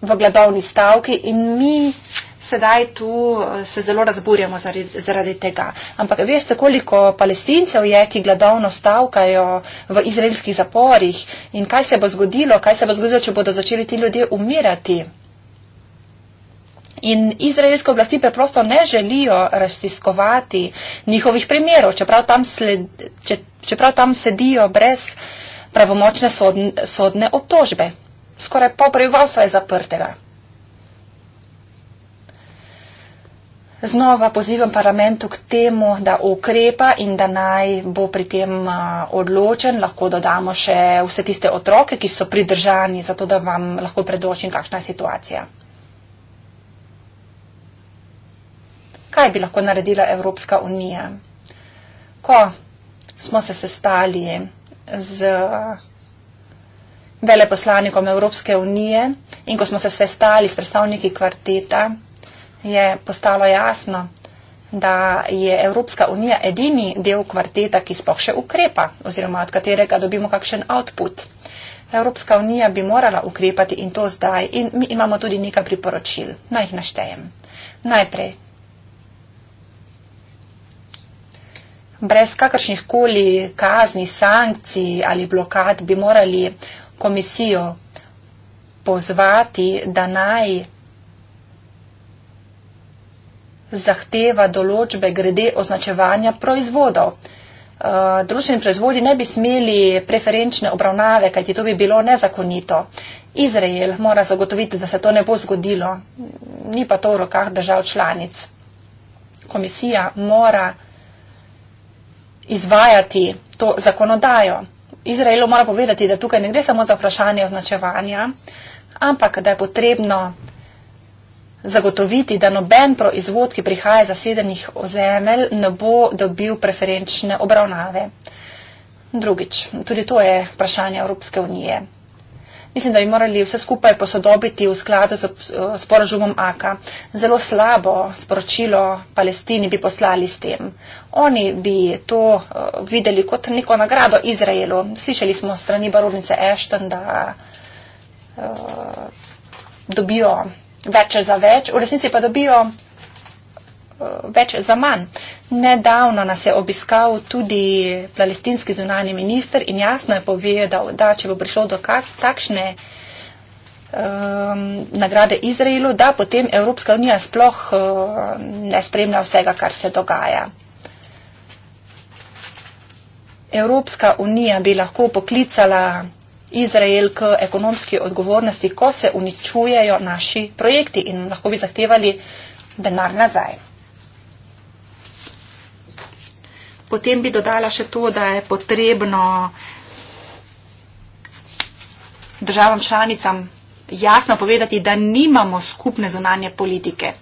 v gladovni stavki in mi sedaj tu eh, se zelo razburjamo zaradi, zaradi tega. Ampak veste, koliko palestincev je, ki gladovno stavkajo v izraelskih zaporih in kaj se bo zgodilo, kaj se bo zgodilo, če bodo začeli ti ljudje umirati. In izraelske oblasti preprosto ne želijo raziskovati njihovih primerov, čeprav tam, sled, če, čeprav tam sedijo brez pravomočne sodne, sodne obtožbe. Skoraj pol prebivalstva je zaprtega. Znova pozivam parlamentu k temu, da ukrepa in da naj bo pri tem odločen. Lahko dodamo še vse tiste otroke, ki so pridržani, zato da vam lahko predočim, kakšna je situacija. Kaj bi lahko naredila Evropska unija? Ko smo se sestali z veleposlanikom Evropske unije in ko smo se sestali s predstavniki kvarteta, je postalo jasno, da je Evropska unija edini del kvarteta, ki sploh še ukrepa oziroma od katerega dobimo kakšen output. Evropska unija bi morala ukrepati in to zdaj in mi imamo tudi nekaj priporočil. Naj jih naštejem. Najprej. Brez kakršnih koli kazni, sankcij ali blokad bi morali komisijo pozvati, da naj zahteva določbe grede označevanja proizvodov. Uh, Družbeni proizvodi ne bi smeli preferenčne obravnave, kajti to bi bilo nezakonito. Izrael mora zagotoviti, da se to ne bo zgodilo. Ni pa to v rokah držav članic. Komisija mora izvajati to zakonodajo. Izraelu mora povedati, da tukaj ne gre samo za vprašanje označevanja, ampak da je potrebno zagotoviti, da noben proizvod, ki prihaja zasedenih ozemelj, ne bo dobil preferenčne obravnave. Drugič, tudi to je vprašanje Evropske unije. Mislim, da bi morali vse skupaj posodobiti v skladu s eh, sporožumom AKA. Zelo slabo sporočilo Palestini bi poslali s tem. Oni bi to eh, videli kot neko nagrado Izraelu. Slišali smo strani barovnice Ashton, da uh, dobijo več za več, v resnici pa dobijo eh, več za manj. Nedavno nas je obiskal tudi palestinski zunani minister in jasno je povedal, da če bo prišlo do kak, takšne um, nagrade Izraelu, da potem Evropska unija sploh uh, ne spremlja vsega, kar se dogaja. Evropska unija bi lahko poklicala Izrael k ekonomski odgovornosti, ko se uničujejo naši projekti in lahko bi zahtevali denar nazaj. Potem bi dodala še to, da je potrebno državam članicam jasno povedati, da nimamo skupne zunanje politike.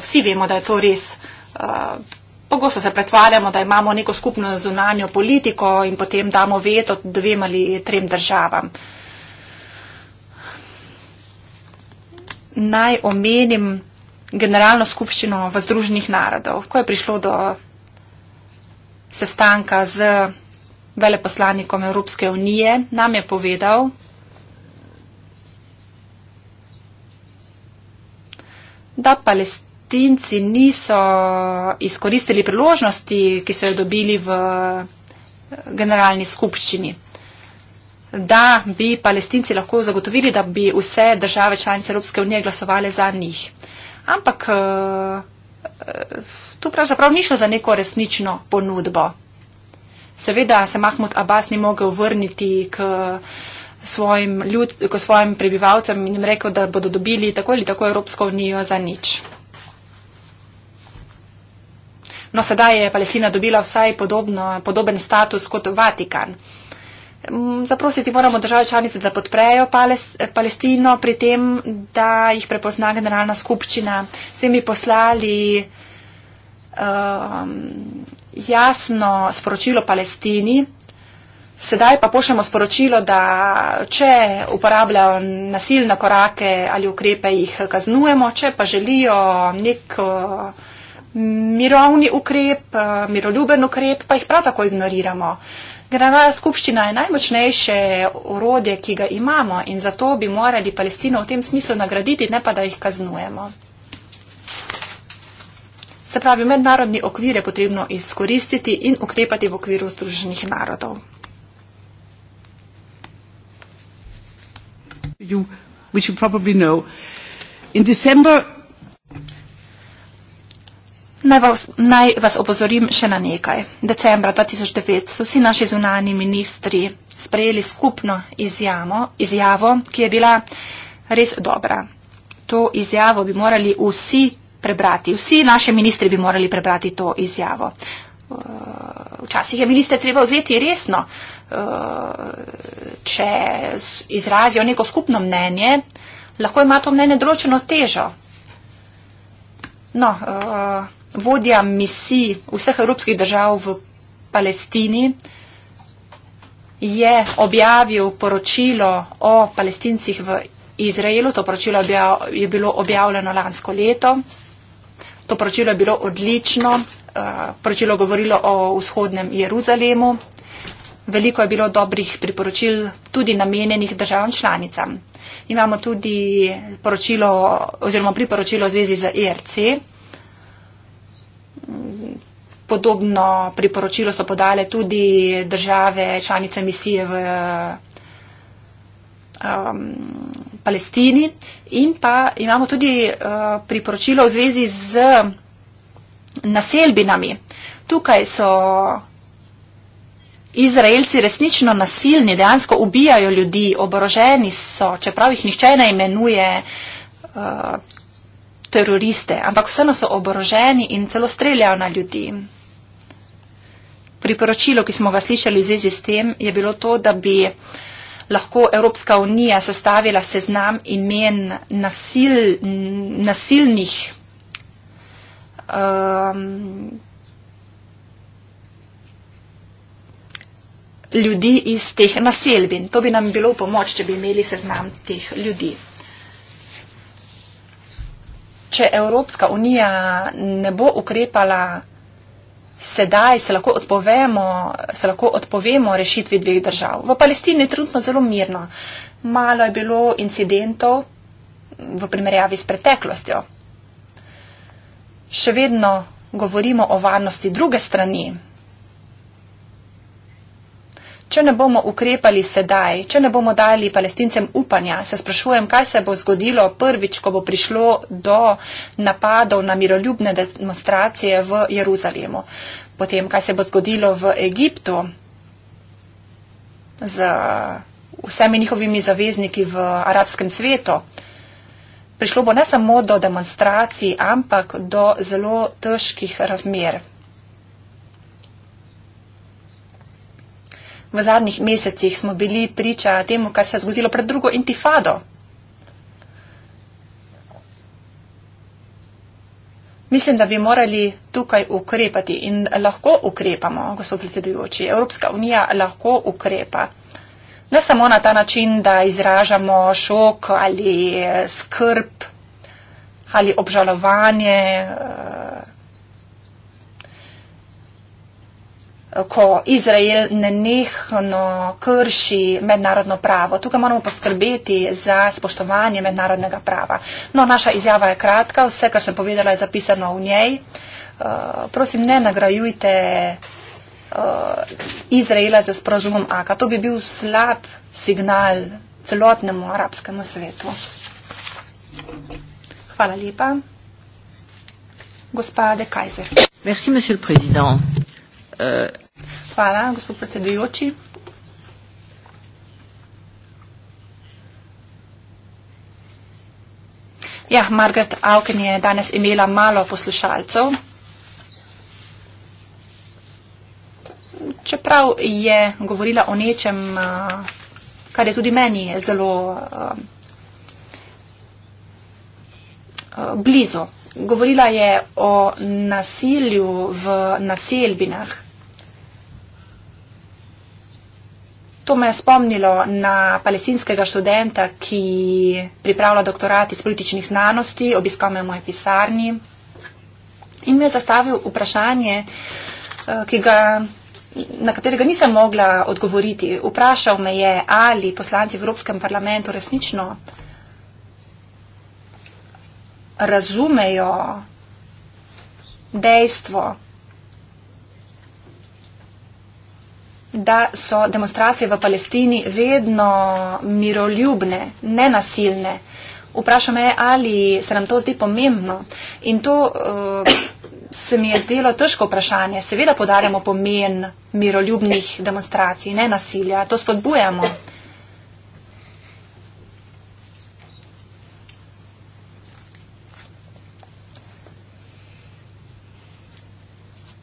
Vsi vemo, da je to res eh, Pogosto se pretvarjamo, da imamo neko skupno zunanjo politiko in potem damo veto dvem ali trem državam. Naj omenim generalno skupščino v Združenih narodov, ko je prišlo do sestanka z veleposlanikom Evropske unije, nam je povedal, da Palestina Argentinci niso izkoristili priložnosti, ki so jo dobili v eh, generalni skupščini. Da bi palestinci lahko zagotovili, da bi vse države članice Evropske unije glasovali za njih. Ampak eh, eh, tu pravzaprav ni šlo za neko resnično ponudbo. Seveda se Mahmud Abbas ni mogel vrniti k svojim, ljud, k svojim prebivalcem in jim rekel, da bodo dobili tako ali tako Evropsko unijo za nič. No, sedaj je Palestina dobila vsaj podobno, podoben status kot Vatikan. Mm, zaprositi moramo države članice, da podprejo Palestino pri tem, da jih prepozna generalna skupščina. Vsem bi poslali um, jasno sporočilo Palestini. Sedaj pa pošljemo sporočilo, da če uporabljajo nasilne korake ali ukrepe, jih kaznujemo, če pa želijo neko mirovni ukrep, eh, miroljuben ukrep, pa jih prav tako ignoriramo. Granada skupščina je najmočnejše orodje, ki ga imamo in zato bi morali Palestino v tem smislu nagraditi, ne pa da jih kaznujemo. Se pravi, mednarodni okvir je potrebno izkoristiti in ukrepati v okviru Združenih narodov. You, which you probably know, in December Naj vas, naj vas opozorim še na nekaj. Decembra 2009 so vsi naši zunani ministri sprejeli skupno izjamo, izjavo, ki je bila res dobra. To izjavo bi morali vsi prebrati, vsi naši ministri bi morali prebrati to izjavo. Eh, včasih je ministre treba vzeti resno, eh, če izrazijo neko skupno mnenje, lahko ima to mnenje določeno težo. No, uh, vodja misij vseh evropskih držav v Palestini je objavil poročilo o palestincih v Izraelu. To poročilo je bilo objavljeno lansko leto. To poročilo je bilo odlično. Eh, poročilo je govorilo o vzhodnem Jeruzalemu. Veliko je bilo dobrih priporočil tudi namenjenih državam članicam. Imamo tudi poročilo, oziroma priporočilo v zvezi z ERC, Podobno priporočilo so podale tudi države članice misije v um, Palestini. In pa imamo tudi uh, priporočilo v zvezi z naselbinami. Tukaj so Izraelci resnično nasilni, dejansko ubijajo ljudi, oboroženi so, čeprav jih nihče ne imenuje. Uh, teroriste, ampak vseeno so oboroženi in celo streljajo na ljudi. Priporočilo, ki smo ga slišali v zvezi s tem, je bilo to, da bi lahko Evropska unija sestavila seznam imen nasil, nasilnih um, ljudi iz teh naselbin. To bi nam bilo v pomoč, če bi imeli seznam teh ljudi če Evropska unija ne bo ukrepala sedaj, se lahko, se lahko odpovemo rešitvi dveh držav. V Palestini je trenutno zelo mirno. Malo je bilo incidentov v primerjavi s preteklostjo. Še vedno govorimo o varnosti druge strani, Če ne bomo ukrepali sedaj, če ne bomo dali palestincem upanja, se sprašujem, kaj se bo zgodilo prvič, ko bo prišlo do napadov na miroljubne demonstracije v Jeruzalemu. Potem, kaj se bo zgodilo v Egiptu z vsemi njihovimi zavezniki v arabskem svetu. Prišlo bo ne samo do demonstracij, ampak do zelo težkih razmer. v zadnjih mesecih smo bili priča temu, kar se je zgodilo pred drugo intifado. Mislim, da bi morali tukaj ukrepati in lahko ukrepamo, gospod predsedujoči. Evropska unija lahko ukrepa. Ne samo na ta način, da izražamo šok ali skrb ali obžalovanje. Uh, ko Izrael nenehno krši mednarodno pravo. Tukaj moramo poskrbeti za spoštovanje mednarodnega prava. No, naša izjava je kratka, vse, kar sem povedala, je zapisano v njej. Uh, prosim, ne nagrajujte uh, Izraela za sporozumom AKA. To bi bil slab signal celotnemu arabskemu svetu. Hvala lepa. Gospa De Kaiser. Merci, monsieur le Président. Euh... Hvala, gospod predsedujoči. Ja, Margaret Auken je danes imela malo poslušalcev. Čeprav je govorila o nečem, kar je tudi meni zelo blizu. Govorila je o nasilju v naseljbinah. To me je spomnilo na palestinskega študenta, ki pripravlja doktorat iz političnih znanosti, obiskal me v moji pisarni in mi je zastavil vprašanje, eh, ga, na katerega nisem mogla odgovoriti. Vprašal me je, ali poslanci v Evropskem parlamentu resnično razumejo dejstvo, da so demonstracije v Palestini vedno miroljubne, nenasilne. Vprašam me, ali se nam to zdi pomembno. In to uh, se mi je zdelo težko vprašanje. Seveda podarjamo pomen miroljubnih demonstracij, ne nasilja. To spodbujamo.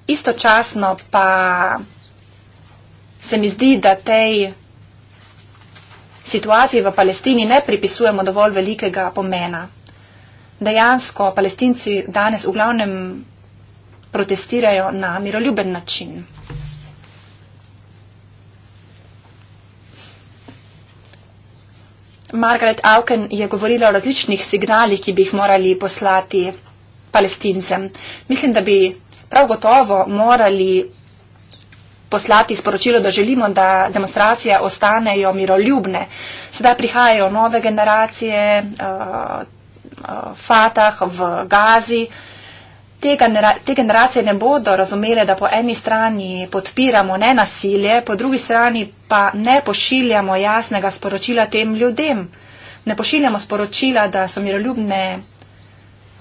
Istočasno pa se mi zdi, da tej situaciji v Palestini ne pripisujemo dovolj velikega pomena. Dejansko palestinci danes v glavnem protestirajo na miroljuben način. Margaret Auken je govorila o različnih signalih, ki bi jih morali poslati palestincem. Mislim, da bi prav gotovo morali poslati sporočilo, da želimo, da demonstracije ostanejo miroljubne. Sedaj prihajajo nove generacije v eh, eh, Fatah, v Gazi. Te, genera te generacije ne bodo razumele, da po eni strani podpiramo ne nasilje, po drugi strani pa ne pošiljamo jasnega sporočila tem ljudem. Ne pošiljamo sporočila, da so miroljubne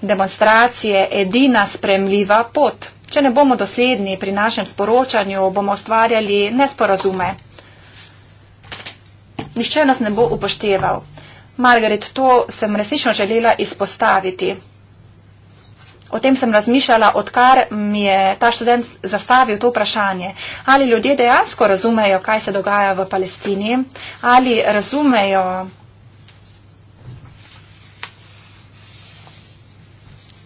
demonstracije edina spremljiva pot. Če ne bomo dosledni pri našem sporočanju, bomo ustvarjali nesporazume. Nihče nas ne bo upošteval. Margaret, to sem resnično želela izpostaviti. O tem sem razmišljala, odkar mi je ta študent zastavil to vprašanje. Ali ljudje dejansko razumejo, kaj se dogaja v Palestini? Ali razumejo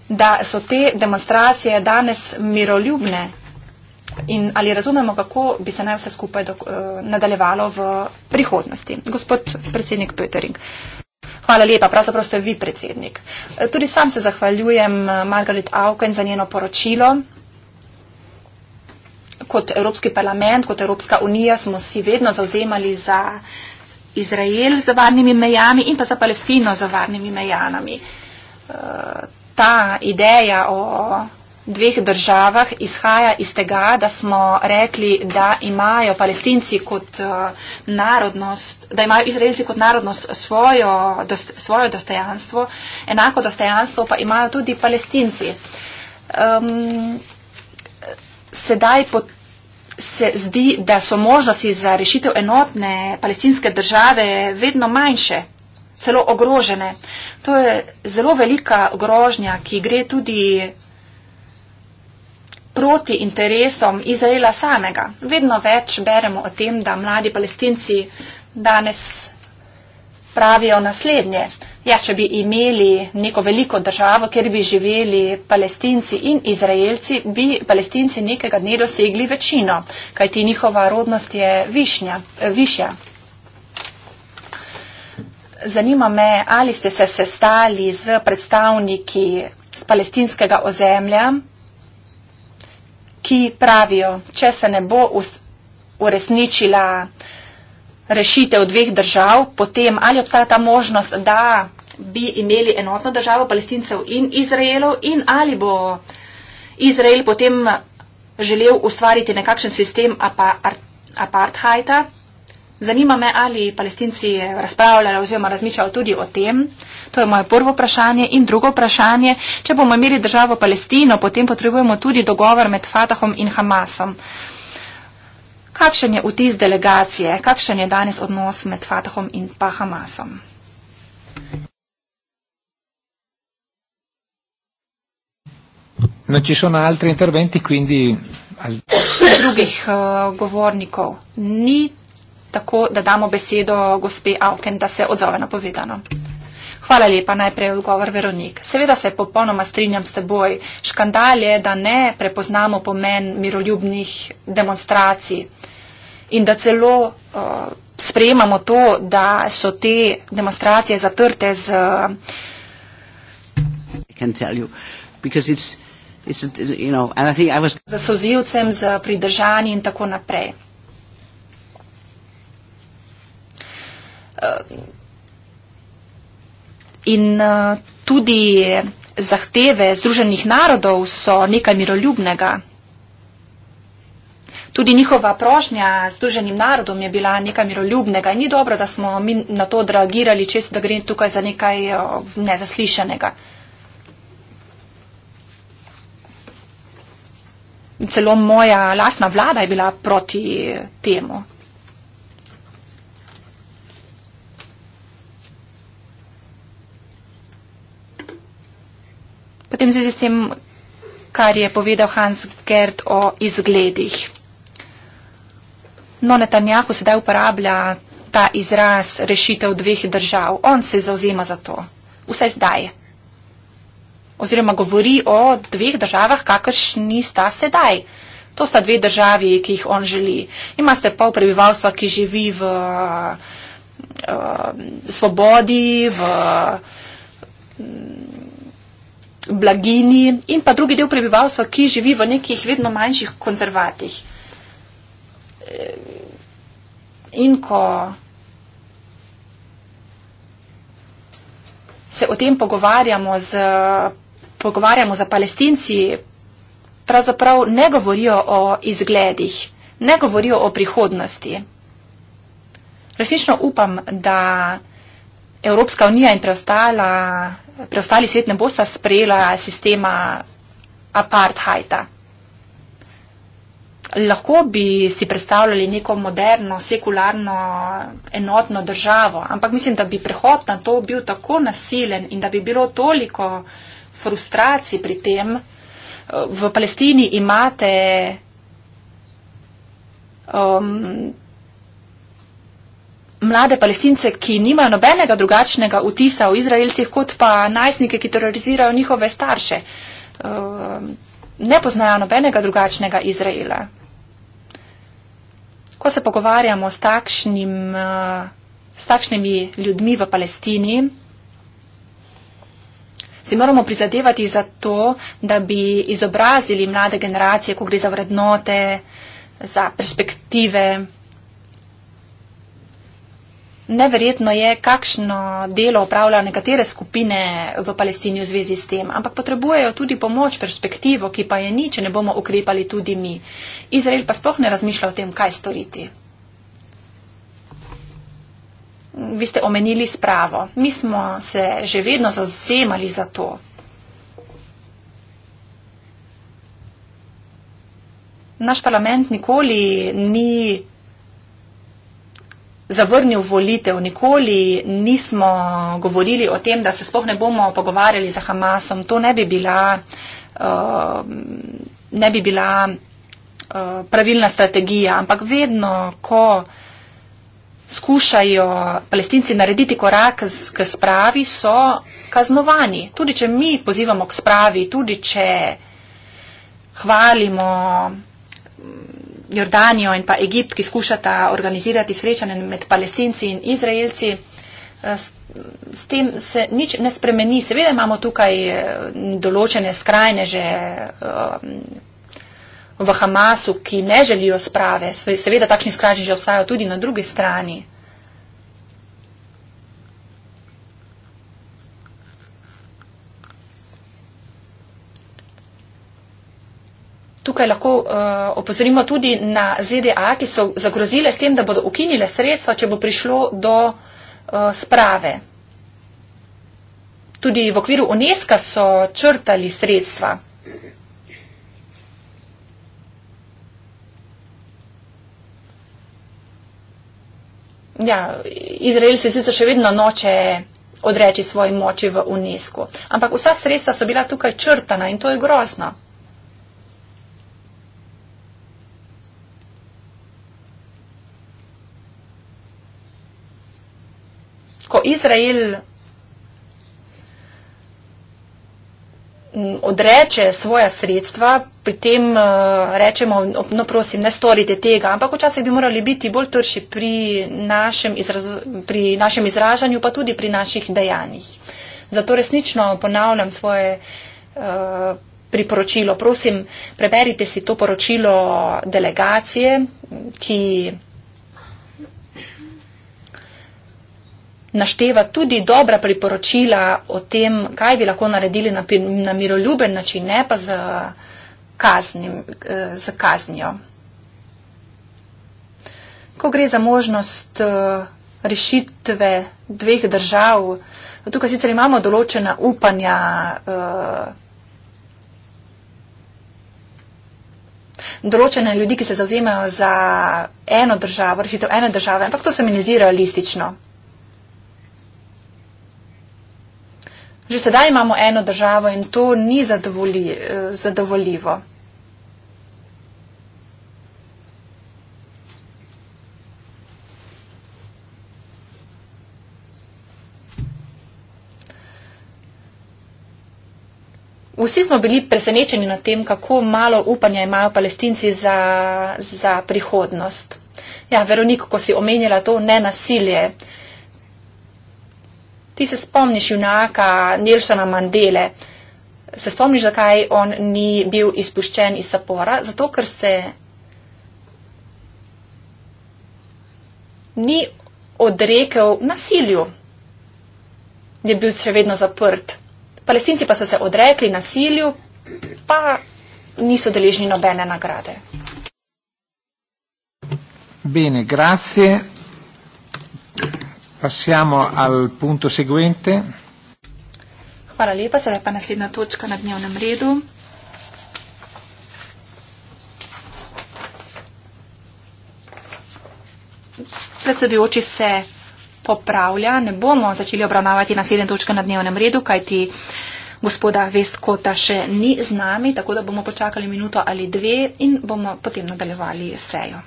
da so te demonstracije danes miroljubne in ali razumemo, kako bi se naj vse skupaj dok, eh, nadaljevalo v prihodnosti. Gospod predsednik Pötering. Hvala lepa, pravzaprav ste vi predsednik. Eh, tudi sam se zahvaljujem eh, Margaret Auken za njeno poročilo. Kot Evropski parlament, kot Evropska unija smo si vedno zauzemali za Izrael za varnimi mejami in pa za Palestino za varnimi mejami ta ideja o dveh državah izhaja iz tega, da smo rekli, da imajo palestinci kot eh, narodnost, da imajo izraelci kot narodnost svojo, dost, svojo dostojanstvo, enako dostojanstvo pa imajo tudi palestinci. Um, sedaj po, se zdi, da so možnosti za rešitev enotne palestinske države vedno manjše celo ogrožene. To je zelo velika grožnja, ki gre tudi proti interesom Izraela samega. Vedno več beremo o tem, da mladi palestinci danes pravijo naslednje. Ja, če bi imeli neko veliko državo, kjer bi živeli palestinci in izraelci, bi palestinci nekega dne dosegli večino, kajti njihova rodnost je višnja, višja. Zanima me, ali ste se sestali z predstavniki z palestinskega ozemlja, ki pravijo, če se ne bo uresničila rešitev dveh držav, potem ali obstaja ta možnost, da bi imeli enotno državo palestincev in Izraelov in ali bo Izrael potem želel ustvariti nekakšen sistem apartheida. Apa Zanima me, ali palestinci razpravljajo oziroma razmišljajo tudi o tem. To je moje prvo vprašanje. In drugo vprašanje, če bomo imeli državo Palestino, potem potrebujemo tudi dogovor med Fatahom in Hamasom. Kakšen je vtis delegacije, kakšen je danes odnos med Fatahom in pa Hamasom? No, če so na altri interventi, kvindi. Al... Drugih uh, govornikov. Ni tako, da damo besedo gospe Auken, da se odzove na povedano. Hvala lepa, najprej odgovor Veronik. Seveda se popolnoma strinjam s teboj. Škandal je, da ne prepoznamo pomen miroljubnih demonstracij in da celo uh, sprejemamo to, da so te demonstracije zatrte z. Uh, za sozivcem, za pridržanje in tako naprej. Eh, in eh, tudi zahteve Združenih narodov so nekaj miroljubnega. Tudi njihova prošnja Združenim narodom je bila nekaj miroljubnega. In ni dobro, da smo mi na to odreagirali, če se da gre tukaj za nekaj eh, nezaslišanega. Celo moja lasna vlada je bila proti temu. Potem v zvezi s tem, kar je povedal Hans Gerd o izgledih. No, Netanjahu sedaj uporablja ta izraz rešitev dveh držav. On se zauzema za to. Vse zdaj. Oziroma govori o dveh državah, kakršni sta sedaj. To sta dve državi, ki jih on želi. Imate pol prebivalstva, ki živi v uh, svobodi, v. Um, blagini in pa drugi del prebivalstva, ki živi v nekih vedno manjših konzervatih. Eh, in ko se o tem pogovarjamo z, pogovarjamo z palestinci, pravzaprav ne govorijo o izgledih, ne govorijo o prihodnosti. Resnično upam, da Evropska unija in preostala preostali svet ne bosta sprejela sistema apartheida. Lahko bi si predstavljali neko moderno, sekularno, enotno državo, ampak mislim, da bi prehod na to bil tako nasilen in da bi bilo toliko frustracij pri tem. V Palestini imate um, mlade palestince, ki nimajo nobenega drugačnega vtisa o izraelcih, kot pa najstnike, ki terorizirajo njihove starše. Ehm, ne poznajo nobenega drugačnega Izraela. Ko se pogovarjamo s, takšnim, eh, s takšnimi ljudmi v Palestini, si moramo prizadevati za to, da bi izobrazili mlade generacije, ko gre za vrednote, za perspektive. Neverjetno je, kakšno delo upravljajo nekatere skupine v Palestini v zvezi s tem, ampak potrebujejo tudi pomoč, perspektivo, ki pa je ni, če ne bomo ukrepali tudi mi. Izrael pa sploh ne razmišlja o tem, kaj storiti. Vi ste omenili spravo. Mi smo se že vedno zauzemali za to. Naš parlament nikoli ni zavrnil volitev. Nikoli nismo govorili o tem, da se sploh ne bomo pogovarjali za Hamasom. To ne bi bila, uh, ne bi bila uh, pravilna strategija, ampak vedno, ko skušajo palestinci narediti korak k spravi, so kaznovani. Tudi, če mi pozivamo k spravi, tudi, če hvalimo Jordanijo in pa Egipt, ki skušata organizirati srečanje med palestinci in izraelci. Eh, s tem se nič ne spremeni. Seveda imamo tukaj eh, določene skrajne že eh, v Hamasu, ki ne želijo sprave. Seveda takšni skrajni že obstajajo tudi na drugi strani. Tukaj lahko uh, opozorimo tudi na ZDA, ki so zagrozile s tem, da bodo ukinile sredstva, če bo prišlo do uh, sprave. Tudi v okviru UNESCO so črtali sredstva. Ja, Izrael se sicer še vedno noče odreči svoji moči v UNESCO, ampak vsa sredstva so bila tukaj črtana in to je grozno. ko Izrael mm, odreče svoja sredstva, pri tem eh, rečemo, no prosim, ne storite tega, ampak včasih bi morali biti bolj trši pri našem, izrazo, pri našem izražanju, pa tudi pri naših dejanjih. Zato resnično ponavljam svoje eh, priporočilo. Prosim, preberite si to poročilo delegacije, ki našteva tudi dobra priporočila o tem, kaj bi lahko naredili na, na miroljuben način, ne pa z, kaznim, eh, z kaznijo. Ko gre za možnost eh, rešitve dveh držav, tukaj sicer imamo določena upanja. Eh, določene ljudi, ki se zauzemajo za eno državo, rešitev ene države, ampak to se mi ne zdi realistično. Že sedaj imamo eno državo in to ni zadovolji, eh, zadovoljivo. Vsi smo bili presenečeni nad tem, kako malo upanja imajo palestinci za, za prihodnost. Ja, Veronika, ko si omenjala to nenasilje, uh, Ti se spomniš junaka Nilsona Mandele. Se spomniš, zakaj on ni bil izpuščen iz zapora? Zato, ker se ni odrekel nasilju. Je bil še vedno zaprt. Palestinci pa so se odrekli nasilju, pa niso deležni nobene nagrade. Bene, grazie. Passiamo al punto seguente. Hvala lepa, sedaj pa naslednja točka na dnevnem redu. Predsedujoči se popravlja, ne bomo začeli obravnavati naslednje točke na dnevnem redu, kajti gospoda Vestkota še ni z nami, tako da bomo počakali minuto ali dve in bomo potem nadaljevali sejo.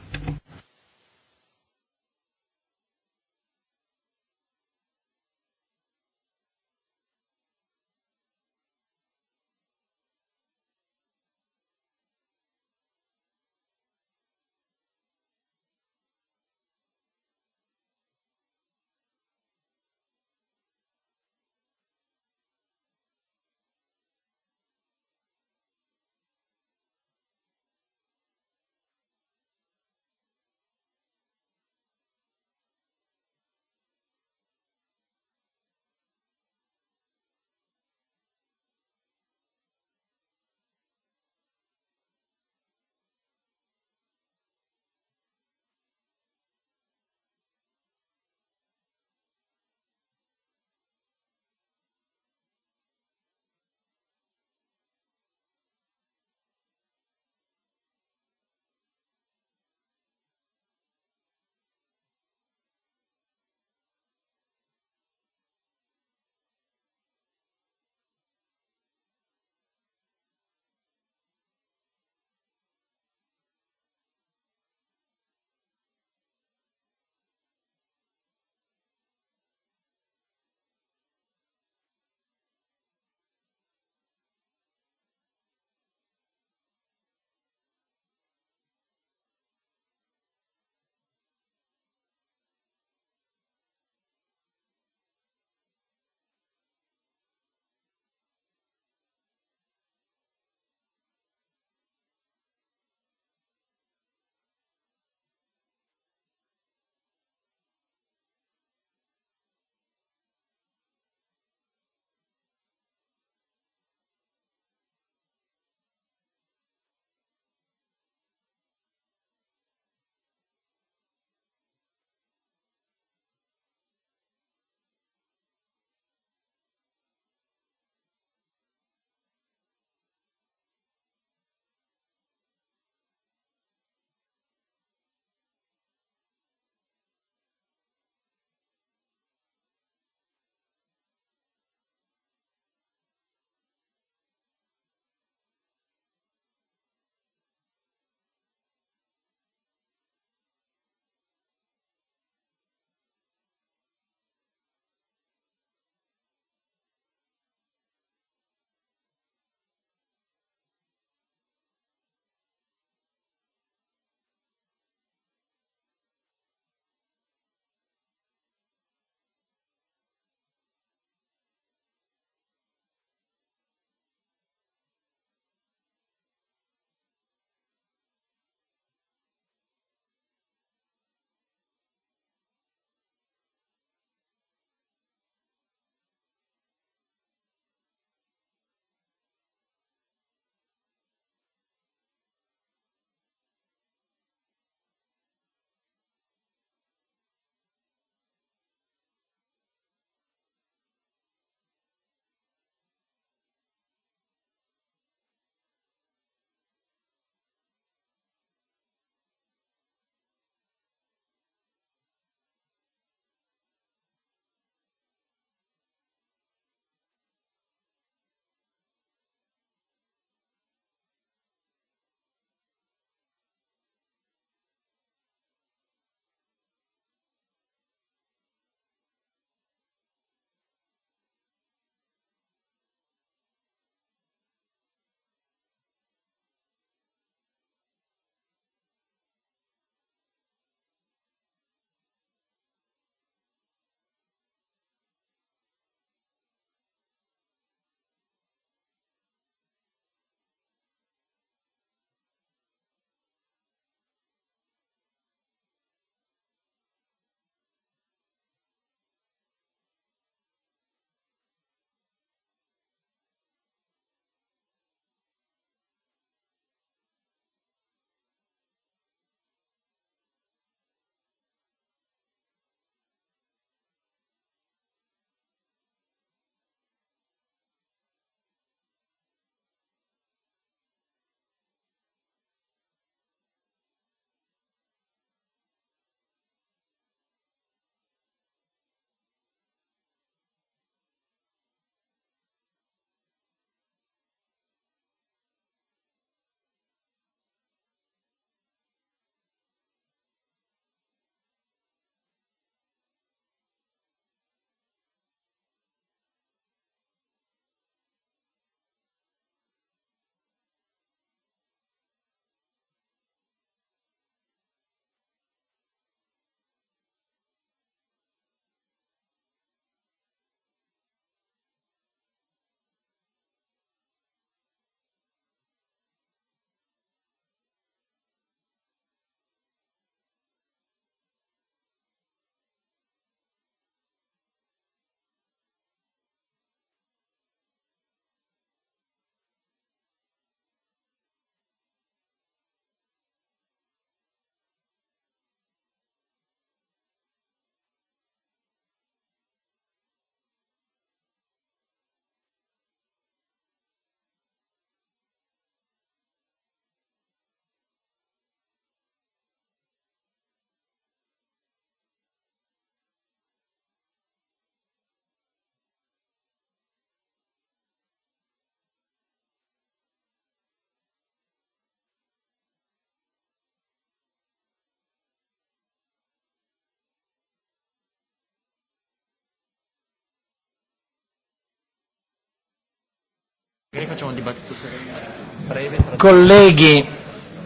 Colleghi,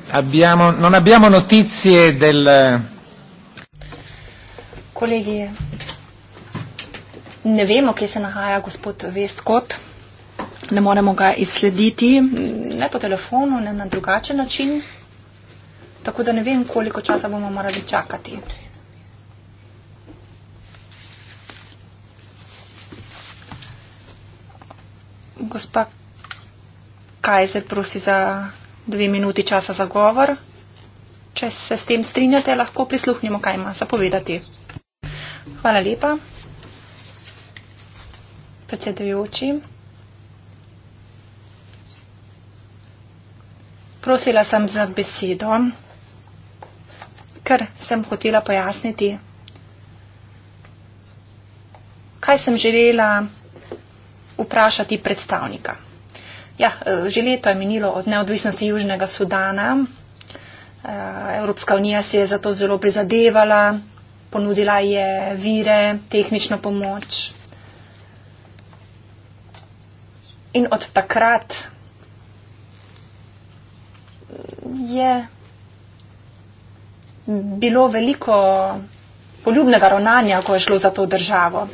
abbiamo, non abbiamo notizie del... Colleghi, ne vemo che se nahaja gospod Vestkot, ne moremo ga izslediti, ne po telefonu, ne na drugačen način, tako da ne vem, koliko časa bomo morali čakati. Gospod Kajzer prosi za dve minuti časa za govor. Če se s tem strinjate, lahko prisluhnimo, kaj ima zapovedati. Hvala lepa. Predsedujoči. Prosila sem za besedo, ker sem hotela pojasniti, kaj sem želela vprašati predstavnika. Ja, e, že leto je minilo od neodvisnosti Južnega Sudana. E, Evropska unija si je za to zelo prizadevala, ponudila je vire, tehnično pomoč. In od takrat je bilo veliko poljubnega ravnanja, ko je šlo za to državo.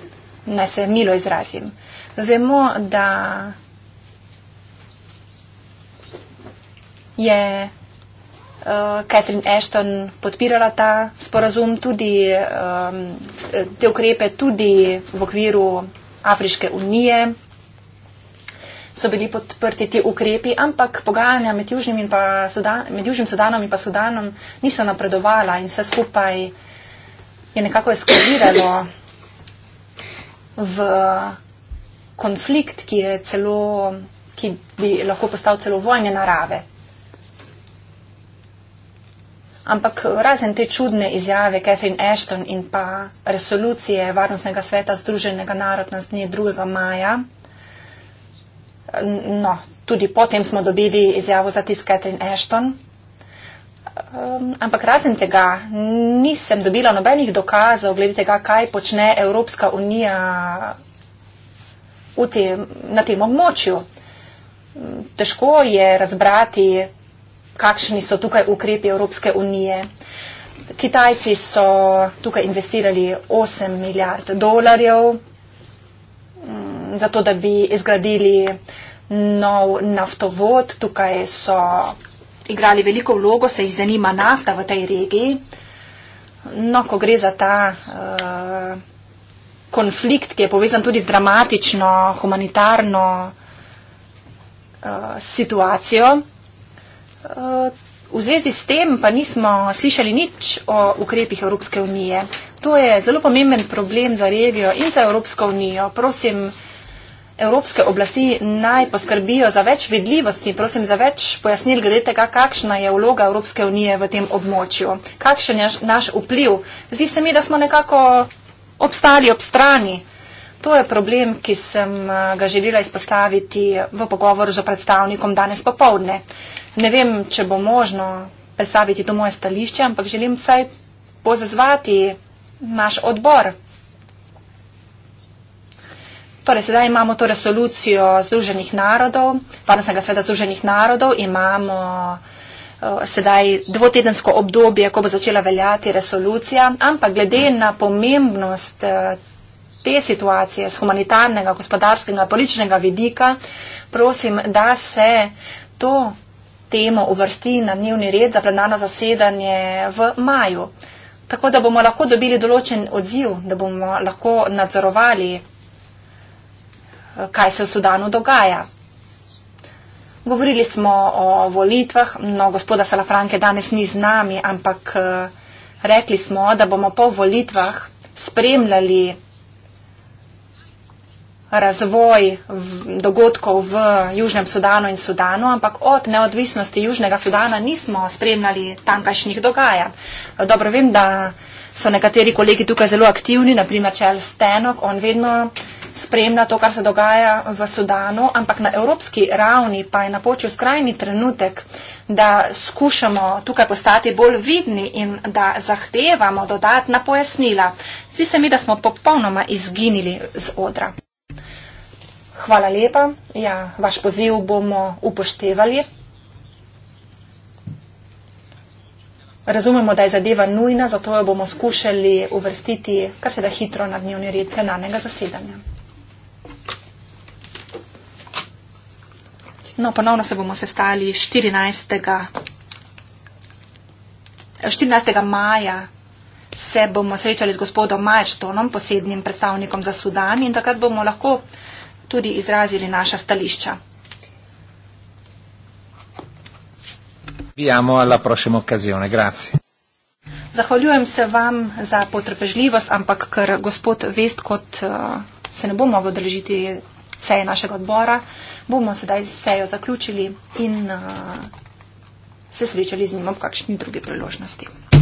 Naj se milo izrazim. Vemo, da je uh, Catherine Ashton podpirala ta sporazum, tudi um, te ukrepe, tudi v okviru Afriške unije so bili podprti ti ukrepi, ampak pogajanja med Južnim, pa Sudan, med Južnim Sudanom in pa Sudanom niso napredovala in vse skupaj je nekako eskaliralo v konflikt, ki, celo, ki bi lahko postal celo vojne narave. Ampak eh, razen te čudne izjave Catherine Ashton in pa resolucije Varnostnega sveta Združenega naroda z dne 2. maja, no, tudi potem smo dobili izjavo za tisk Catherine Ashton. Ehm, ampak razen tega nisem dobila nobenih dokazov glede tega, kaj počne Evropska unija te, na tem območju. Ehm, težko je razbrati kakšni so tukaj ukrepi Evropske unije. Kitajci so tukaj investirali 8 milijard dolarjev mm, za to, da bi izgradili nov naftovod. Tukaj so igrali veliko vlogo, se jih zanima nafta v tej regiji. No, ko gre za ta uh, konflikt, ki je povezan tudi z dramatično humanitarno uh, situacijo, V zvezi s tem pa nismo slišali nič o ukrepih Evropske unije. To je zelo pomemben problem za regijo in za Evropsko unijo. Prosim, evropske oblasti naj poskrbijo za več vedljivosti, prosim za več pojasnil glede tega, kakšna je vloga Evropske unije v tem območju, kakšen je naš vpliv. Zdi se mi, da smo nekako obstali ob strani. To je problem, ki sem eh, ga želela izpostaviti v pogovoru z predstavnikom danes popovdne ne vem, če bo možno predstaviti to moje stališče, ampak želim vsaj pozazvati naš odbor. Torej, sedaj imamo to resolucijo Združenih narodov, Varnostnega sveta Združenih narodov, imamo eh, sedaj dvotedensko obdobje, ko bo začela veljati resolucija, ampak glede na pomembnost eh, te situacije z humanitarnega, gospodarskega, političnega vidika, prosim, da se to temo uvrsti na dnevni red za plenarno zasedanje v maju. Tako da bomo lahko dobili določen odziv, da bomo lahko nadzorovali, eh, kaj se v Sudanu dogaja. Govorili smo o volitvah, no gospoda Salafranke danes ni z nami, ampak eh, rekli smo, da bomo po volitvah spremljali razvoj v, dogodkov v Južnem Sudanu in Sudanu, ampak od neodvisnosti Južnega Sudana nismo spremljali tamkajšnjih dogajanj. Dobro vem, da so nekateri kolegi tukaj zelo aktivni, naprimer Charles Stenok, on vedno spremlja to, kar se dogaja v Sudanu, ampak na evropski ravni pa je napočil skrajni trenutek, da skušamo tukaj postati bolj vidni in da zahtevamo dodatna pojasnila. Zdi se mi, da smo popolnoma izginili z odra. Hvala lepa. Ja, vaš poziv bomo upoštevali. Razumemo, da je zadeva nujna, zato jo bomo skušali uvrstiti kar se da hitro na dnevni red plenarnega zasedanja. No, ponovno se bomo sestali 14. 14. maja. Se bomo srečali z gospodom Majštonom, posebnim predstavnikom za Sudan in takrat bomo lahko tudi izrazili naša stališča. Zahvaljujem se vam za potrpežljivost, ampak ker gospod Vest kot eh, se ne bo mogel deležiti seje našega odbora, bomo sedaj sejo zaključili in eh, se srečali z njim ob kakšni drugi priložnosti.